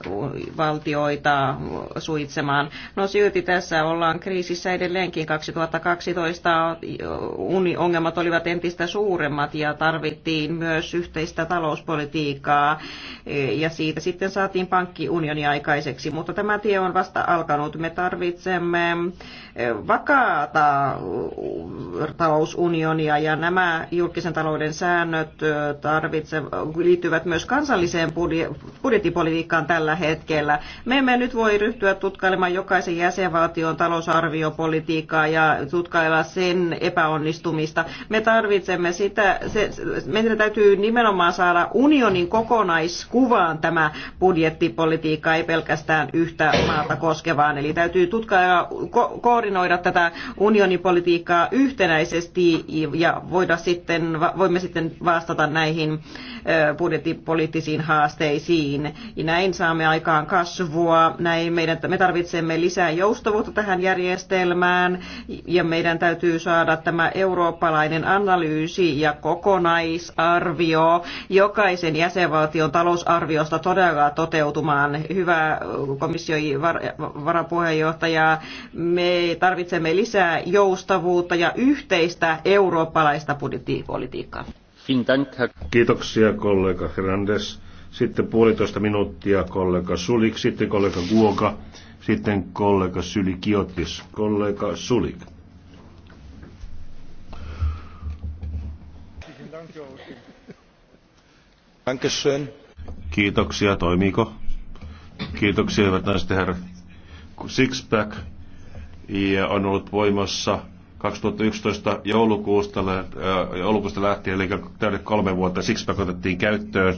valtioita suitsemaan. No silti tässä ollaan kriisissä edelleenkin. 2012 ongelmat olivat entistä suuremmat ja tarvittiin myös yhteistä talouspolitiikkaa, ja siitä sitten saatiin pankkiunioni aikaiseksi. Mutta tämä tie on vasta alkanut. Me tarvitsemme vakaata talousunionia ja nämä julkisen talouden säännöt tarvitse, liittyvät myös kansalliseen budjettipolitiikkaan tällä hetkellä. Me emme nyt voi ryhtyä tutkailemaan jokaisen jäsenvaltion talousarviopolitiikkaa ja tutkailla sen epäonnistumista. Me tarvitsemme sitä, se, meidän täytyy nimenomaan saada unionin kokonaiskuvaan tämä budjettipolitiikka, ei pelkästään yhtä maata koskevaan. Eli täytyy tutkailla ko- koordinoida tätä unionipolitiikkaa yhtenäisesti ja voida sitten, voimme sitten vastata näihin budjettipoliittisiin haasteisiin. Ja näin saamme aikaan kasvua, näin meidän, me tarvitsemme lisää joustavuutta tähän järjestelmään ja meidän täytyy saada tämä eurooppalainen analyysi ja kokonaisarvio jokaisen jäsenvaltion talousarviosta todella toteutumaan. Hyvä komissio varapuheenjohtaja, me tarvitsemme lisää joustavuutta ja yhteistä eurooppalaista budjettipolitiikkaa. Kiitoksia kollega Hernandez. Sitten puolitoista minuuttia kollega Sulik, sitten kollega Guoka, sitten kollega Syli Kiotis. Kollega Sulik. Kiitoksia, toimiiko? Kiitoksia, hyvät naiset ja herrat. Sixpack ja on ollut voimassa 2011 joulukuusta, joulukuusta lähtien, eli täydet kolme vuotta, siksi pakotettiin käyttöön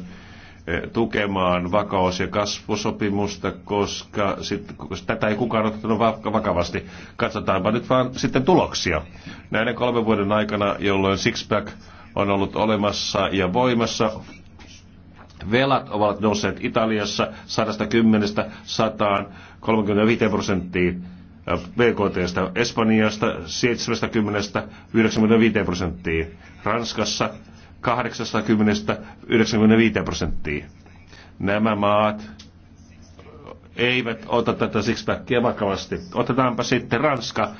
tukemaan vakaus- ja kasvusopimusta, koska sit, tätä ei kukaan ottanut vakavasti. Katsotaanpa nyt vaan sitten tuloksia. Näiden kolmen vuoden aikana, jolloin Sixpack on ollut olemassa ja voimassa, velat ovat nousseet Italiassa 110-135 prosenttiin BKTstä, Espanjasta 70-95 prosenttia, Ranskassa 80-95 prosenttia. Nämä maat eivät ota tätä sixpackia vakavasti. Otetaanpa sitten Ranska äh,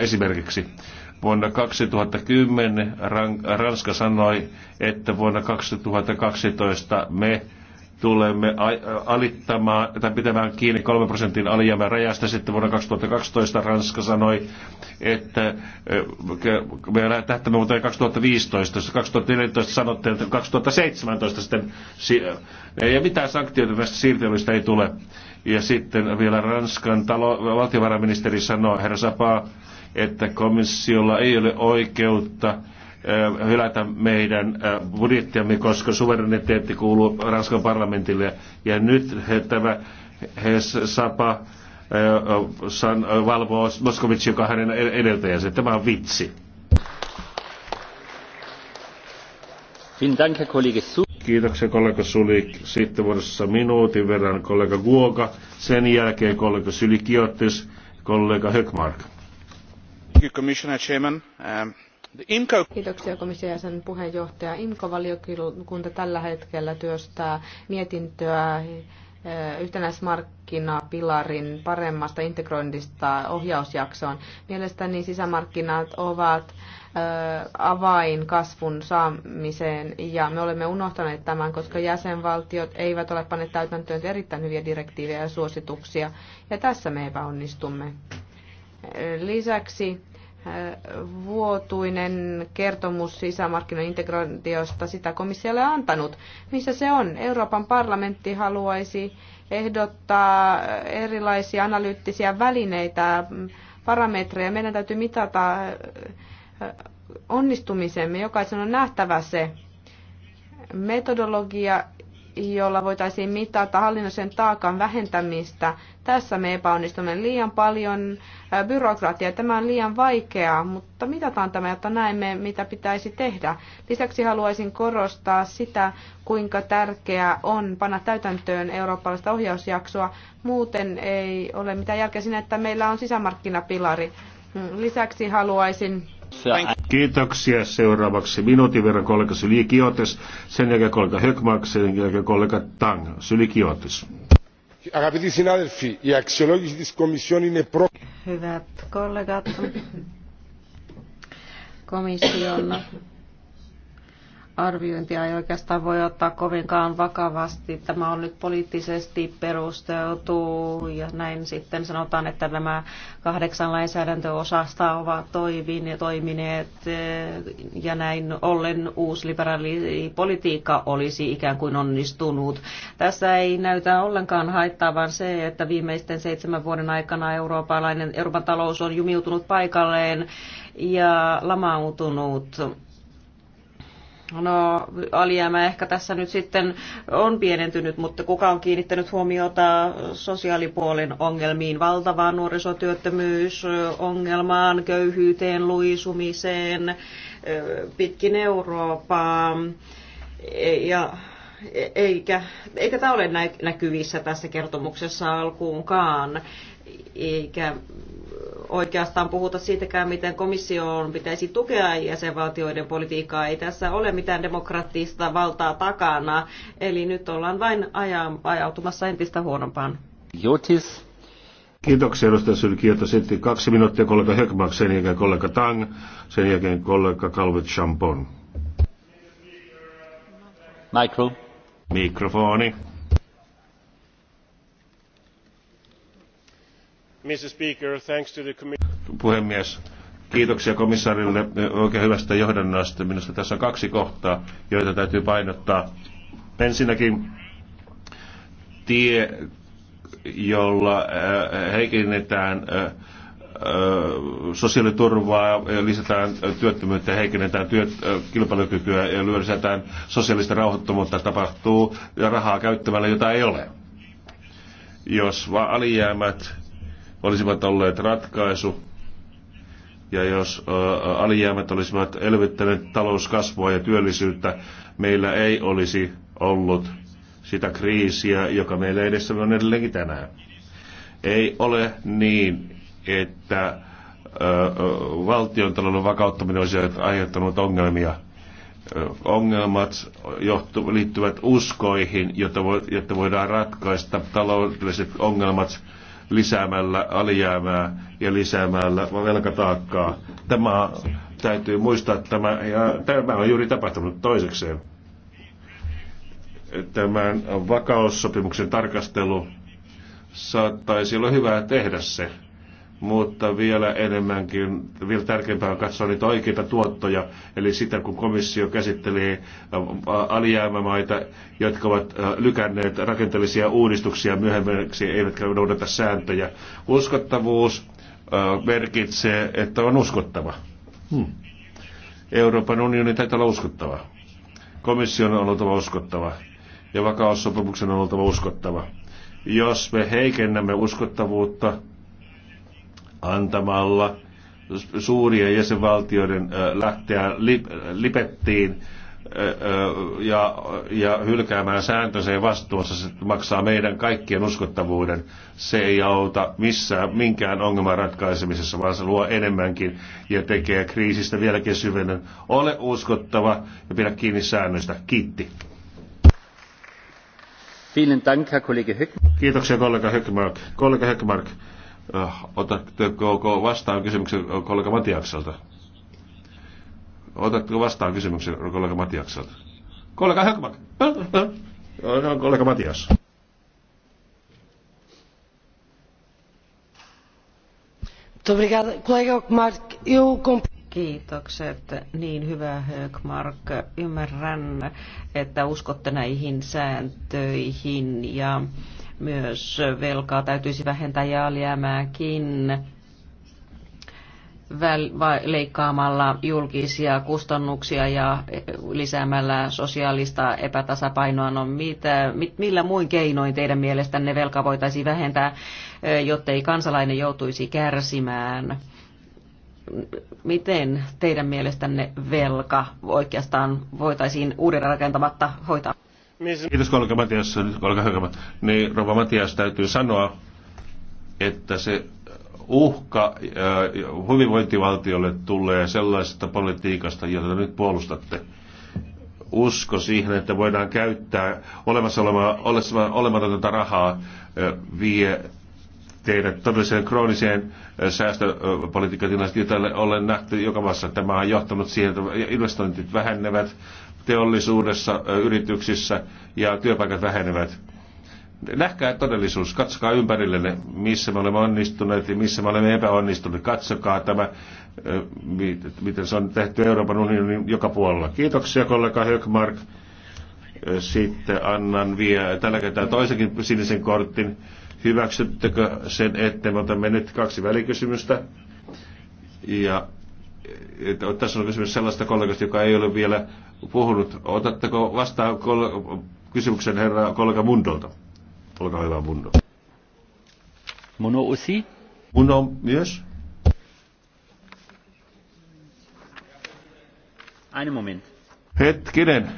esimerkiksi. Vuonna 2010 Ranska sanoi, että vuonna 2012 me tulemme alittamaan tai pitämään kiinni 3 prosentin alijäämän rajasta. Sitten vuonna 2012 Ranska sanoi, että me lähtemme vuoteen 2015. 2014 sanottiin, että 2017 sitten ja mitään sanktioita näistä siirtelyistä ei tule. Ja sitten vielä Ranskan talo, valtiovarainministeri sanoi, herra Sapaa, että komissiolla ei ole oikeutta hylätä meidän budjettiamme, koska suvereniteetti kuuluu Ranskan parlamentille. Ja nyt he, tämä he Sapa san, valvoo Moskovitsi joka on hänen edeltäjänsä. Tämä on vitsi. Kiitoksia kollega Suli. Sitten vuodessa minuutin verran kollega Guoga. Sen jälkeen kollega Sylikiotis, kollega Höckmark. Commissioner Chairman, um... IMCO... Kiitoksia komission jäsen puheenjohtaja. IMCO-valiokunta tällä hetkellä työstää mietintöä eh, yhtenäismarkkinapilarin paremmasta integroinnista ohjausjaksoon. Mielestäni sisämarkkinat ovat eh, avain kasvun saamiseen ja me olemme unohtaneet tämän, koska jäsenvaltiot eivät ole panneet täytäntöön erittäin hyviä direktiivejä ja suosituksia ja tässä me epäonnistumme. Eh, lisäksi vuotuinen kertomus sisämarkkinoiden integrointiosta sitä komissiolle antanut. Missä se on? Euroopan parlamentti haluaisi ehdottaa erilaisia analyyttisiä välineitä, parametreja. Meidän täytyy mitata äh, onnistumisemme. Jokaisen on nähtävä se. Metodologia jolla voitaisiin mitata hallinnollisen taakan vähentämistä. Tässä me epäonnistumme liian paljon byrokratiaa. Tämä on liian vaikeaa, mutta mitataan tämä, jotta näemme, mitä pitäisi tehdä. Lisäksi haluaisin korostaa sitä, kuinka tärkeää on panna täytäntöön eurooppalaista ohjausjaksoa. Muuten ei ole mitään järkeä siinä, että meillä on sisämarkkinapilari. Mm, lisäksi haluaisin Kiitoksia. Seuraavaksi minuutin verran kollega Syli Kiotes, sen jälkeen kollega Hökmark, sen jälkeen kollega Tang. Syli Kiotes. Hyvät kollegat, komission arviointia ei oikeastaan voi ottaa kovinkaan vakavasti. Tämä on nyt poliittisesti perusteltu ja näin sitten sanotaan, että nämä kahdeksan lainsäädäntöosasta ovat toivin ja toimineet eh, ja näin ollen uusi politiikka olisi ikään kuin onnistunut. Tässä ei näytä ollenkaan haittaavan se, että viimeisten seitsemän vuoden aikana eurooppalainen, Euroopan talous on jumiutunut paikalleen ja lamautunut No, alijäämä ehkä tässä nyt sitten on pienentynyt, mutta kuka on kiinnittänyt huomiota sosiaalipuolen ongelmiin, valtavaan nuorisotyöttömyysongelmaan, köyhyyteen, luisumiseen, pitkin Eurooppaa. E, ja e, eikä, eikä tämä ole näkyvissä tässä kertomuksessa alkuunkaan eikä oikeastaan puhuta siitäkään, miten komission pitäisi tukea jäsenvaltioiden politiikkaa. Ei tässä ole mitään demokraattista valtaa takana, eli nyt ollaan vain ajautumassa entistä huonompaan. Jotis. Kiitoksia edustaja Sylkiötä. Sitten kaksi minuuttia kollega Hökmark, sen jälkeen kollega Tang, sen jälkeen kollega Calvet Champon. Mikro. Mikrofoni. Puhemies, kiitoksia komissaarille e, oikein hyvästä johdannosta. Minusta tässä on kaksi kohtaa, joita täytyy painottaa. Ensinnäkin tie, jolla e, heikennetään e, sosiaaliturvaa, lisätään työttömyyttä, heikennetään työt, kilpailukykyä ja lisätään sosiaalista rauhoittomuutta tapahtuu ja rahaa käyttämällä, jota ei ole. Jos vaan alijäämät olisivat olleet ratkaisu, ja jos alijäämät olisivat elvyttäneet talouskasvua ja työllisyyttä, meillä ei olisi ollut sitä kriisiä, joka meillä edessä on edelleenkin tänään. Ei ole niin, että valtiontalouden vakauttaminen olisi aiheuttanut ongelmia. Ongelmat johtu, liittyvät uskoihin, jotta, vo, jotta voidaan ratkaista taloudelliset ongelmat lisäämällä alijäämää ja lisäämällä velkataakkaa. Tämä täytyy muistaa, että tämä, ja tämä on juuri tapahtunut toisekseen. Tämän vakaussopimuksen tarkastelu saattaisi olla hyvää tehdä se mutta vielä enemmänkin, vielä tärkeämpää on katsoa niitä oikeita tuottoja, eli sitä kun komissio käsittelee äh, alijäämämaita, jotka ovat äh, lykänneet rakenteellisia uudistuksia myöhemmäksi, eivätkä noudata sääntöjä. Uskottavuus äh, merkitsee, että on uskottava. Hmm. Euroopan unioni täytyy olla uskottava. Komission on oltava uskottava ja vakaussopimuksen on oltava uskottava. Jos me heikennämme uskottavuutta, antamalla suurien jäsenvaltioiden lähteä lipettiin ja, ja hylkäämään sääntönsä ja vastuunsa se maksaa meidän kaikkien uskottavuuden. Se ei auta missään minkään ongelman ratkaisemisessa, vaan se luo enemmänkin ja tekee kriisistä vieläkin syvennön. Ole uskottava ja pidä kiinni säännöistä. Kiitti. Dank, Herr Kollege Kiitoksia kollega Höckmark. Kollega Höckmark. Äh, otatteko vastaan kysymyksen kollega Matiakselta? Otatteko vastaan kysymyksen kollega Matiakselta? Kollega Hökmark. Äh, äh. no, kollega Matias. Kiitokset, niin hyvä Högmark. Ymmärrän, että uskotte näihin sääntöihin ja myös velkaa täytyisi vähentää ja alijäämääkin leikkaamalla julkisia kustannuksia ja eh, lisäämällä sosiaalista epätasapainoa. No mitä, mit, millä muin keinoin teidän mielestänne velka voitaisiin vähentää, eh, jottei kansalainen joutuisi kärsimään? Miten teidän mielestänne velka oikeastaan voitaisiin uuden rakentamatta hoitaa? Kiitos kollega Matias. Kollega Niin, Rova Matias täytyy sanoa, että se uhka äh, hyvinvointivaltiolle tulee sellaisesta politiikasta, jota nyt puolustatte. Usko siihen, että voidaan käyttää olemassa olematonta rahaa äh, vie teidät todelliseen krooniseen äh, säästöpolitiikkatilanteeseen, jota olen nähty joka maassa. Tämä on johtanut siihen, että investointit vähennevät, teollisuudessa, yrityksissä ja työpaikat vähenevät. Nähkää todellisuus, katsokaa ympärillenne, missä me olemme onnistuneet ja missä me olemme epäonnistuneet. Katsokaa tämä, miten se on tehty Euroopan unionin joka puolella. Kiitoksia kollega Högmark. Sitten annan vielä tällä kertaa toisenkin sinisen kortin. Hyväksyttekö sen, että me otamme nyt kaksi välikysymystä? Ja että tässä on kysymys sellaista kollegasta, joka ei ole vielä puhunut. Otatteko vastaan kysymyksen herra kollega Mundolta? Olkaa hyvä Mundo. Mono aussi? Mundo myös. Einen Moment. Hetkinen.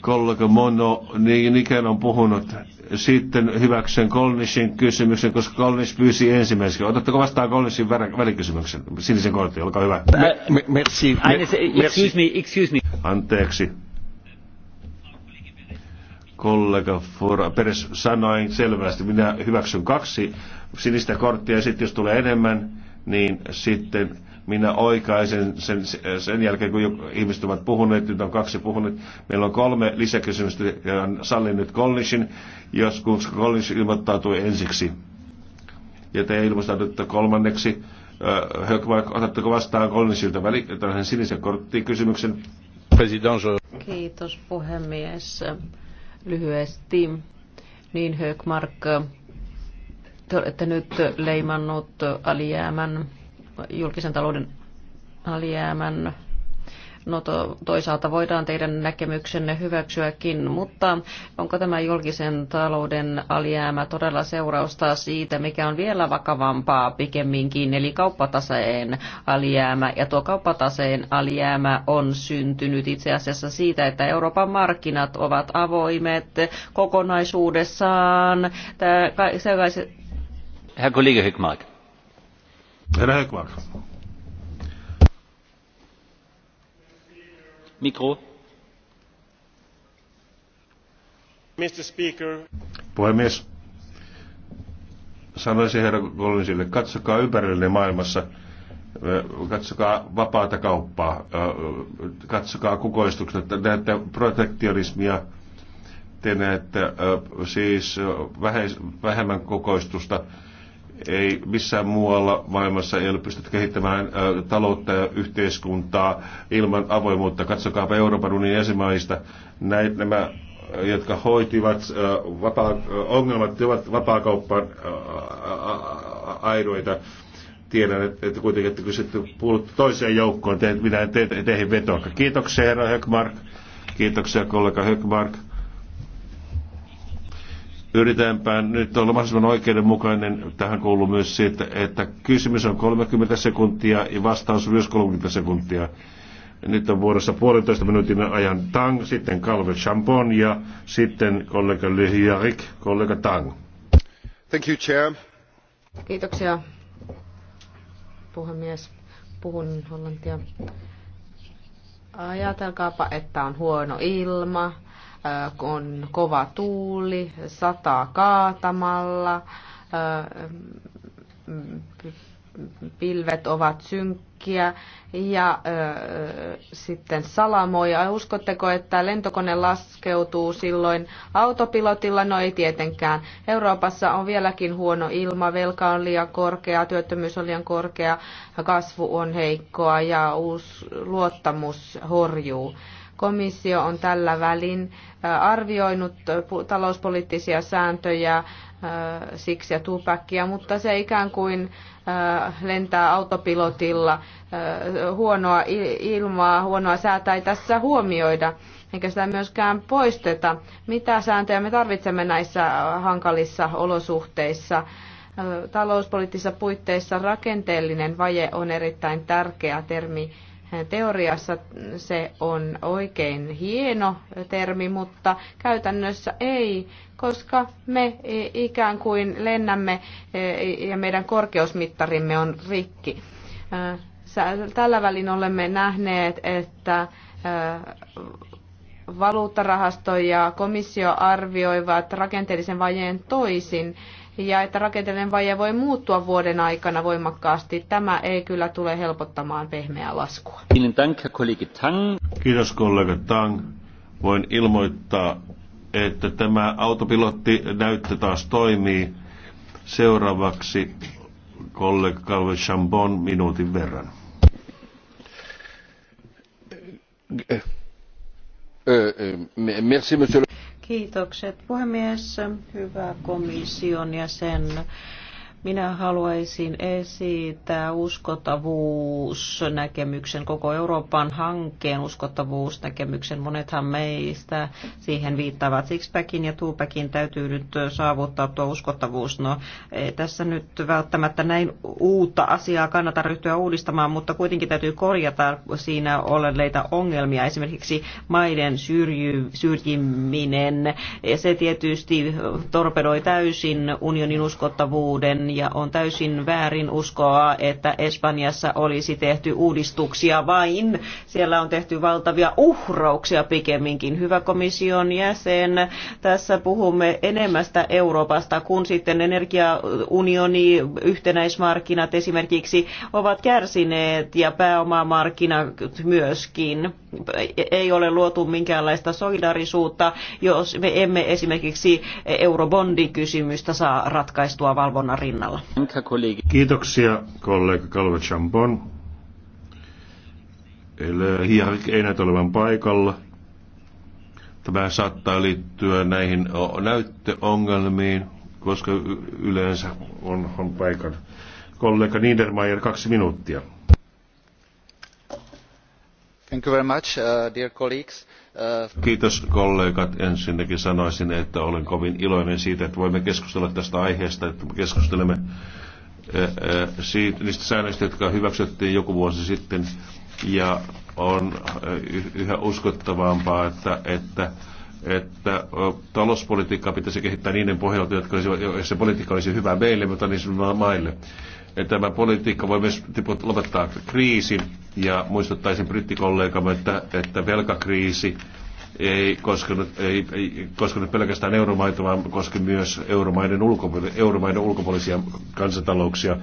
Kollega Mono niin ikään on puhunut sitten hyväksyn Kolnishin kysymyksen, koska Kolnish pyysi ensimmäisenä. Otatteko vastaan Kolnishin välikysymyksen? Sinisen kortti, olkaa hyvä. Me, niin merci. Excuse me, excuse me. Anteeksi. Kollega Fura, Peres sanoi selvästi, minä hyväksyn kaksi sinistä korttia ja sitten jos tulee enemmän, niin sitten minä oikaisen sen, sen jälkeen, kun ihmiset ovat puhuneet, nyt on kaksi puhunut. Meillä on kolme lisäkysymystä, ja sallin nyt Kolnishin, jos Collins ilmoittautuu ensiksi. Ja te ilmoittaudutte kolmanneksi. Hökmark, otatteko vastaan Kolnishilta väli, tällaisen sinisen kysymyksen? Kiitos puhemies. Lyhyesti. Niin Hökmark, te olette nyt leimannut alijäämän julkisen talouden alijäämän No to, toisaalta voidaan teidän näkemyksenne hyväksyäkin, mutta onko tämä julkisen talouden alijäämä todella seurausta siitä, mikä on vielä vakavampaa pikemminkin, eli kauppataseen alijäämä. Ja tuo kauppataseen alijäämä on syntynyt itse asiassa siitä, että Euroopan markkinat ovat avoimet kokonaisuudessaan. Tämä, se... Herr Kollege Höckmark. Herra Hökmark. Mikro. Mr. Speaker. Puhemies, sanoisin herra Collinsille, katsokaa ympärillenne maailmassa, katsokaa vapaata kauppaa, katsokaa kukoistukset, näette protektionismia, te näette siis vähemmän kukoistusta, ei missään muualla maailmassa ei ole pystytty kehittämään taloutta ja yhteiskuntaa ilman avoimuutta. Katsokaapa Euroopan unionin jäsenmaista. Näin, nämä jotka hoitivat vapaa, ongelmat, ovat vapaakauppan aidoita. Tiedän, että, että kuitenkin, että kun sitten puhuttu toiseen joukkoon, te, minä en te, teihin vetoa. Kiitoksia, herra Höckmark. Kiitoksia, kollega Höckmark. Yritetäänpä nyt olla mahdollisimman oikeudenmukainen. Tähän kuuluu myös siitä, että kysymys on 30 sekuntia ja vastaus myös 30 sekuntia. Nyt on vuorossa puolitoista minuutin ajan Tang, sitten Calve Champon ja sitten kollega Lyhijarik, kollega Tang. Thank you, Chair. Kiitoksia, puhemies. Puhun hollantia. Ajatelkaapa, että on huono ilma, on kova tuuli, sataa kaatamalla, mm, pilvet ovat synkkiä ja sitten salamoja. Uskotteko, että lentokone laskeutuu silloin autopilotilla? No ei tietenkään. Euroopassa on vieläkin huono ilma, velka on liian korkea, työttömyys on liian korkea, kasvu on heikkoa ja uusi luottamus horjuu. Komissio on tällä välin arvioinut talouspoliittisia sääntöjä siksi ja tupäkkiä, mutta se ikään kuin lentää autopilotilla. Huonoa ilmaa, huonoa säätä ei tässä huomioida, eikä sitä myöskään poisteta. Mitä sääntöjä me tarvitsemme näissä hankalissa olosuhteissa? Talouspoliittisissa puitteissa rakenteellinen vaje on erittäin tärkeä termi Teoriassa se on oikein hieno termi, mutta käytännössä ei, koska me ikään kuin lennämme e, ja meidän korkeusmittarimme on rikki. Tällä välin olemme nähneet, että valuuttarahasto ja komissio arvioivat rakenteellisen vajeen toisin ja että rakenteellinen vaje voi muuttua vuoden aikana voimakkaasti. Tämä ei kyllä tule helpottamaan pehmeää laskua. Kiitos kollega Tang. Voin ilmoittaa, että tämä autopilotti näyttö taas toimii. Seuraavaksi kollega Calvin Chambon minuutin verran. Eh, eh, merci, monsieur le Kiitokset puhemies, hyvä komission jäsen. Minä haluaisin esittää uskottavuusnäkemyksen, koko Euroopan hankkeen uskottavuusnäkemyksen. Monethan meistä siihen viittaavat. Sixpackin ja Tuupäkin täytyy nyt saavuttaa tuo uskottavuus. No, ei tässä nyt välttämättä näin uutta asiaa kannata ryhtyä uudistamaan, mutta kuitenkin täytyy korjata siinä olleita ongelmia. Esimerkiksi maiden syrjy, syrjiminen. Se tietysti torpedoi täysin unionin uskottavuuden ja on täysin väärin uskoa, että Espanjassa olisi tehty uudistuksia vain. Siellä on tehty valtavia uhrauksia pikemminkin. Hyvä komission jäsen, tässä puhumme enemmästä Euroopasta, kun sitten energiaunioni, yhtenäismarkkinat esimerkiksi ovat kärsineet ja pääomamarkkinat myöskin. Ei ole luotu minkäänlaista solidarisuutta, jos me emme esimerkiksi eurobondikysymystä saa ratkaistua valvonnan rinnalla kannalla. Kiitoksia kollega Kalve Champon. Hiarik ei näytä olevan paikalla. Tämä saattaa liittyä näihin näyttöongelmiin, koska yleensä on, on paikan. Kollega Niedermayer, kaksi minuuttia. Thank you very much, uh, dear colleagues. Kiitos kollegat. Ensinnäkin sanoisin, että olen kovin iloinen siitä, että voimme keskustella tästä aiheesta, että keskustelemme siitä, niistä säännöistä, jotka hyväksyttiin joku vuosi sitten. Ja on yhä uskottavampaa, että, että että talouspolitiikkaa pitäisi kehittää niiden pohjalta, jotka olisi, se politiikka olisi hyvä meille, mutta niin maille että tämä politiikka voi myös lopettaa kriisin. Ja muistuttaisin brittikollegamme, että, että velkakriisi ei koskenut, ei, ei koskenut pelkästään euromaita, vaan koski myös euromaiden, ulkopuoli, euromaiden ulkopuolisia kansantalouksia.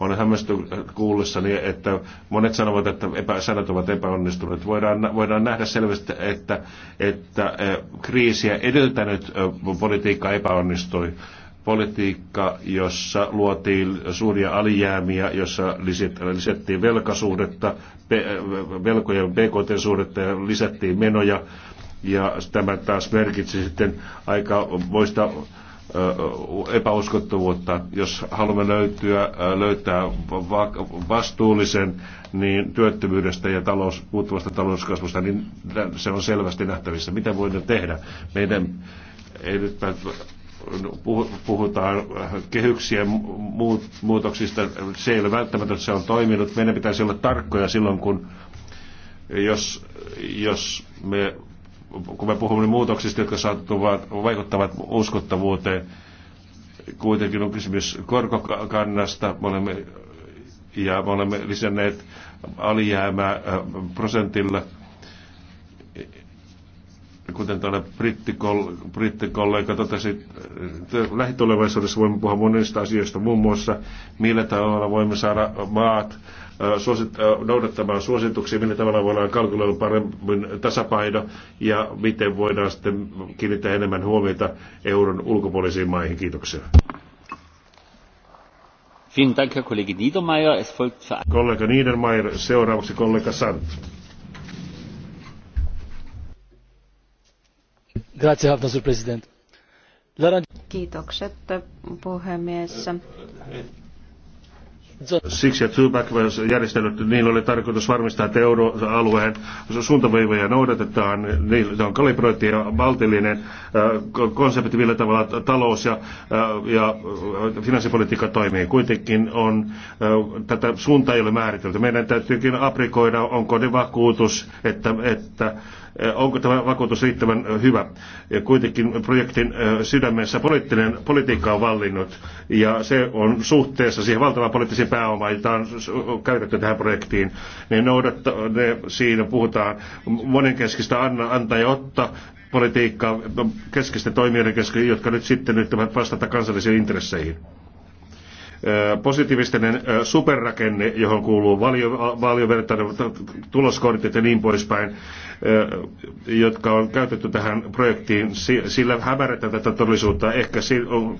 On hämmästynyt kuullessani, että monet sanovat, että epä, sanat ovat epäonnistuneet. Voidaan, voidaan nähdä selvästi, että, että eh, kriisiä edeltänyt eh, politiikka epäonnistui politiikka, jossa luotiin suuria alijäämiä, jossa lisättiin velkasuhdetta, velkojen BKT-suhdetta ja lisättiin menoja. Ja tämä taas merkitsi sitten aika voista epäuskottavuutta. Jos haluamme löytyä, löytää vastuullisen niin työttömyydestä ja talous, puuttuvasta talouskasvusta, niin se on selvästi nähtävissä. Mitä voidaan tehdä? Meidän ei nyt puhutaan kehyksien muutoksista, se ei ole välttämätöntä, se on toiminut. Meidän pitäisi olla tarkkoja silloin, kun jos, jos me, kun me puhumme muutoksista, jotka saattuvat, vaikuttavat uskottavuuteen, kuitenkin on kysymys korkokannasta. Me olemme, ja me olemme lisänneet alijäämää äh, prosentilla – kuten täällä brittikollega, totesi, lähitulevaisuudessa voimme puhua monista asioista, muun muassa millä tavalla voimme saada maat noudattamaan suosituksia, millä tavalla voidaan kalkyloida paremmin tasapaino ja miten voidaan sitten kiinnittää enemmän huomiota euron ulkopuolisiin maihin. Kiitoksia. Vielen Dank, Herr Kollege Niedermayer. Es folgt... Kollega Niedermayer, seuraavaksi kollega Sant. Kiitokset puhemies. Siksi, että järjestelyt, niillä oli tarkoitus varmistaa, että euroalueen suuntaviivoja noudatetaan. Niillä on kalibrointi ja maltillinen äh, konsepti, millä tavalla talous ja, äh, ja äh, finanssipolitiikka toimii. Kuitenkin on, tätä suuntaa ei ole määritelty. Meidän täytyykin aprikoida, onko ne vakuutus, että, että onko tämä vakuutus riittävän hyvä. Ja kuitenkin projektin sydämessä poliittinen, politiikka on vallinnut ja se on suhteessa siihen valtavaan poliittiseen pääomaan, jota on käytetty tähän projektiin. Ne noudatta, ne, siinä puhutaan monenkeskistä anna, antaa ja ottaa politiikkaa keskisten toimijoiden kesken, jotka nyt sitten nyt vastata kansallisiin intresseihin positiivistinen superrakenne, johon kuuluu valio, valiovertainen tuloskortit ja niin poispäin, jotka on käytetty tähän projektiin, sillä hämärretään tätä todellisuutta. Ehkä siinä, on,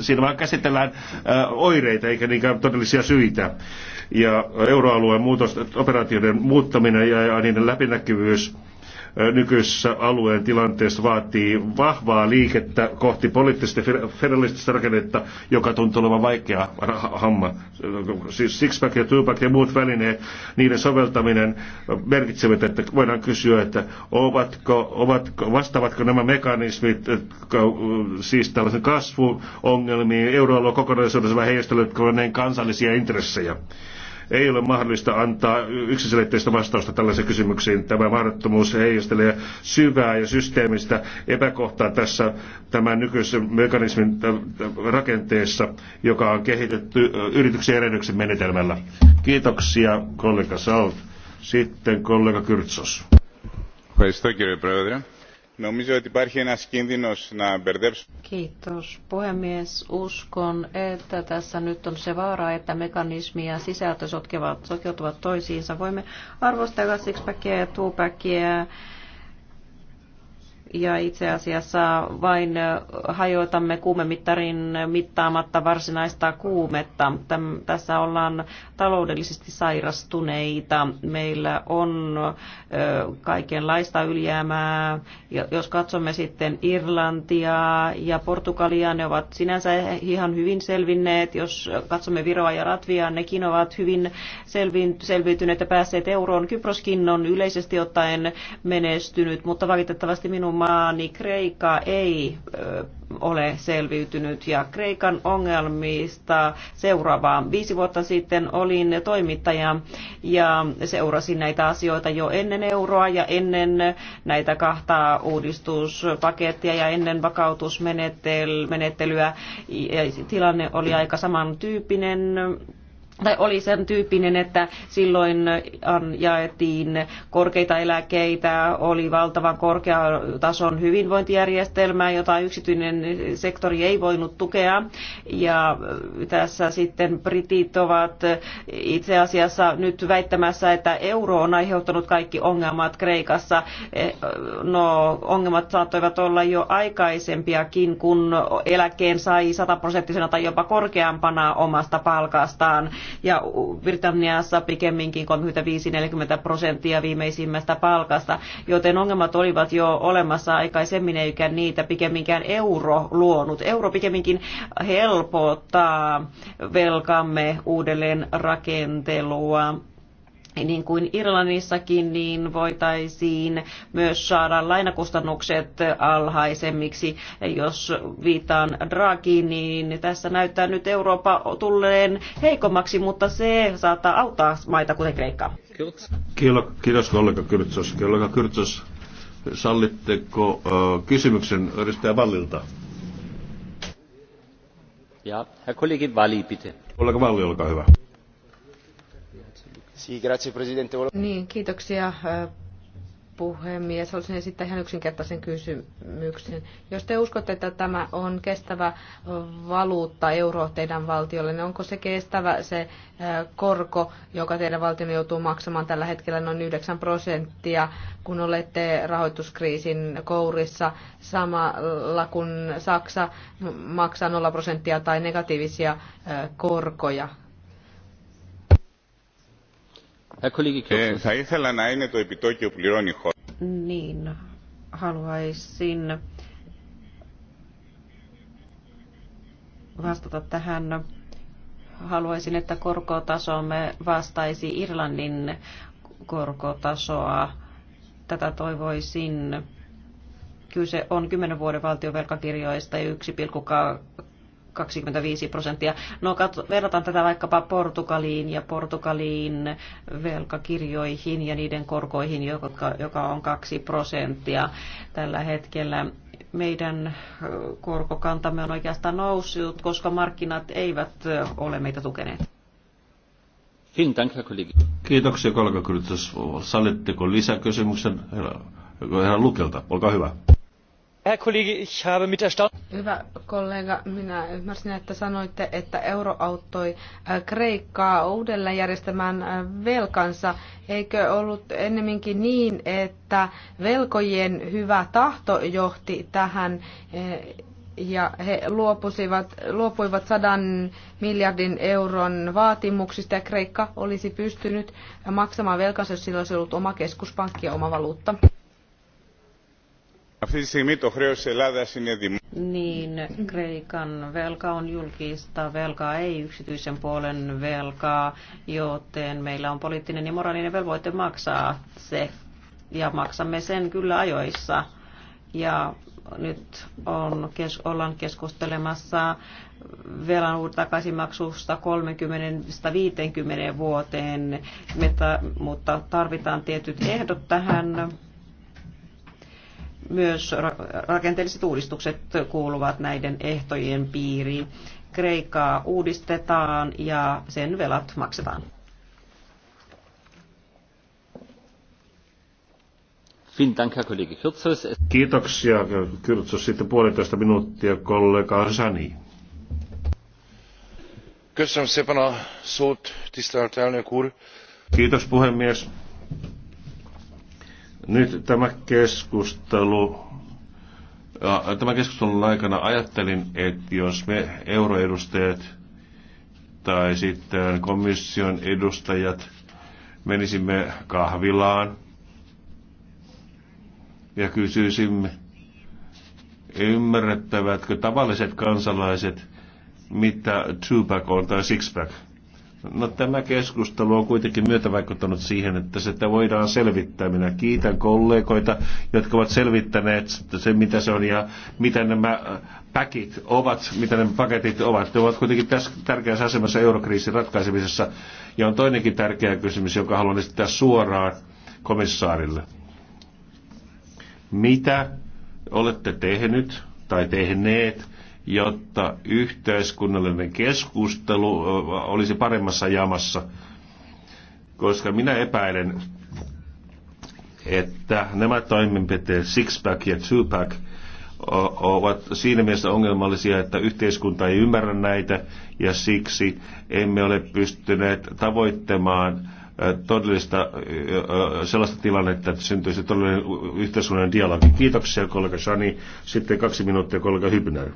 siinä, vaan käsitellään oireita eikä niinkään todellisia syitä. Ja euroalueen muutos, operaatioiden muuttaminen ja niiden läpinäkyvyys nykyisessä alueen tilanteessa vaatii vahvaa liikettä kohti poliittista federalistista rakennetta, joka tuntuu olevan vaikea hamma. Siis sixpack ja twopack ja muut välineet, niiden soveltaminen merkitsevät, että voidaan kysyä, että ovatko, ovatko, vastaavatko nämä mekanismit siis tällaisen kasvuongelmiin euroalueen kokonaisuudessa vai heijasteletko ne kansallisia intressejä. Ei ole mahdollista antaa yksiselitteistä vastausta tällaisiin kysymyksiin. Tämä mahdottomuus heijastelee syvää ja systeemistä epäkohtaa tässä tämän nykyisen mekanismin rakenteessa, joka on kehitetty yrityksen erehdyksen menetelmällä. Kiitoksia kollega Salt. Sitten kollega Kyrtsos. Ευχαριστώ κύριε Νομίζω ότι υπάρχει ένας κίνδυνος να μπερδέψουμε. Kiitos puhemies. Uskon, että tässä nyt on se vaara, että mekanismi ja sisältö sotkevat, sokeutuvat toisiinsa. Voimme arvostella sixpackia ja twopackia ja itse asiassa vain hajoitamme kuumemittarin mittaamatta varsinaista kuumetta. Täm, tässä ollaan taloudellisesti sairastuneita. Meillä on ö, kaikenlaista ylijäämää. Jos katsomme sitten Irlantia ja Portugalia, ne ovat sinänsä ihan hyvin selvinneet. Jos katsomme Viroa ja Latviaa, nekin ovat hyvin selviytyneet ja päässeet euroon. Kyproskin on yleisesti ottaen menestynyt, mutta valitettavasti minun maani Kreikka ei ole selviytynyt ja Kreikan ongelmista seuraavaa. Viisi vuotta sitten olin toimittaja ja seurasin näitä asioita jo ennen euroa ja ennen näitä kahta uudistuspakettia ja ennen vakautusmenettelyä. Tilanne oli aika samantyyppinen tai oli sen tyyppinen, että silloin ähm, jaettiin korkeita eläkeitä, oli valtavan korkean tason hyvinvointijärjestelmää, jota yksityinen sektori ei voinut tukea. Ja äh, tässä sitten britit ovat itse asiassa nyt väittämässä, että euro on aiheuttanut kaikki ongelmat Kreikassa. Äh, no, ongelmat saattoivat olla jo aikaisempiakin, kun eläkkeen sai sataprosenttisena tai jopa korkeampana omasta palkastaan ja Britanniassa pikemminkin 35-40 prosenttia viimeisimmästä palkasta, joten ongelmat olivat jo olemassa aikaisemmin eikä niitä pikemminkään euro luonut. Euro pikemminkin helpottaa velkamme uudelleen rakentelua niin kuin Irlannissakin, niin voitaisiin myös saada lainakustannukset alhaisemmiksi. Jos viitaan Draghiin, niin tässä näyttää nyt Eurooppa tulleen heikommaksi, mutta se saattaa auttaa maita kuten Kreikka. Kiitos kollega Kyrtsos. Kollega Kyrtsos, sallitteko kysymyksen edustaja Vallilta? Ja, herr Kollege Valli, bitte. Kollega Valli, olkaa hyvä niin, kiitoksia äh, puhemies. Haluaisin esittää ihan yksinkertaisen kysymyksen. Jos te uskotte, että tämä on kestävä valuutta euro teidän valtiolle, niin onko se kestävä se äh, korko, joka teidän valtion joutuu maksamaan tällä hetkellä noin 9 prosenttia, kun olette rahoituskriisin kourissa samalla kun Saksa maksaa 0 prosenttia tai negatiivisia äh, korkoja? Θα ήθελα να είναι το επιτόκιο πληρώνει χώρα. Niin, haluaisin vastata tähän. Haluaisin, että korkotasomme vastaisi Irlannin korkotasoa. Tätä toivoisin. Kyse on 10 vuoden valtion velkakirjoista 1,2 25 prosenttia. No katso, verrataan tätä vaikkapa Portugaliin ja Portugaliin velkakirjoihin ja niiden korkoihin, joka, joka on 2 prosenttia tällä hetkellä meidän korkokantamme on oikeastaan noussut, koska markkinat eivät ole meitä tukeneet. Kiitoksia kollega Sallitteko lisäkysymyksen herra Lukelta? Olkaa hyvä. Hyvä kollega, minä ymmärsin, että sanoitte, että euro auttoi äh, Kreikkaa uudelleen järjestämään äh, velkansa. Eikö ollut ennemminkin niin, että velkojen hyvä tahto johti tähän äh, ja he luopusivat, luopuivat sadan miljardin euron vaatimuksista ja Kreikka olisi pystynyt maksamaan velkansa, jos sillä olisi ollut oma keskuspankki ja oma valuutta? Niin, Kreikan velka on julkista velkaa, ei yksityisen puolen velkaa, joten meillä on poliittinen ja moraalinen velvoite maksaa se. Ja maksamme sen kyllä ajoissa. Ja nyt on, kes, ollaan keskustelemassa velan takaisinmaksusta 30-50 vuoteen, mutta tarvitaan tietyt ehdot tähän myös rakenteelliset uudistukset kuuluvat näiden ehtojen piiriin. Kreikkaa uudistetaan ja sen velat maksetaan. Kiitoksia, Kyrtsos. Sitten puolitoista minuuttia kollega Sani. Kiitos puhemies. Nyt tämä keskustelu tämän keskustelun aikana ajattelin, että jos me euroedustajat tai sitten komission edustajat menisimme kahvilaan ja kysyisimme, ymmärrettävätkö tavalliset kansalaiset, mitä two-pack on tai six-pack. No tämä keskustelu on kuitenkin myötävaikuttanut siihen, että sitä voidaan selvittää. Minä kiitän kollegoita, jotka ovat selvittäneet se, mitä se on ja mitä nämä äh, paketit ovat, mitä nämä paketit ovat. Ne ovat kuitenkin tässä tärkeässä asemassa eurokriisin ratkaisemisessa. Ja on toinenkin tärkeä kysymys, jonka haluan esittää suoraan komissaarille. Mitä olette tehnyt tai tehneet jotta yhteiskunnallinen keskustelu olisi paremmassa jamassa, koska minä epäilen, että nämä toimenpiteet, six-pack ja two-pack, ovat siinä mielessä ongelmallisia, että yhteiskunta ei ymmärrä näitä ja siksi emme ole pystyneet tavoittamaan todellista sellaista tilannetta, että syntyisi todellinen yhteiskunnallinen dialogi. Kiitoksia kollega Shani. Sitten kaksi minuuttia kollega Hybner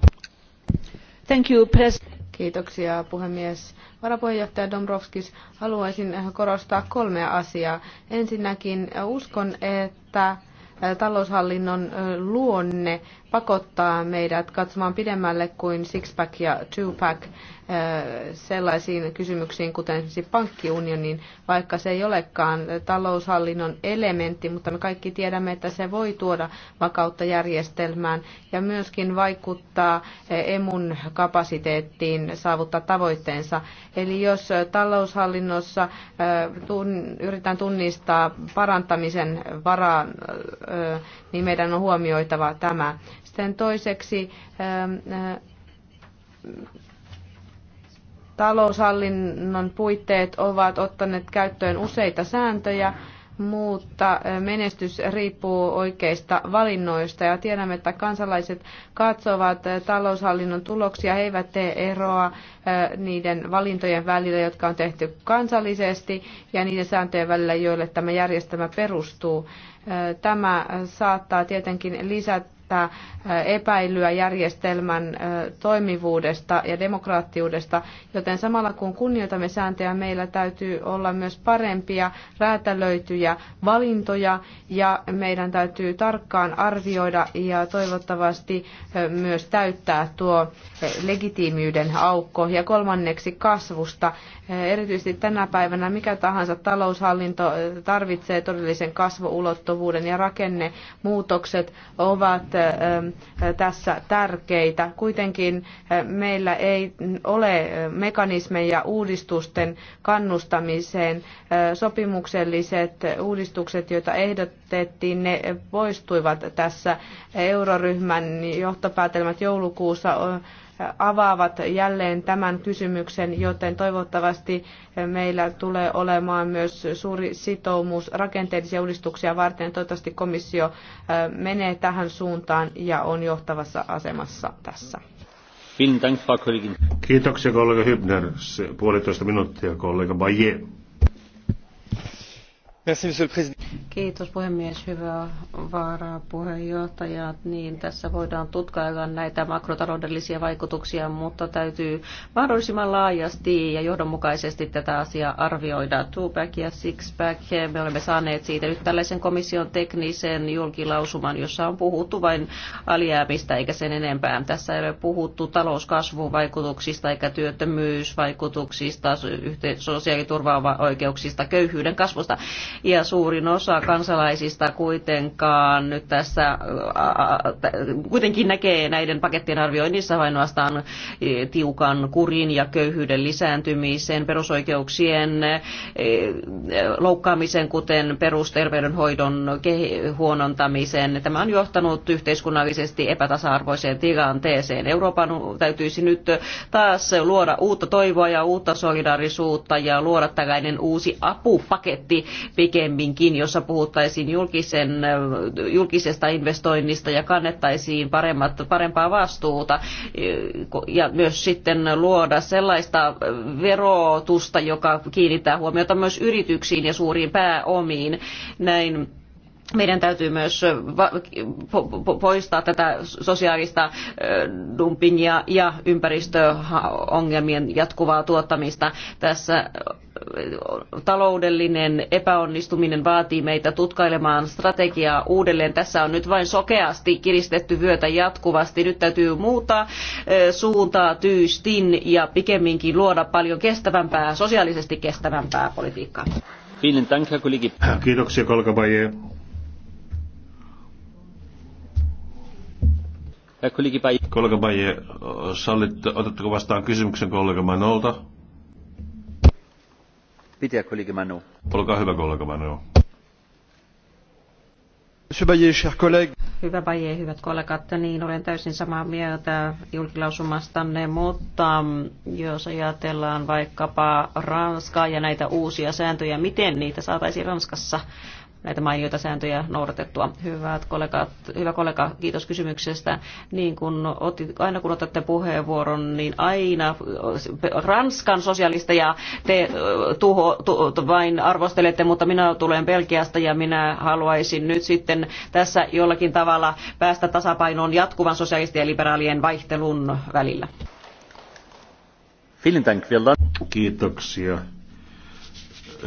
arvoisa Kiitoksia puhemies. Varapuheenjohtaja Dombrovskis, haluaisin korostaa kolmea asiaa. Ensinnäkin äh, uskon, että äh, taloushallinnon äh, luonne pakottaa meidät katsomaan pidemmälle kuin six-pack ja two-pack sellaisiin kysymyksiin, kuten esimerkiksi pankkiunionin, vaikka se ei olekaan taloushallinnon elementti, mutta me kaikki tiedämme, että se voi tuoda vakautta järjestelmään ja myöskin vaikuttaa emun kapasiteettiin saavuttaa tavoitteensa. Eli jos taloushallinnossa yritetään tunnistaa parantamisen varaa, niin meidän on huomioitava tämä. Sitten toiseksi Taloushallinnon puitteet ovat ottaneet käyttöön useita sääntöjä, mutta menestys riippuu oikeista valinnoista ja tiedämme, että kansalaiset katsovat taloushallinnon tuloksia, he eivät tee eroa niiden valintojen välillä, jotka on tehty kansallisesti ja niiden sääntöjen välillä, joille tämä järjestelmä perustuu. Tämä saattaa tietenkin lisätä herättää epäilyä järjestelmän toimivuudesta ja demokraattiudesta, joten samalla kun kunnioitamme sääntöjä, meillä täytyy olla myös parempia räätälöityjä valintoja ja meidän täytyy tarkkaan arvioida ja toivottavasti myös täyttää tuo legitiimiyden aukko ja kolmanneksi kasvusta. Erityisesti tänä päivänä mikä tahansa taloushallinto tarvitsee todellisen kasvuulottuvuuden ja rakennemuutokset ovat tässä tärkeitä. Kuitenkin meillä ei ole mekanismeja uudistusten kannustamiseen. Sopimukselliset uudistukset, joita ehdotettiin, ne poistuivat tässä euroryhmän johtopäätelmät joulukuussa avaavat jälleen tämän kysymyksen, joten toivottavasti meillä tulee olemaan myös suuri sitoumus rakenteellisia uudistuksia varten. Toivottavasti komissio äh, menee tähän suuntaan ja on johtavassa asemassa tässä. Kiitoksia kollega Hybner. Puolitoista minuuttia kollega Bayer. Kiitos puhemies, hyvä varapuheenjohtaja. Niin, tässä voidaan tutkailla näitä makrotaloudellisia vaikutuksia, mutta täytyy mahdollisimman laajasti ja johdonmukaisesti tätä asiaa arvioida. Two-pack ja six-pack, me olemme saaneet siitä nyt tällaisen komission teknisen julkilausuman, jossa on puhuttu vain alijäämistä eikä sen enempää. Tässä ei ole puhuttu talouskasvun vaikutuksista eikä työttömyysvaikutuksista, sosiaaliturva-oikeuksista, köyhyyden kasvusta ja suurin osa kansalaisista kuitenkaan nyt tässä kuitenkin näkee näiden pakettien arvioinnissa ainoastaan tiukan kurin ja köyhyyden lisääntymisen, perusoikeuksien loukkaamisen, kuten perusterveydenhoidon huonontamisen. Tämä on johtanut yhteiskunnallisesti epätasa-arvoiseen tilanteeseen. Euroopan täytyisi nyt taas luoda uutta toivoa ja uutta solidaarisuutta ja luoda tällainen uusi apupaketti, pikemminkin, jossa puhuttaisiin julkisen, julkisesta investoinnista ja kannettaisiin paremmat, parempaa vastuuta ja myös sitten luoda sellaista verotusta, joka kiinnittää huomiota myös yrityksiin ja suuriin pääomiin. Näin meidän täytyy myös poistaa tätä sosiaalista dumpingia ja ympäristöongelmien jatkuvaa tuottamista. Tässä taloudellinen epäonnistuminen vaatii meitä tutkailemaan strategiaa uudelleen. Tässä on nyt vain sokeasti kiristetty vyötä jatkuvasti. Nyt täytyy muuttaa suuntaa tyystin ja pikemminkin luoda paljon kestävämpää, sosiaalisesti kestävämpää politiikkaa. Kiitoksia, Kolkabaje. Kollega Baye, sallitte, otatteko vastaan kysymyksen kollega Manolta? hyvä kollega Hyvä Baye, hyvät kollegat, niin olen täysin samaa mieltä julkilausumastanne, mutta jos ajatellaan vaikkapa Ranskaa ja näitä uusia sääntöjä, miten niitä saataisiin Ranskassa näitä mainioita sääntöjä noudatettua. Hyvät kollegat, hyvä kollega, kiitos kysymyksestä. Niin kun otit, aina kun otatte puheenvuoron, niin aina äh, Ranskan sosialisteja te äh, tuho, tu, vain arvostelette, mutta minä tulen Belgiasta ja minä haluaisin nyt sitten tässä jollakin tavalla päästä tasapainoon jatkuvan sosialistien ja liberaalien vaihtelun välillä. Kiitoksia.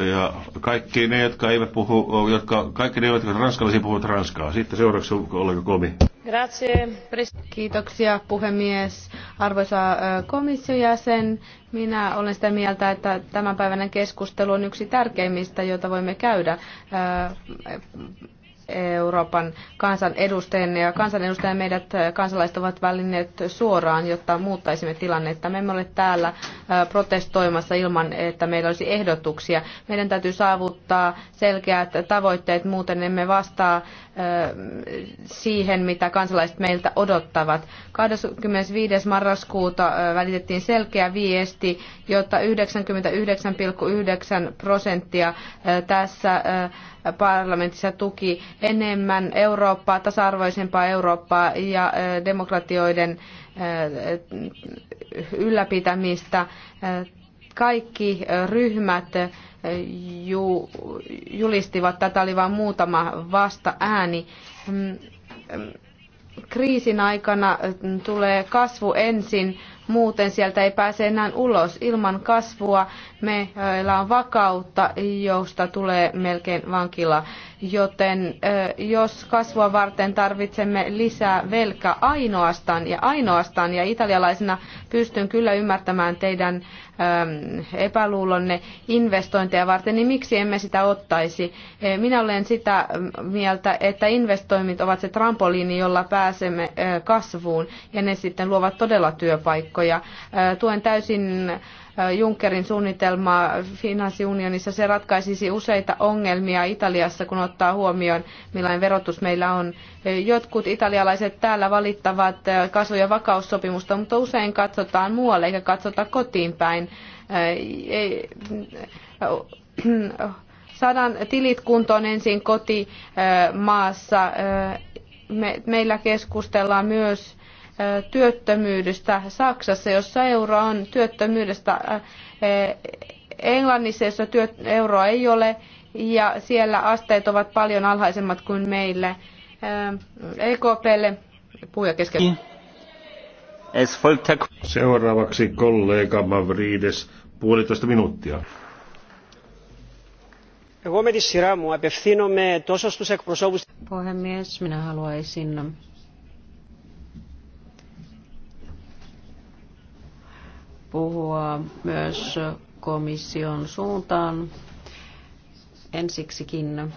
Ja kaikki ne, jotka eivät puhu, jotka, kaikki ne, jotka ranskalaisia puhuvat ranskaa. Sitten seuraavaksi kollega Komi. Kiitoksia puhemies. Arvoisa komission jäsen, minä olen sitä mieltä, että tämänpäiväinen keskustelu on yksi tärkeimmistä, jota voimme käydä Euroopan kansanedustajana ja kansanedustajana meidät kansalaiset ovat välineet suoraan, jotta muuttaisimme tilannetta. Me emme ole täällä protestoimassa ilman, että meillä olisi ehdotuksia. Meidän täytyy saavuttaa selkeät tavoitteet, muuten emme vastaa siihen, mitä kansalaiset meiltä odottavat. 25. marraskuuta välitettiin selkeä viesti, jotta 99,9 prosenttia tässä parlamentissa tuki enemmän Eurooppaa, tasa-arvoisempaa Eurooppaa ja demokratioiden ylläpitämistä. Kaikki ryhmät julistivat tätä, oli vain muutama vasta ääni mm, mm, kriisin aikana mm, tulee kasvu ensin, muuten sieltä ei pääse enää ulos. Ilman kasvua meillä on vakautta, josta tulee melkein vankila. Joten jos kasvua varten tarvitsemme lisää velkaa ainoastaan ja ainoastaan, ja italialaisena pystyn kyllä ymmärtämään teidän epäluulonne investointeja varten, niin miksi emme sitä ottaisi? Minä olen sitä mieltä, että investoinnit ovat se trampoliini, jolla pääsemme kasvuun, ja ne sitten luovat todella työpaikkoja paikkoja. Tuen täysin Junckerin suunnitelmaa finanssiunionissa. Se ratkaisisi useita ongelmia Italiassa, kun ottaa huomioon, millainen verotus meillä on. Jotkut italialaiset täällä valittavat kasvu- ja vakaussopimusta, mutta usein katsotaan muualle eikä katsota kotiin päin. Saadaan tilit kuntoon ensin kotimaassa. meillä keskustellaan myös työttömyydestä Saksassa, jossa euro on työttömyydestä e, Englannissa, jossa työt, euroa ei ole, ja siellä asteet ovat paljon alhaisemmat kuin meille. EKPlle puhuja kesken. Seuraavaksi kollega Mavrides, puolitoista minuuttia. Puhemies, minä haluaisin puhua myös komission suuntaan ensiksikin.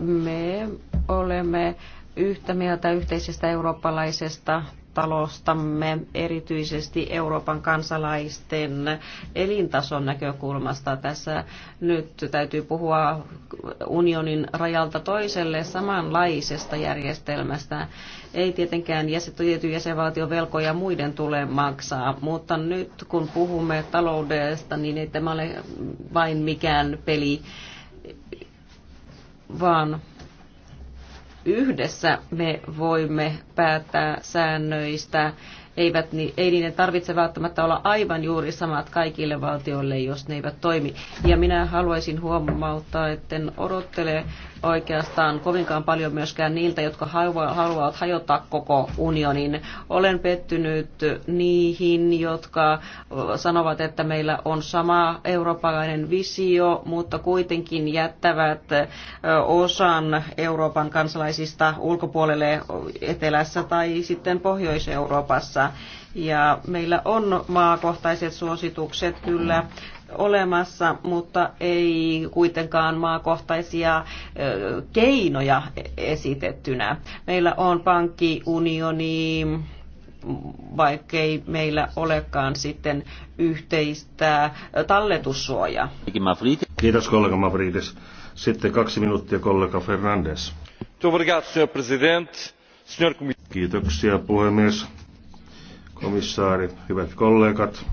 Me olemme yhtä mieltä yhteisestä eurooppalaisesta talostamme, erityisesti Euroopan kansalaisten elintason näkökulmasta. Tässä nyt täytyy puhua unionin rajalta toiselle samanlaisesta järjestelmästä. Ei tietenkään tietyn jäsenvaltion velkoja muiden tule maksaa, mutta nyt kun puhumme taloudesta, niin ei tämä ole vain mikään peli, vaan yhdessä me voimme päättää säännöistä. Eivät, niin, ei niiden tarvitse välttämättä olla aivan juuri samat kaikille valtioille, jos ne eivät toimi. Ja minä haluaisin huomauttaa, en odottele oikeastaan kovinkaan paljon myöskään niiltä, jotka haluavat hajottaa koko unionin. Olen pettynyt niihin, jotka sanovat, että meillä on sama eurooppalainen visio, mutta kuitenkin jättävät osan Euroopan kansalaisista ulkopuolelle etelässä tai sitten Pohjois-Euroopassa. Ja meillä on maakohtaiset suositukset kyllä olemassa, mutta ei kuitenkaan maakohtaisia keinoja esitettynä. Meillä on pankkiunioni, vaikkei meillä olekaan sitten yhteistä talletussuojaa. Kiitos kollega Mavridis. Sitten kaksi minuuttia kollega Fernandes. Kiitoksia puhemies, komissaari, hyvät kollegat.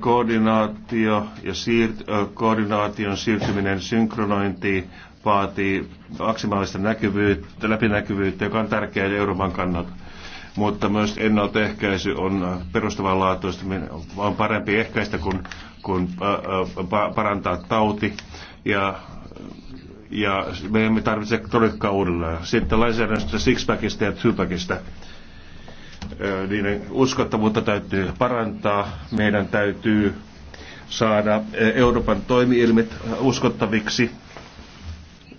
koordinaatio ja siirt- koordinaation siirtyminen synkronointiin vaatii maksimaalista näkyvyyttä, läpinäkyvyyttä, joka on tärkeää Euroopan kannalta. Mutta myös ennaltaehkäisy on perustavanlaatuista, on parempi ehkäistä kuin, kuin parantaa tauti. Ja ja me emme tarvitse todellakaan uudelleen. Sitten lainsäädännöstä Sixpackista ja Twopackista niiden uskottavuutta täytyy parantaa. Meidän täytyy saada Euroopan toimielimet uskottaviksi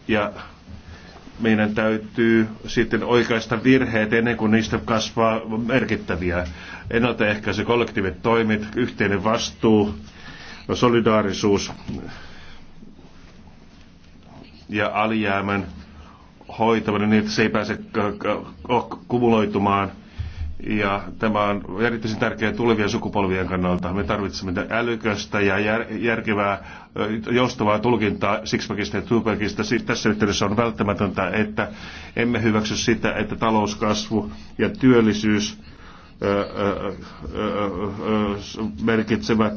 ja meidän täytyy sitten oikaista virheet ennen kuin niistä kasvaa merkittäviä. Ennaltaehkäisy, kollektiivit toimet, yhteinen vastuu, solidaarisuus ja alijäämän hoitaminen niin, että se ei pääse kumuloitumaan – ja tämä on erityisen tärkeä tulevien sukupolvien kannalta. Me tarvitsemme älyköstä ja jär, järkevää, joustavaa tulkintaa Sixpackista ja Tupacista. Tässä yhteydessä on välttämätöntä, että emme hyväksy sitä, että talouskasvu ja työllisyys merkitsevät,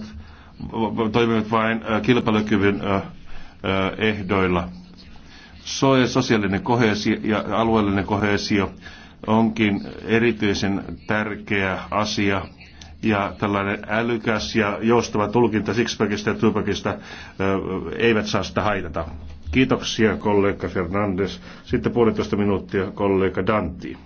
toimivat vain kilpailukyvyn ehdoilla. Sosiaalinen kohesio ja alueellinen kohesio onkin erityisen tärkeä asia ja tällainen älykäs ja joustava tulkinta Sixpackista ja Tupakista eivät saa sitä haitata. Kiitoksia kollega Fernandes. Sitten puolitoista minuuttia kollega Danti.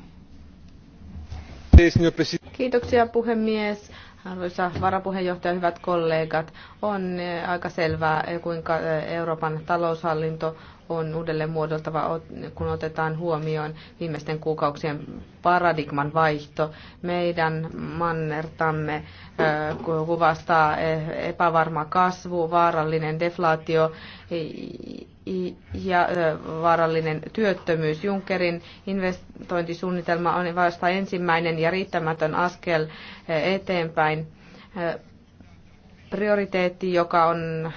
Kiitoksia puhemies. Arvoisa varapuheenjohtaja, hyvät kollegat, on aika selvää, kuinka Euroopan taloushallinto on uudelleen muodoltava, kun otetaan huomioon viimeisten kuukausien paradigman vaihto. Meidän mannertamme kuvastaa e, epävarma kasvu, vaarallinen deflaatio ja vaarallinen työttömyys. Junckerin investointisuunnitelma on vasta ensimmäinen ja riittämätön askel e, eteenpäin prioriteetti, joka on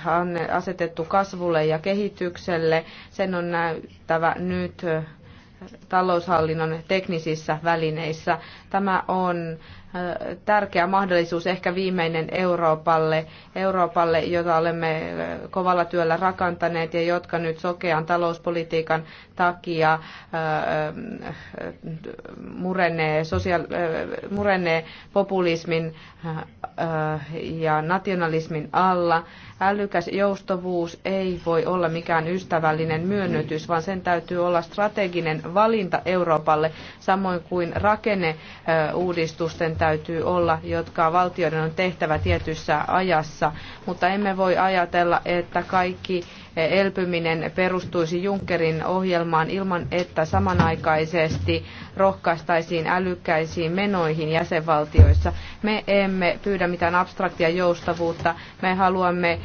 asetettu kasvulle ja kehitykselle, sen on näyttävä nyt taloushallinnon teknisissä välineissä. Tämä on tärkeä mahdollisuus, ehkä viimeinen Euroopalle, Euroopalle, jota olemme kovalla työllä rakantaneet ja jotka nyt sokean talouspolitiikan takia murenee, sosiaal, murenee populismin ja nationalismin alla. Älykäs joustavuus ei voi olla mikään ystävällinen myönnytys, vaan sen täytyy olla strateginen valinta Euroopalle, samoin kuin rakenneuudistusten täytyy olla, jotka valtioiden on tehtävä tietyssä ajassa, mutta emme voi ajatella, että kaikki elpyminen perustuisi Junckerin ohjelmaan ilman, että samanaikaisesti rohkaistaisiin älykkäisiin menoihin jäsenvaltioissa. Me emme pyydä mitään abstraktia joustavuutta. Me haluamme äh,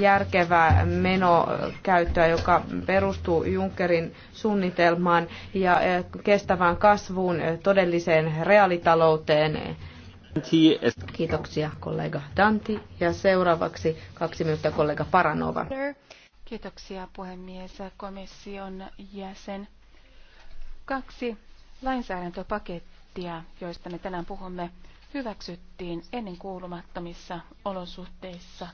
järkevää menokäyttöä, joka perustuu Junckerin suunnitelmaan ja äh, kestävään kasvuun, äh, todelliseen reaalitalouteen Kiitoksia kollega Danti. Ja seuraavaksi kaksi minuuttia kollega Paranova. Kiitoksia puhemies komission jäsen. Kaksi lainsäädäntöpakettia, joista me tänään puhumme, hyväksyttiin ennen kuulumattomissa olosuhteissa.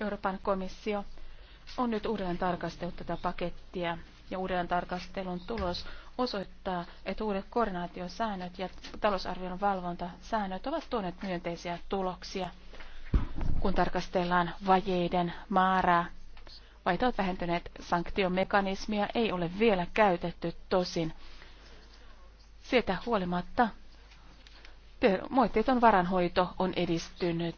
Euroopan komissio on nyt uudelleen tarkastellut tätä pakettia ja uudelleen tarkastelun tulos osoittaa, että uudet koordinaatiosäännöt ja talousarvion valvontasäännöt ovat tuoneet myönteisiä tuloksia, kun tarkastellaan vajeiden määrää. Vaihtoehdot vähentyneet sanktiomekanismia ei ole vielä käytetty tosin. Sieltä huolimatta moitteeton varanhoito on edistynyt.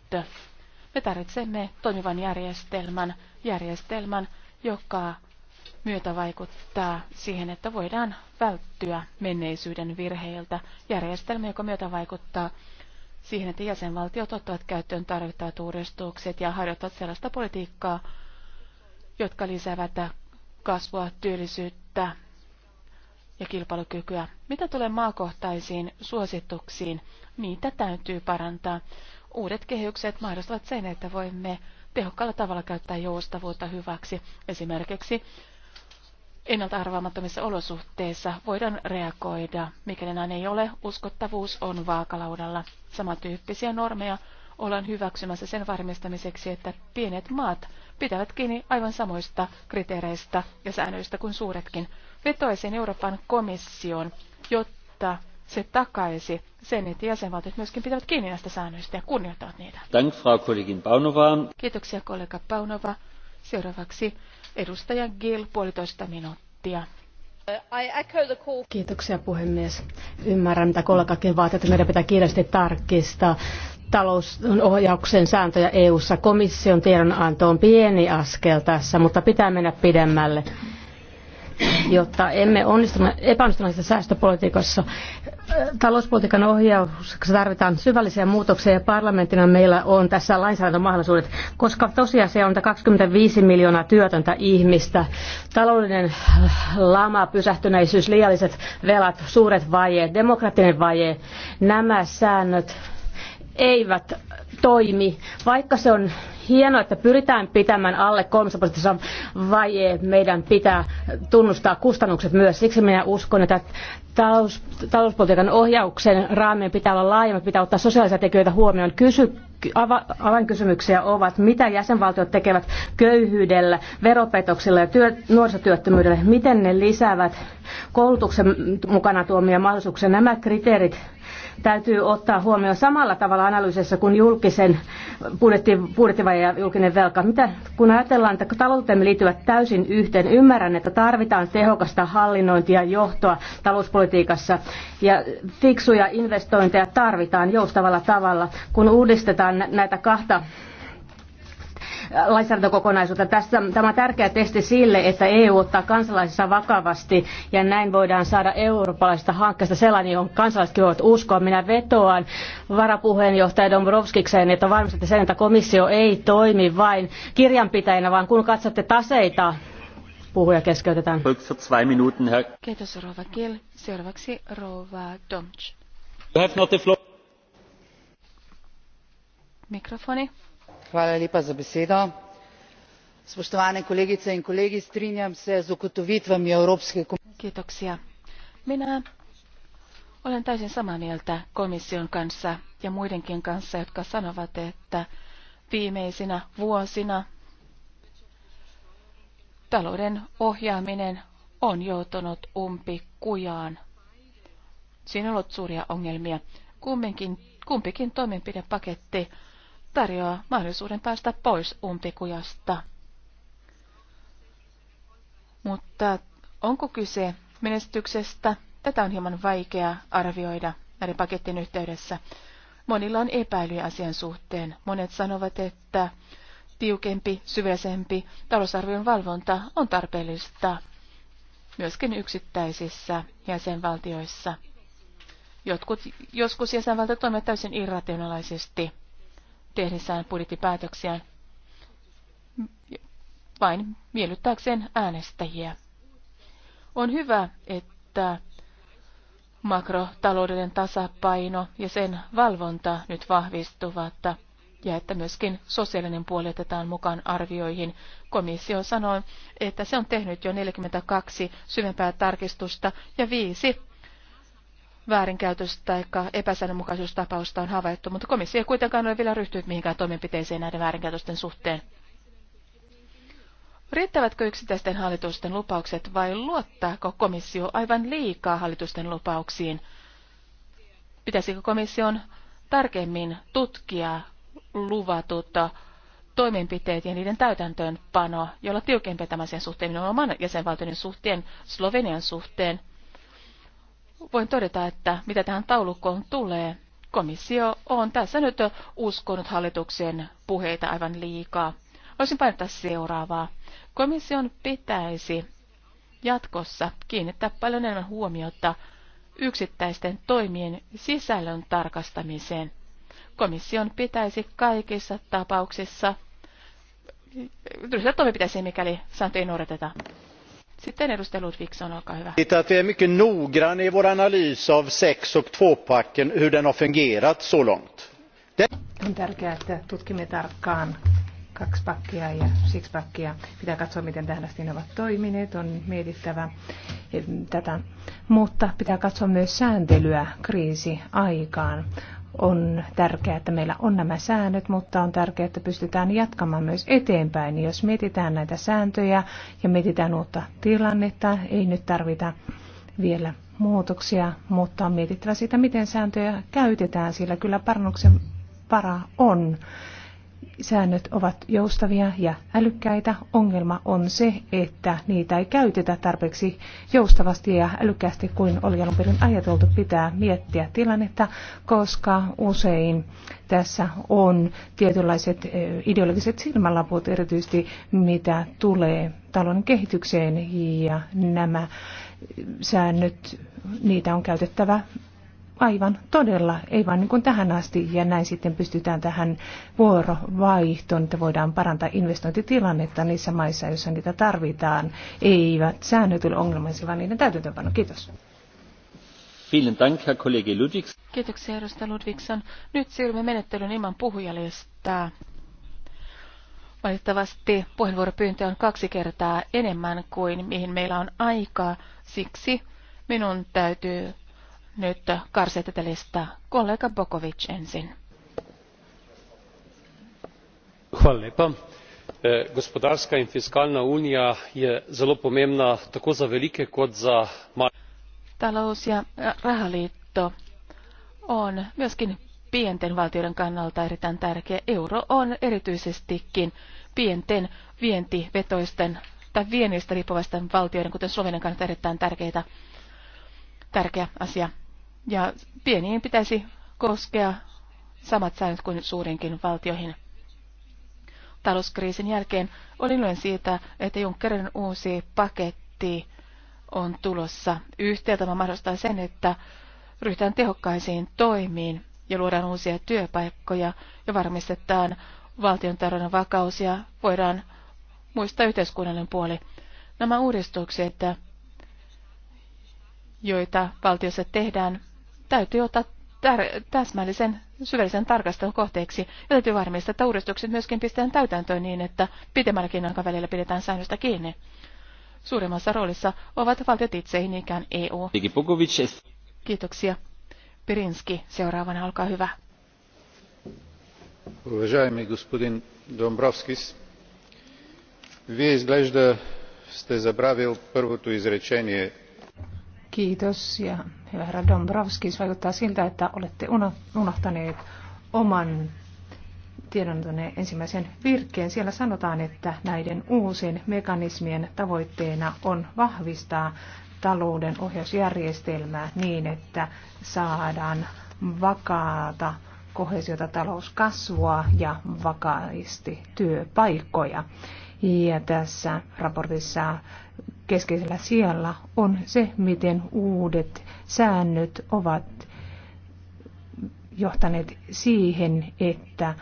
Me tarvitsemme toimivan järjestelmän, järjestelmän, joka myötä vaikuttaa siihen, että voidaan välttyä menneisyyden virheiltä. Järjestelmä, joka myötä vaikuttaa siihen, että jäsenvaltiot ottavat käyttöön tarvittavat uudistukset ja harjoittavat sellaista politiikkaa, jotka lisäävät kasvua, työllisyyttä ja kilpailukykyä. Mitä tulee maakohtaisiin suosituksiin, niitä täytyy parantaa. Uudet kehykset mahdollistavat sen, että voimme tehokkaalla tavalla käyttää joustavuutta hyväksi. Esimerkiksi ennalta arvaamattomissa olosuhteissa voidaan reagoida. Mikäli näin ei ole, uskottavuus on vaakalaudalla. Samantyyppisiä normeja ollaan hyväksymässä sen varmistamiseksi, että pienet maat pitävät kiinni aivan samoista kriteereistä ja säännöistä kuin suuretkin. Vetoisin Euroopan komission, jotta se takaisi sen, että jäsenvaltiot myöskin pitävät kiinni näistä säännöistä ja kunnioittavat niitä. Dank, Frau Kollegin Paunova. Kiitoksia kollega Paunova. Seuraavaksi Edustaja Gill, puolitoista minuuttia. Kiitoksia puhemies. Ymmärrän, mitä kollegakin vaatii, että meidän pitää kiireesti tarkistaa talousohjauksen sääntöjä EU-ssa. Komission tiedonanto on pieni askel tässä, mutta pitää mennä pidemmälle jotta emme epäonnistuneessa säästöpolitiikassa. Talouspolitiikan ohjauksessa tarvitaan syvällisiä muutoksia ja parlamenttina meillä on tässä lainsäädäntömahdollisuudet, koska tosiasia on, että 25 miljoonaa työtöntä ihmistä, taloudellinen lama, pysähtyneisyys, liialliset velat, suuret vajeet, demokraattinen vaje, nämä säännöt eivät toimi, vaikka se on hienoa, että pyritään pitämään alle 3 prosentissa vaje. Meidän pitää tunnustaa kustannukset myös. Siksi minä uskon, että talous, talouspolitiikan ohjauksen raamien pitää olla laajemmat, pitää ottaa sosiaalisia tekijöitä huomioon. Kysy, ava, avainkysymyksiä ovat, mitä jäsenvaltiot tekevät köyhyydellä, veropetoksilla ja työ, nuorisotyöttömyydellä, miten ne lisäävät koulutuksen mukana tuomia mahdollisuuksia. Nämä kriteerit täytyy ottaa huomioon samalla tavalla analyysissä kuin julkisen budjettivajan ja julkinen velka. Mitä, kun ajatellaan, että talouteemme liittyvät täysin yhteen, ymmärrän, että tarvitaan tehokasta hallinnointia ja johtoa talouspolitiikassa ja fiksuja investointeja tarvitaan joustavalla tavalla, kun uudistetaan näitä kahta lainsäädäntökokonaisuutta. Tässä, tämä on tärkeä testi sille, että EU ottaa kansalaisissa vakavasti ja näin voidaan saada eurooppalaisesta hankkeesta sellainen, johon kansalaisetkin voivat uskoa. Minä vetoan varapuheenjohtaja Dombrovskikseen, että varmistatte sen, että komissio ei toimi vain kirjanpitäjänä, vaan kun katsotte taseita, puhuja keskeytetään. Kiitos Rova Kiel. Seuraavaksi Rova Domch. Mikrofoni spoštovane kolegice in kolegi strinjam se z ugotovitvami evropske olen täysin samaa mieltä komission kanssa ja muidenkin kanssa jotka sanovat että viimeisinä vuosina talouden ohjaaminen on joutunut umpikujaan. Siinä on ollut suuria ongelmia. kumpikin toimenpidepaketti tarjoaa mahdollisuuden päästä pois umpikujasta. Mutta onko kyse menestyksestä? Tätä on hieman vaikea arvioida näiden pakettien yhteydessä. Monilla on epäilyjä asian suhteen. Monet sanovat, että tiukempi, syvällisempi talousarvion valvonta on tarpeellista myöskin yksittäisissä jäsenvaltioissa. Jotkut, joskus jäsenvaltiot toimivat täysin irrationaalisesti tehdessään budjettipäätöksiään vain miellyttääkseen äänestäjiä. On hyvä, että makrotaloudellinen tasapaino ja sen valvonta nyt vahvistuvat ja että myöskin sosiaalinen puoli otetaan mukaan arvioihin. Komissio sanoi, että se on tehnyt jo 42 syvempää tarkistusta ja viisi väärinkäytöstä tai epäsäännönmukaisuustapausta on havaittu, mutta komissio ei kuitenkaan ole vielä ryhtynyt mihinkään toimenpiteisiin näiden väärinkäytösten suhteen. Riittävätkö yksittäisten hallitusten lupaukset vai luottaako komissio aivan liikaa hallitusten lupauksiin? Pitäisikö komission tarkemmin tutkia luvatut toimenpiteet ja niiden täytäntöönpano, jolla tiukempi tämän sen suhteen minun oman jäsenvaltioiden suhteen, Slovenian suhteen, voin todeta, että mitä tähän taulukkoon tulee, komissio on tässä nyt uskonut hallituksen puheita aivan liikaa. Voisin painottaa seuraavaa. Komission pitäisi jatkossa kiinnittää paljon enemmän huomiota yksittäisten toimien sisällön tarkastamiseen. Komission pitäisi kaikissa tapauksissa ryhtyä toimenpiteisiin, mikäli sääntöjä noudatetaan. Sitten edustaja Ludvigsson, olkaa hyvä. Att vi är mycket noggranna i vår analys av sex och tvåpacken, hur den har fungerat så långt. On tärkeää, että tutkimme tarkkaan kaksi pakkia ja siksi pakkia. Pitää katsoa, miten tähän asti ne ovat toimineet, on mietittävä eh, tätä. Mutta pitää katsoa myös sääntelyä kriisi aikaan on tärkeää, että meillä on nämä säännöt, mutta on tärkeää, että pystytään jatkamaan myös eteenpäin. Jos mietitään näitä sääntöjä ja mietitään uutta tilannetta, ei nyt tarvita vielä muutoksia, mutta on mietittävä sitä, miten sääntöjä käytetään, sillä kyllä parannuksen para on säännöt ovat joustavia ja älykkäitä. Ongelma on se, että niitä ei käytetä tarpeeksi joustavasti ja älykkäästi kuin oli alun perin ajateltu. Pitää miettiä tilannetta, koska usein tässä on tietynlaiset ideologiset silmälaput, erityisesti mitä tulee talon kehitykseen ja nämä säännöt, niitä on käytettävä Aivan, todella, ei vaan niin kuin tähän asti, ja näin sitten pystytään tähän vuorovaihtoon, että voidaan parantaa investointitilannetta niissä maissa, joissa niitä tarvitaan. Eivät säännöt ole ongelmaisia, vaan niiden täytäntöönpano. Kiitos. Kiitoksia, Herra Ludvigson. Nyt siirrymme menettelyn ilman puhujalistaa. Valitettavasti puheenvuoropyyntö on kaksi kertaa enemmän kuin mihin meillä on aikaa, siksi minun täytyy nyt karsetetelistä Kollega Bokovic ensin. Hvala lepa. Eh, gospodarska in fiskalna unija je zelo pomembna tako za velike kot za male. Talous- ja eh, rahaliitto on myöskin pienten valtioiden kannalta erittäin tärkeä. Euro on erityisestikin pienten vientivetoisten tai viennistä riippuvaisten valtioiden, kuten Slovenian kannalta erittäin tärkeitä, tärkeä asia. Ja pieniin pitäisi koskea samat säännöt kuin suurinkin valtioihin. Talouskriisin jälkeen olin luen siitä, että Junckerin uusi paketti on tulossa. Yhtäältä tämä mahdollistaa sen, että ryhdytään tehokkaisiin toimiin ja luodaan uusia työpaikkoja ja varmistetaan valtion talouden vakaus ja voidaan muistaa yhteiskunnallinen puoli. Nämä uudistukset, joita valtiossa tehdään, täytyy ottaa täsmällisen syvällisen tarkastelun kohteeksi ja täytyy varmistaa, että uudistukset myöskin pistetään täytäntöön niin, että pitemmälläkin aikavälillä pidetään säännöstä kiinni. Suurimmassa roolissa ovat valtiot itse, ei niinkään EU. Kiitoksia. Pirinski, seuraavana, olkaa hyvä. Уважаемый господин Домбровскис, вие изглежда сте забравил първото изречение Kiitos ja hyvä herra Dombrovskis, vaikuttaa siltä, että olette unohtaneet oman tiedonantonne ensimmäisen virkkeen. Siellä sanotaan, että näiden uusien mekanismien tavoitteena on vahvistaa talouden ohjausjärjestelmää niin, että saadaan vakaata kohesiota talouskasvua ja vakaisti työpaikkoja. Ja tässä raportissa keskeisellä sijalla on se, miten uudet säännöt ovat johtaneet siihen, että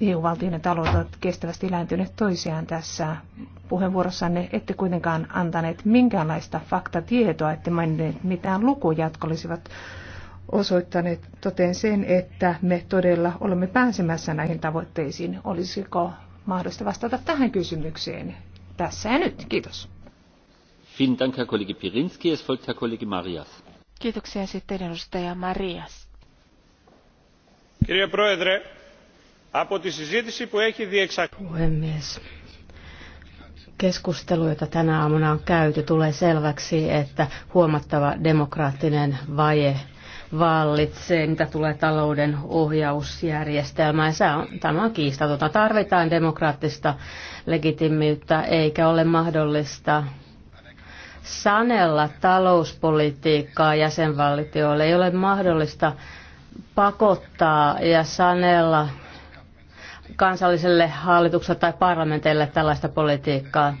EU-valtioiden talot ovat kestävästi lääntyneet toisiaan tässä puheenvuorossanne. Ette kuitenkaan antaneet minkäänlaista faktatietoa, ette maininneet mitään lukuja, jotka olisivat osoittaneet toteen sen, että me todella olemme pääsemässä näihin tavoitteisiin. Olisiko mahdollista vastata tähän kysymykseen tässä ja nyt? Kiitos. Kiitoksia sitten edustaja Marias. Kirja Proedre, από τη συζήτηση που έχει Puhemies. Keskustelu, jota tänä aamuna on käyty, tulee selväksi, että huomattava demokraattinen vaje vallitsee, mitä tulee talouden ohjausjärjestelmään. Tämä on kiistatonta. Tarvitaan demokraattista legitimiyttä, eikä ole mahdollista sanella talouspolitiikkaa jäsenvaltioille. Ei ole mahdollista pakottaa ja sanella kansalliselle hallitukselle tai parlamenteille tällaista politiikkaa.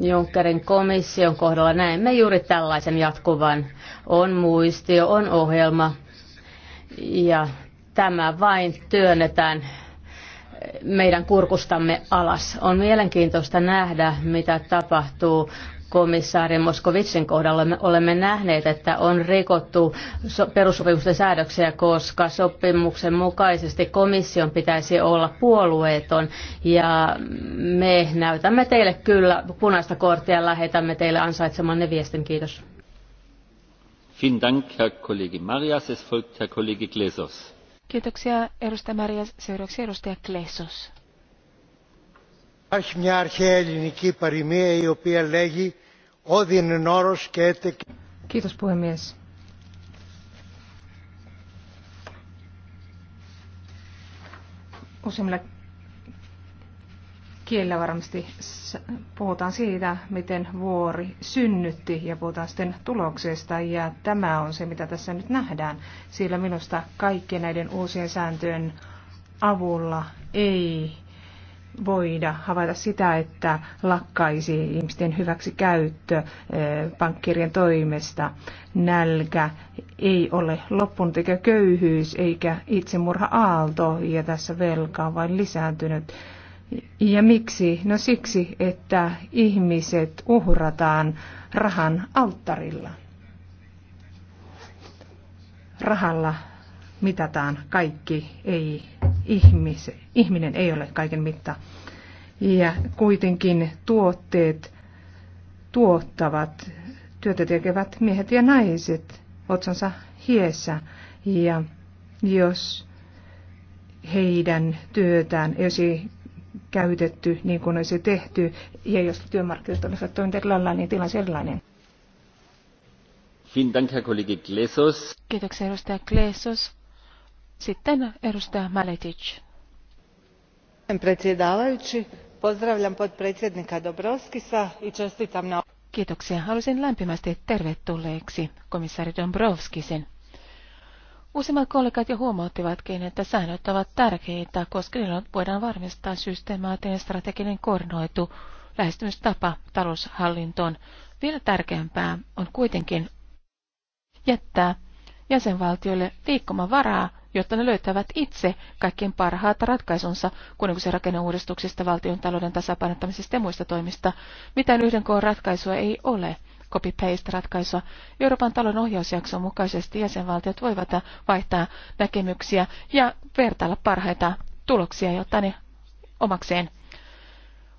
Junckerin komission kohdalla näemme juuri tällaisen jatkuvan. On muistio, on ohjelma ja tämä vain työnnetään meidän kurkustamme alas. On mielenkiintoista nähdä, mitä tapahtuu komissaari Moskovitsin kohdalla me olemme nähneet, että on rikottu perussopimusten säädöksiä, koska sopimuksen mukaisesti komission pitäisi olla puolueeton ja me näytämme teille kyllä punaista korttia ja lähetämme teille ansaitsemanne viestin. Kiitos. Vielen Dank, Herr Kollege Marias. Es folgt Herr Kollege Glesos Kiitoksia edustaja Maria. Seuraavaksi edustaja Klesos. Υπάρχει μια αρχαία ελληνική παροιμία η οποία λέγει «Όδιν όρος και έτε...» Kiitos puhemies. Useimmilla kielellä varmasti puhutaan siitä, miten vuori synnytti ja puhutaan sitten tuloksesta ja tämä on se, mitä tässä nyt nähdään, sillä minusta kaikkien näiden uusien sääntöjen avulla ei voida havaita sitä, että lakkaisi ihmisten käyttö eh, pankkirien toimesta, nälkä ei ole loppunut eikä köyhyys eikä itsemurha-aalto ja tässä velka on vain lisääntynyt ja miksi? No siksi, että ihmiset uhrataan rahan alttarilla. Rahalla mitataan kaikki, ei ihmise, ihminen ei ole kaiken mitta. Ja kuitenkin tuotteet tuottavat työtä tekevät miehet ja naiset otsansa hiessä. Ja jos heidän työtään, jos ei käytetty niin kuin olisi tehty, ja jos työmarkkinat olisivat toimineet erilainen, niin tilanne erilainen. Kiitoksia edustaja Klesos. Sitten edustaja Maletic. Kiitoksia. Haluaisin lämpimästi tervetulleeksi komissaari Dombrovskisen. Useimmat kollegat jo huomauttivatkin, että säännöt ovat tärkeitä, koska niillä voidaan varmistaa systeemaattinen strateginen koordinoitu lähestymistapa taloushallintoon. Vielä tärkeämpää on kuitenkin jättää jäsenvaltioille varaa, jotta ne löytävät itse kaikkien parhaat ratkaisunsa kuninkuisen rakenneuudistuksista, valtion talouden tasapainottamisesta ja muista toimista. Mitään yhden koon ratkaisua ei ole copy-paste-ratkaisua. Euroopan talon ohjausjakson mukaisesti jäsenvaltiot voivat vaihtaa näkemyksiä ja vertailla parhaita tuloksia, jotta ne omakseen.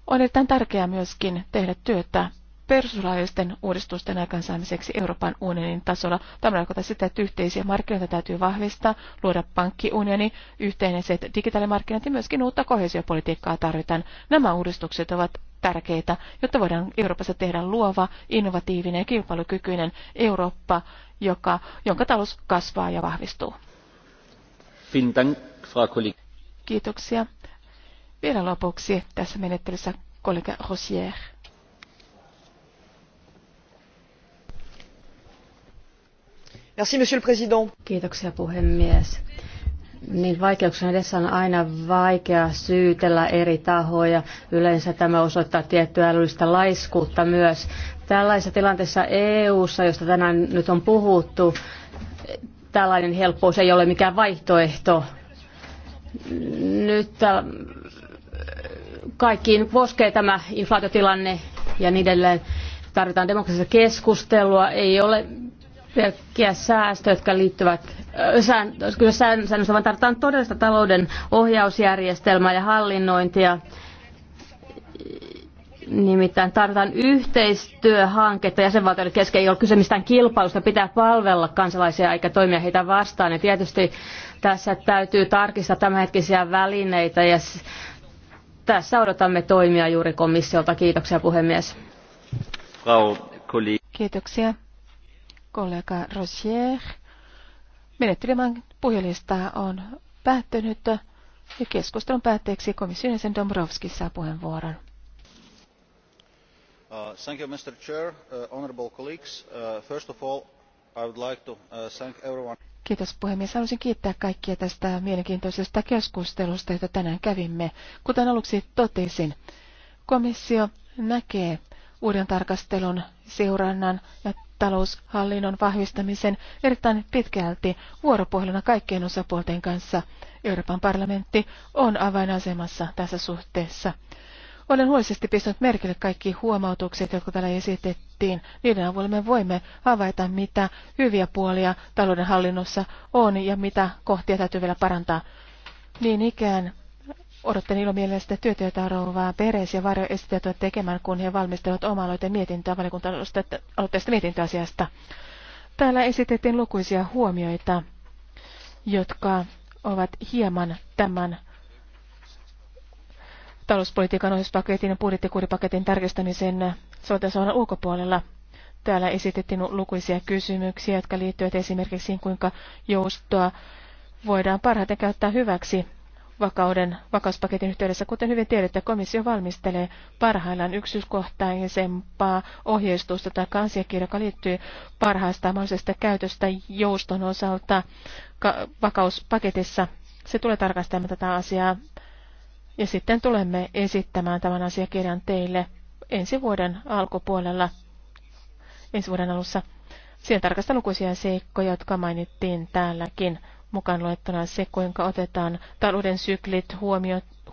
On erittäin tärkeää myöskin tehdä työtä perustuslaillisten uudistusten aikaansaamiseksi Euroopan unionin tasolla. Tämä tarkoittaa sitä, että yhteisiä markkinoita täytyy vahvistaa, luoda pankkiunioni, yhteiset digitaalimarkkinat ja myöskin uutta kohesiopolitiikkaa tarvitaan. Nämä uudistukset ovat tärkeitä, jotta voidaan Euroopassa tehdä luova, innovatiivinen ja kilpailukykyinen Eurooppa, joka, jonka talous kasvaa ja vahvistuu. Kiitoksia. Vielä lopuksi tässä menettelyssä kollega Rosier. Merci, monsieur le président. Kiitoksia puhemies niin vaikeuksien edessä on aina vaikea syytellä eri tahoja. Yleensä tämä osoittaa tiettyä älyllistä laiskuutta myös. Tällaisessa tilanteessa EU-ssa, josta tänään nyt on puhuttu, tällainen helppous ei ole mikään vaihtoehto. Nyt äh, kaikkiin koskee tämä inflaatiotilanne ja niin edelleen. Tarvitaan demokraattista keskustelua. Ei ole pelkkiä säästöjä, jotka liittyvät, sään, säännössä, vaan tarvitaan todellista talouden ohjausjärjestelmää ja hallinnointia. Nimittäin tarvitaan yhteistyöhanketta jäsenvaltioiden kesken, ei ole kyse mistään kilpailusta, pitää palvella kansalaisia eikä toimia heitä vastaan. Ja tietysti tässä täytyy tarkistaa tämänhetkisiä välineitä ja tässä odotamme toimia juuri komissiolta. Kiitoksia puhemies. Kiitoksia kollega Rosier. Menettelemään puhelista on päättynyt ja keskustelun päätteeksi komission jäsen Dombrovski saa puheenvuoron. Uh, thank you, Mr. Chair, uh, honorable colleagues. Uh, first of all, I would like to uh, thank everyone. Kiitos puhemies. Haluaisin kiittää kaikkia tästä mielenkiintoisesta keskustelusta, jota tänään kävimme. Kuten aluksi totesin, komissio näkee uuden tarkastelun seurannan ja taloushallinnon vahvistamisen erittäin pitkälti vuoropuheluna kaikkien osapuolten kanssa. Euroopan parlamentti on avainasemassa tässä suhteessa. Olen huolisesti pistänyt merkille kaikki huomautukset, jotka täällä esitettiin. Niiden avulla me voimme havaita, mitä hyviä puolia talouden hallinnossa on ja mitä kohtia täytyy vielä parantaa. Niin ikään Odottelen ilomielellä sitä työtä, jota Rouva Peres ja Varjo ovat tekemään, kun he valmistelevat oma-aloitteen mietintöä valiokunta aloitteesta mietintöasiasta. Täällä esitettiin lukuisia huomioita, jotka ovat hieman tämän talouspolitiikan ohjauspaketin ja budjettikuripaketin tarkistamisen soitasohjelman ulkopuolella. Täällä esitettiin lukuisia kysymyksiä, jotka liittyvät esimerkiksi siihen, kuinka joustoa voidaan parhaiten käyttää hyväksi vakauden, vakauspaketin yhteydessä. Kuten hyvin tiedätte, komissio valmistelee parhaillaan yksityiskohtaisempaa ohjeistusta tai kansiakirja, joka liittyy parhaasta mahdollisesta käytöstä jouston osalta vakauspaketissa. Se tulee tarkastelemaan tätä asiaa ja sitten tulemme esittämään tämän asiakirjan teille ensi vuoden alkupuolella, ensi vuoden alussa. Siihen tarkastan lukuisia seikkoja, jotka mainittiin täälläkin mukaan luettuna se, kuinka otetaan talouden syklit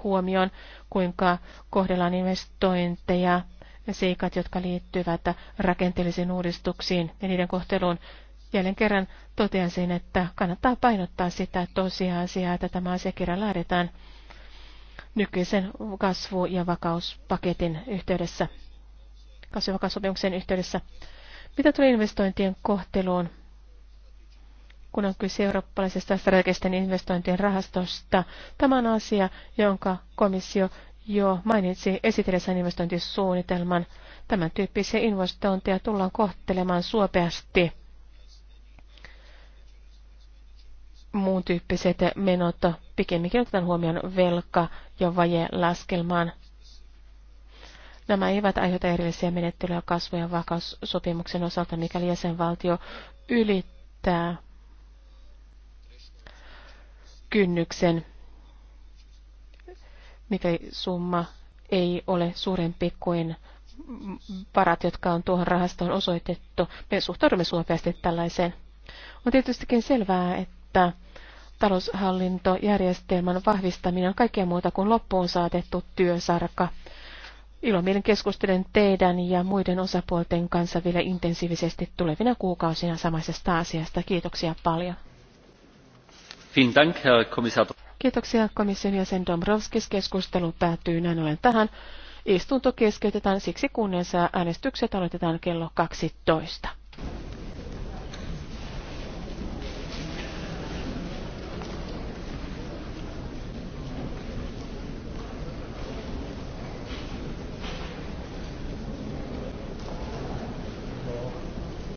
huomioon, kuinka kohdellaan investointeja, seikat, jotka liittyvät rakenteellisiin uudistuksiin ja niiden kohteluun. Jälleen kerran totean sen, että kannattaa painottaa sitä tosiasiaa, että tämä asiakirja laaditaan nykyisen kasvu- ja vakauspaketin yhteydessä, kasvu- ja vakaussopimuksen yhteydessä. Mitä tulee investointien kohteluun, kun on kyse eurooppalaisesta strategisten investointien rahastosta. Tämä on asia, jonka komissio jo mainitsi esitellessään investointisuunnitelman. Tämän tyyppisiä investointeja tullaan kohtelemaan suopeasti. Muun tyyppiset menot pikemminkin otetaan huomioon velka- ja vajelaskelmaan. Nämä eivät aiheuta erillisiä menettelyjä kasvojen vakaussopimuksen osalta, mikäli jäsenvaltio ylittää kynnyksen, mikä summa ei ole suurempi kuin varat, jotka on tuohon rahastoon osoitettu. Me suhtaudumme suopeasti tällaiseen. On tietystikin selvää, että taloushallintojärjestelmän vahvistaminen on kaikkea muuta kuin loppuun saatettu työsarka. Ilomielen keskustelen teidän ja muiden osapuolten kanssa vielä intensiivisesti tulevina kuukausina samaisesta asiasta. Kiitoksia paljon. Kiitoksia komission jäsen Dombrovskis. Keskustelu päättyy näin ollen tähän. Istunto keskeytetään siksi kunnes äänestykset aloitetaan kello 12.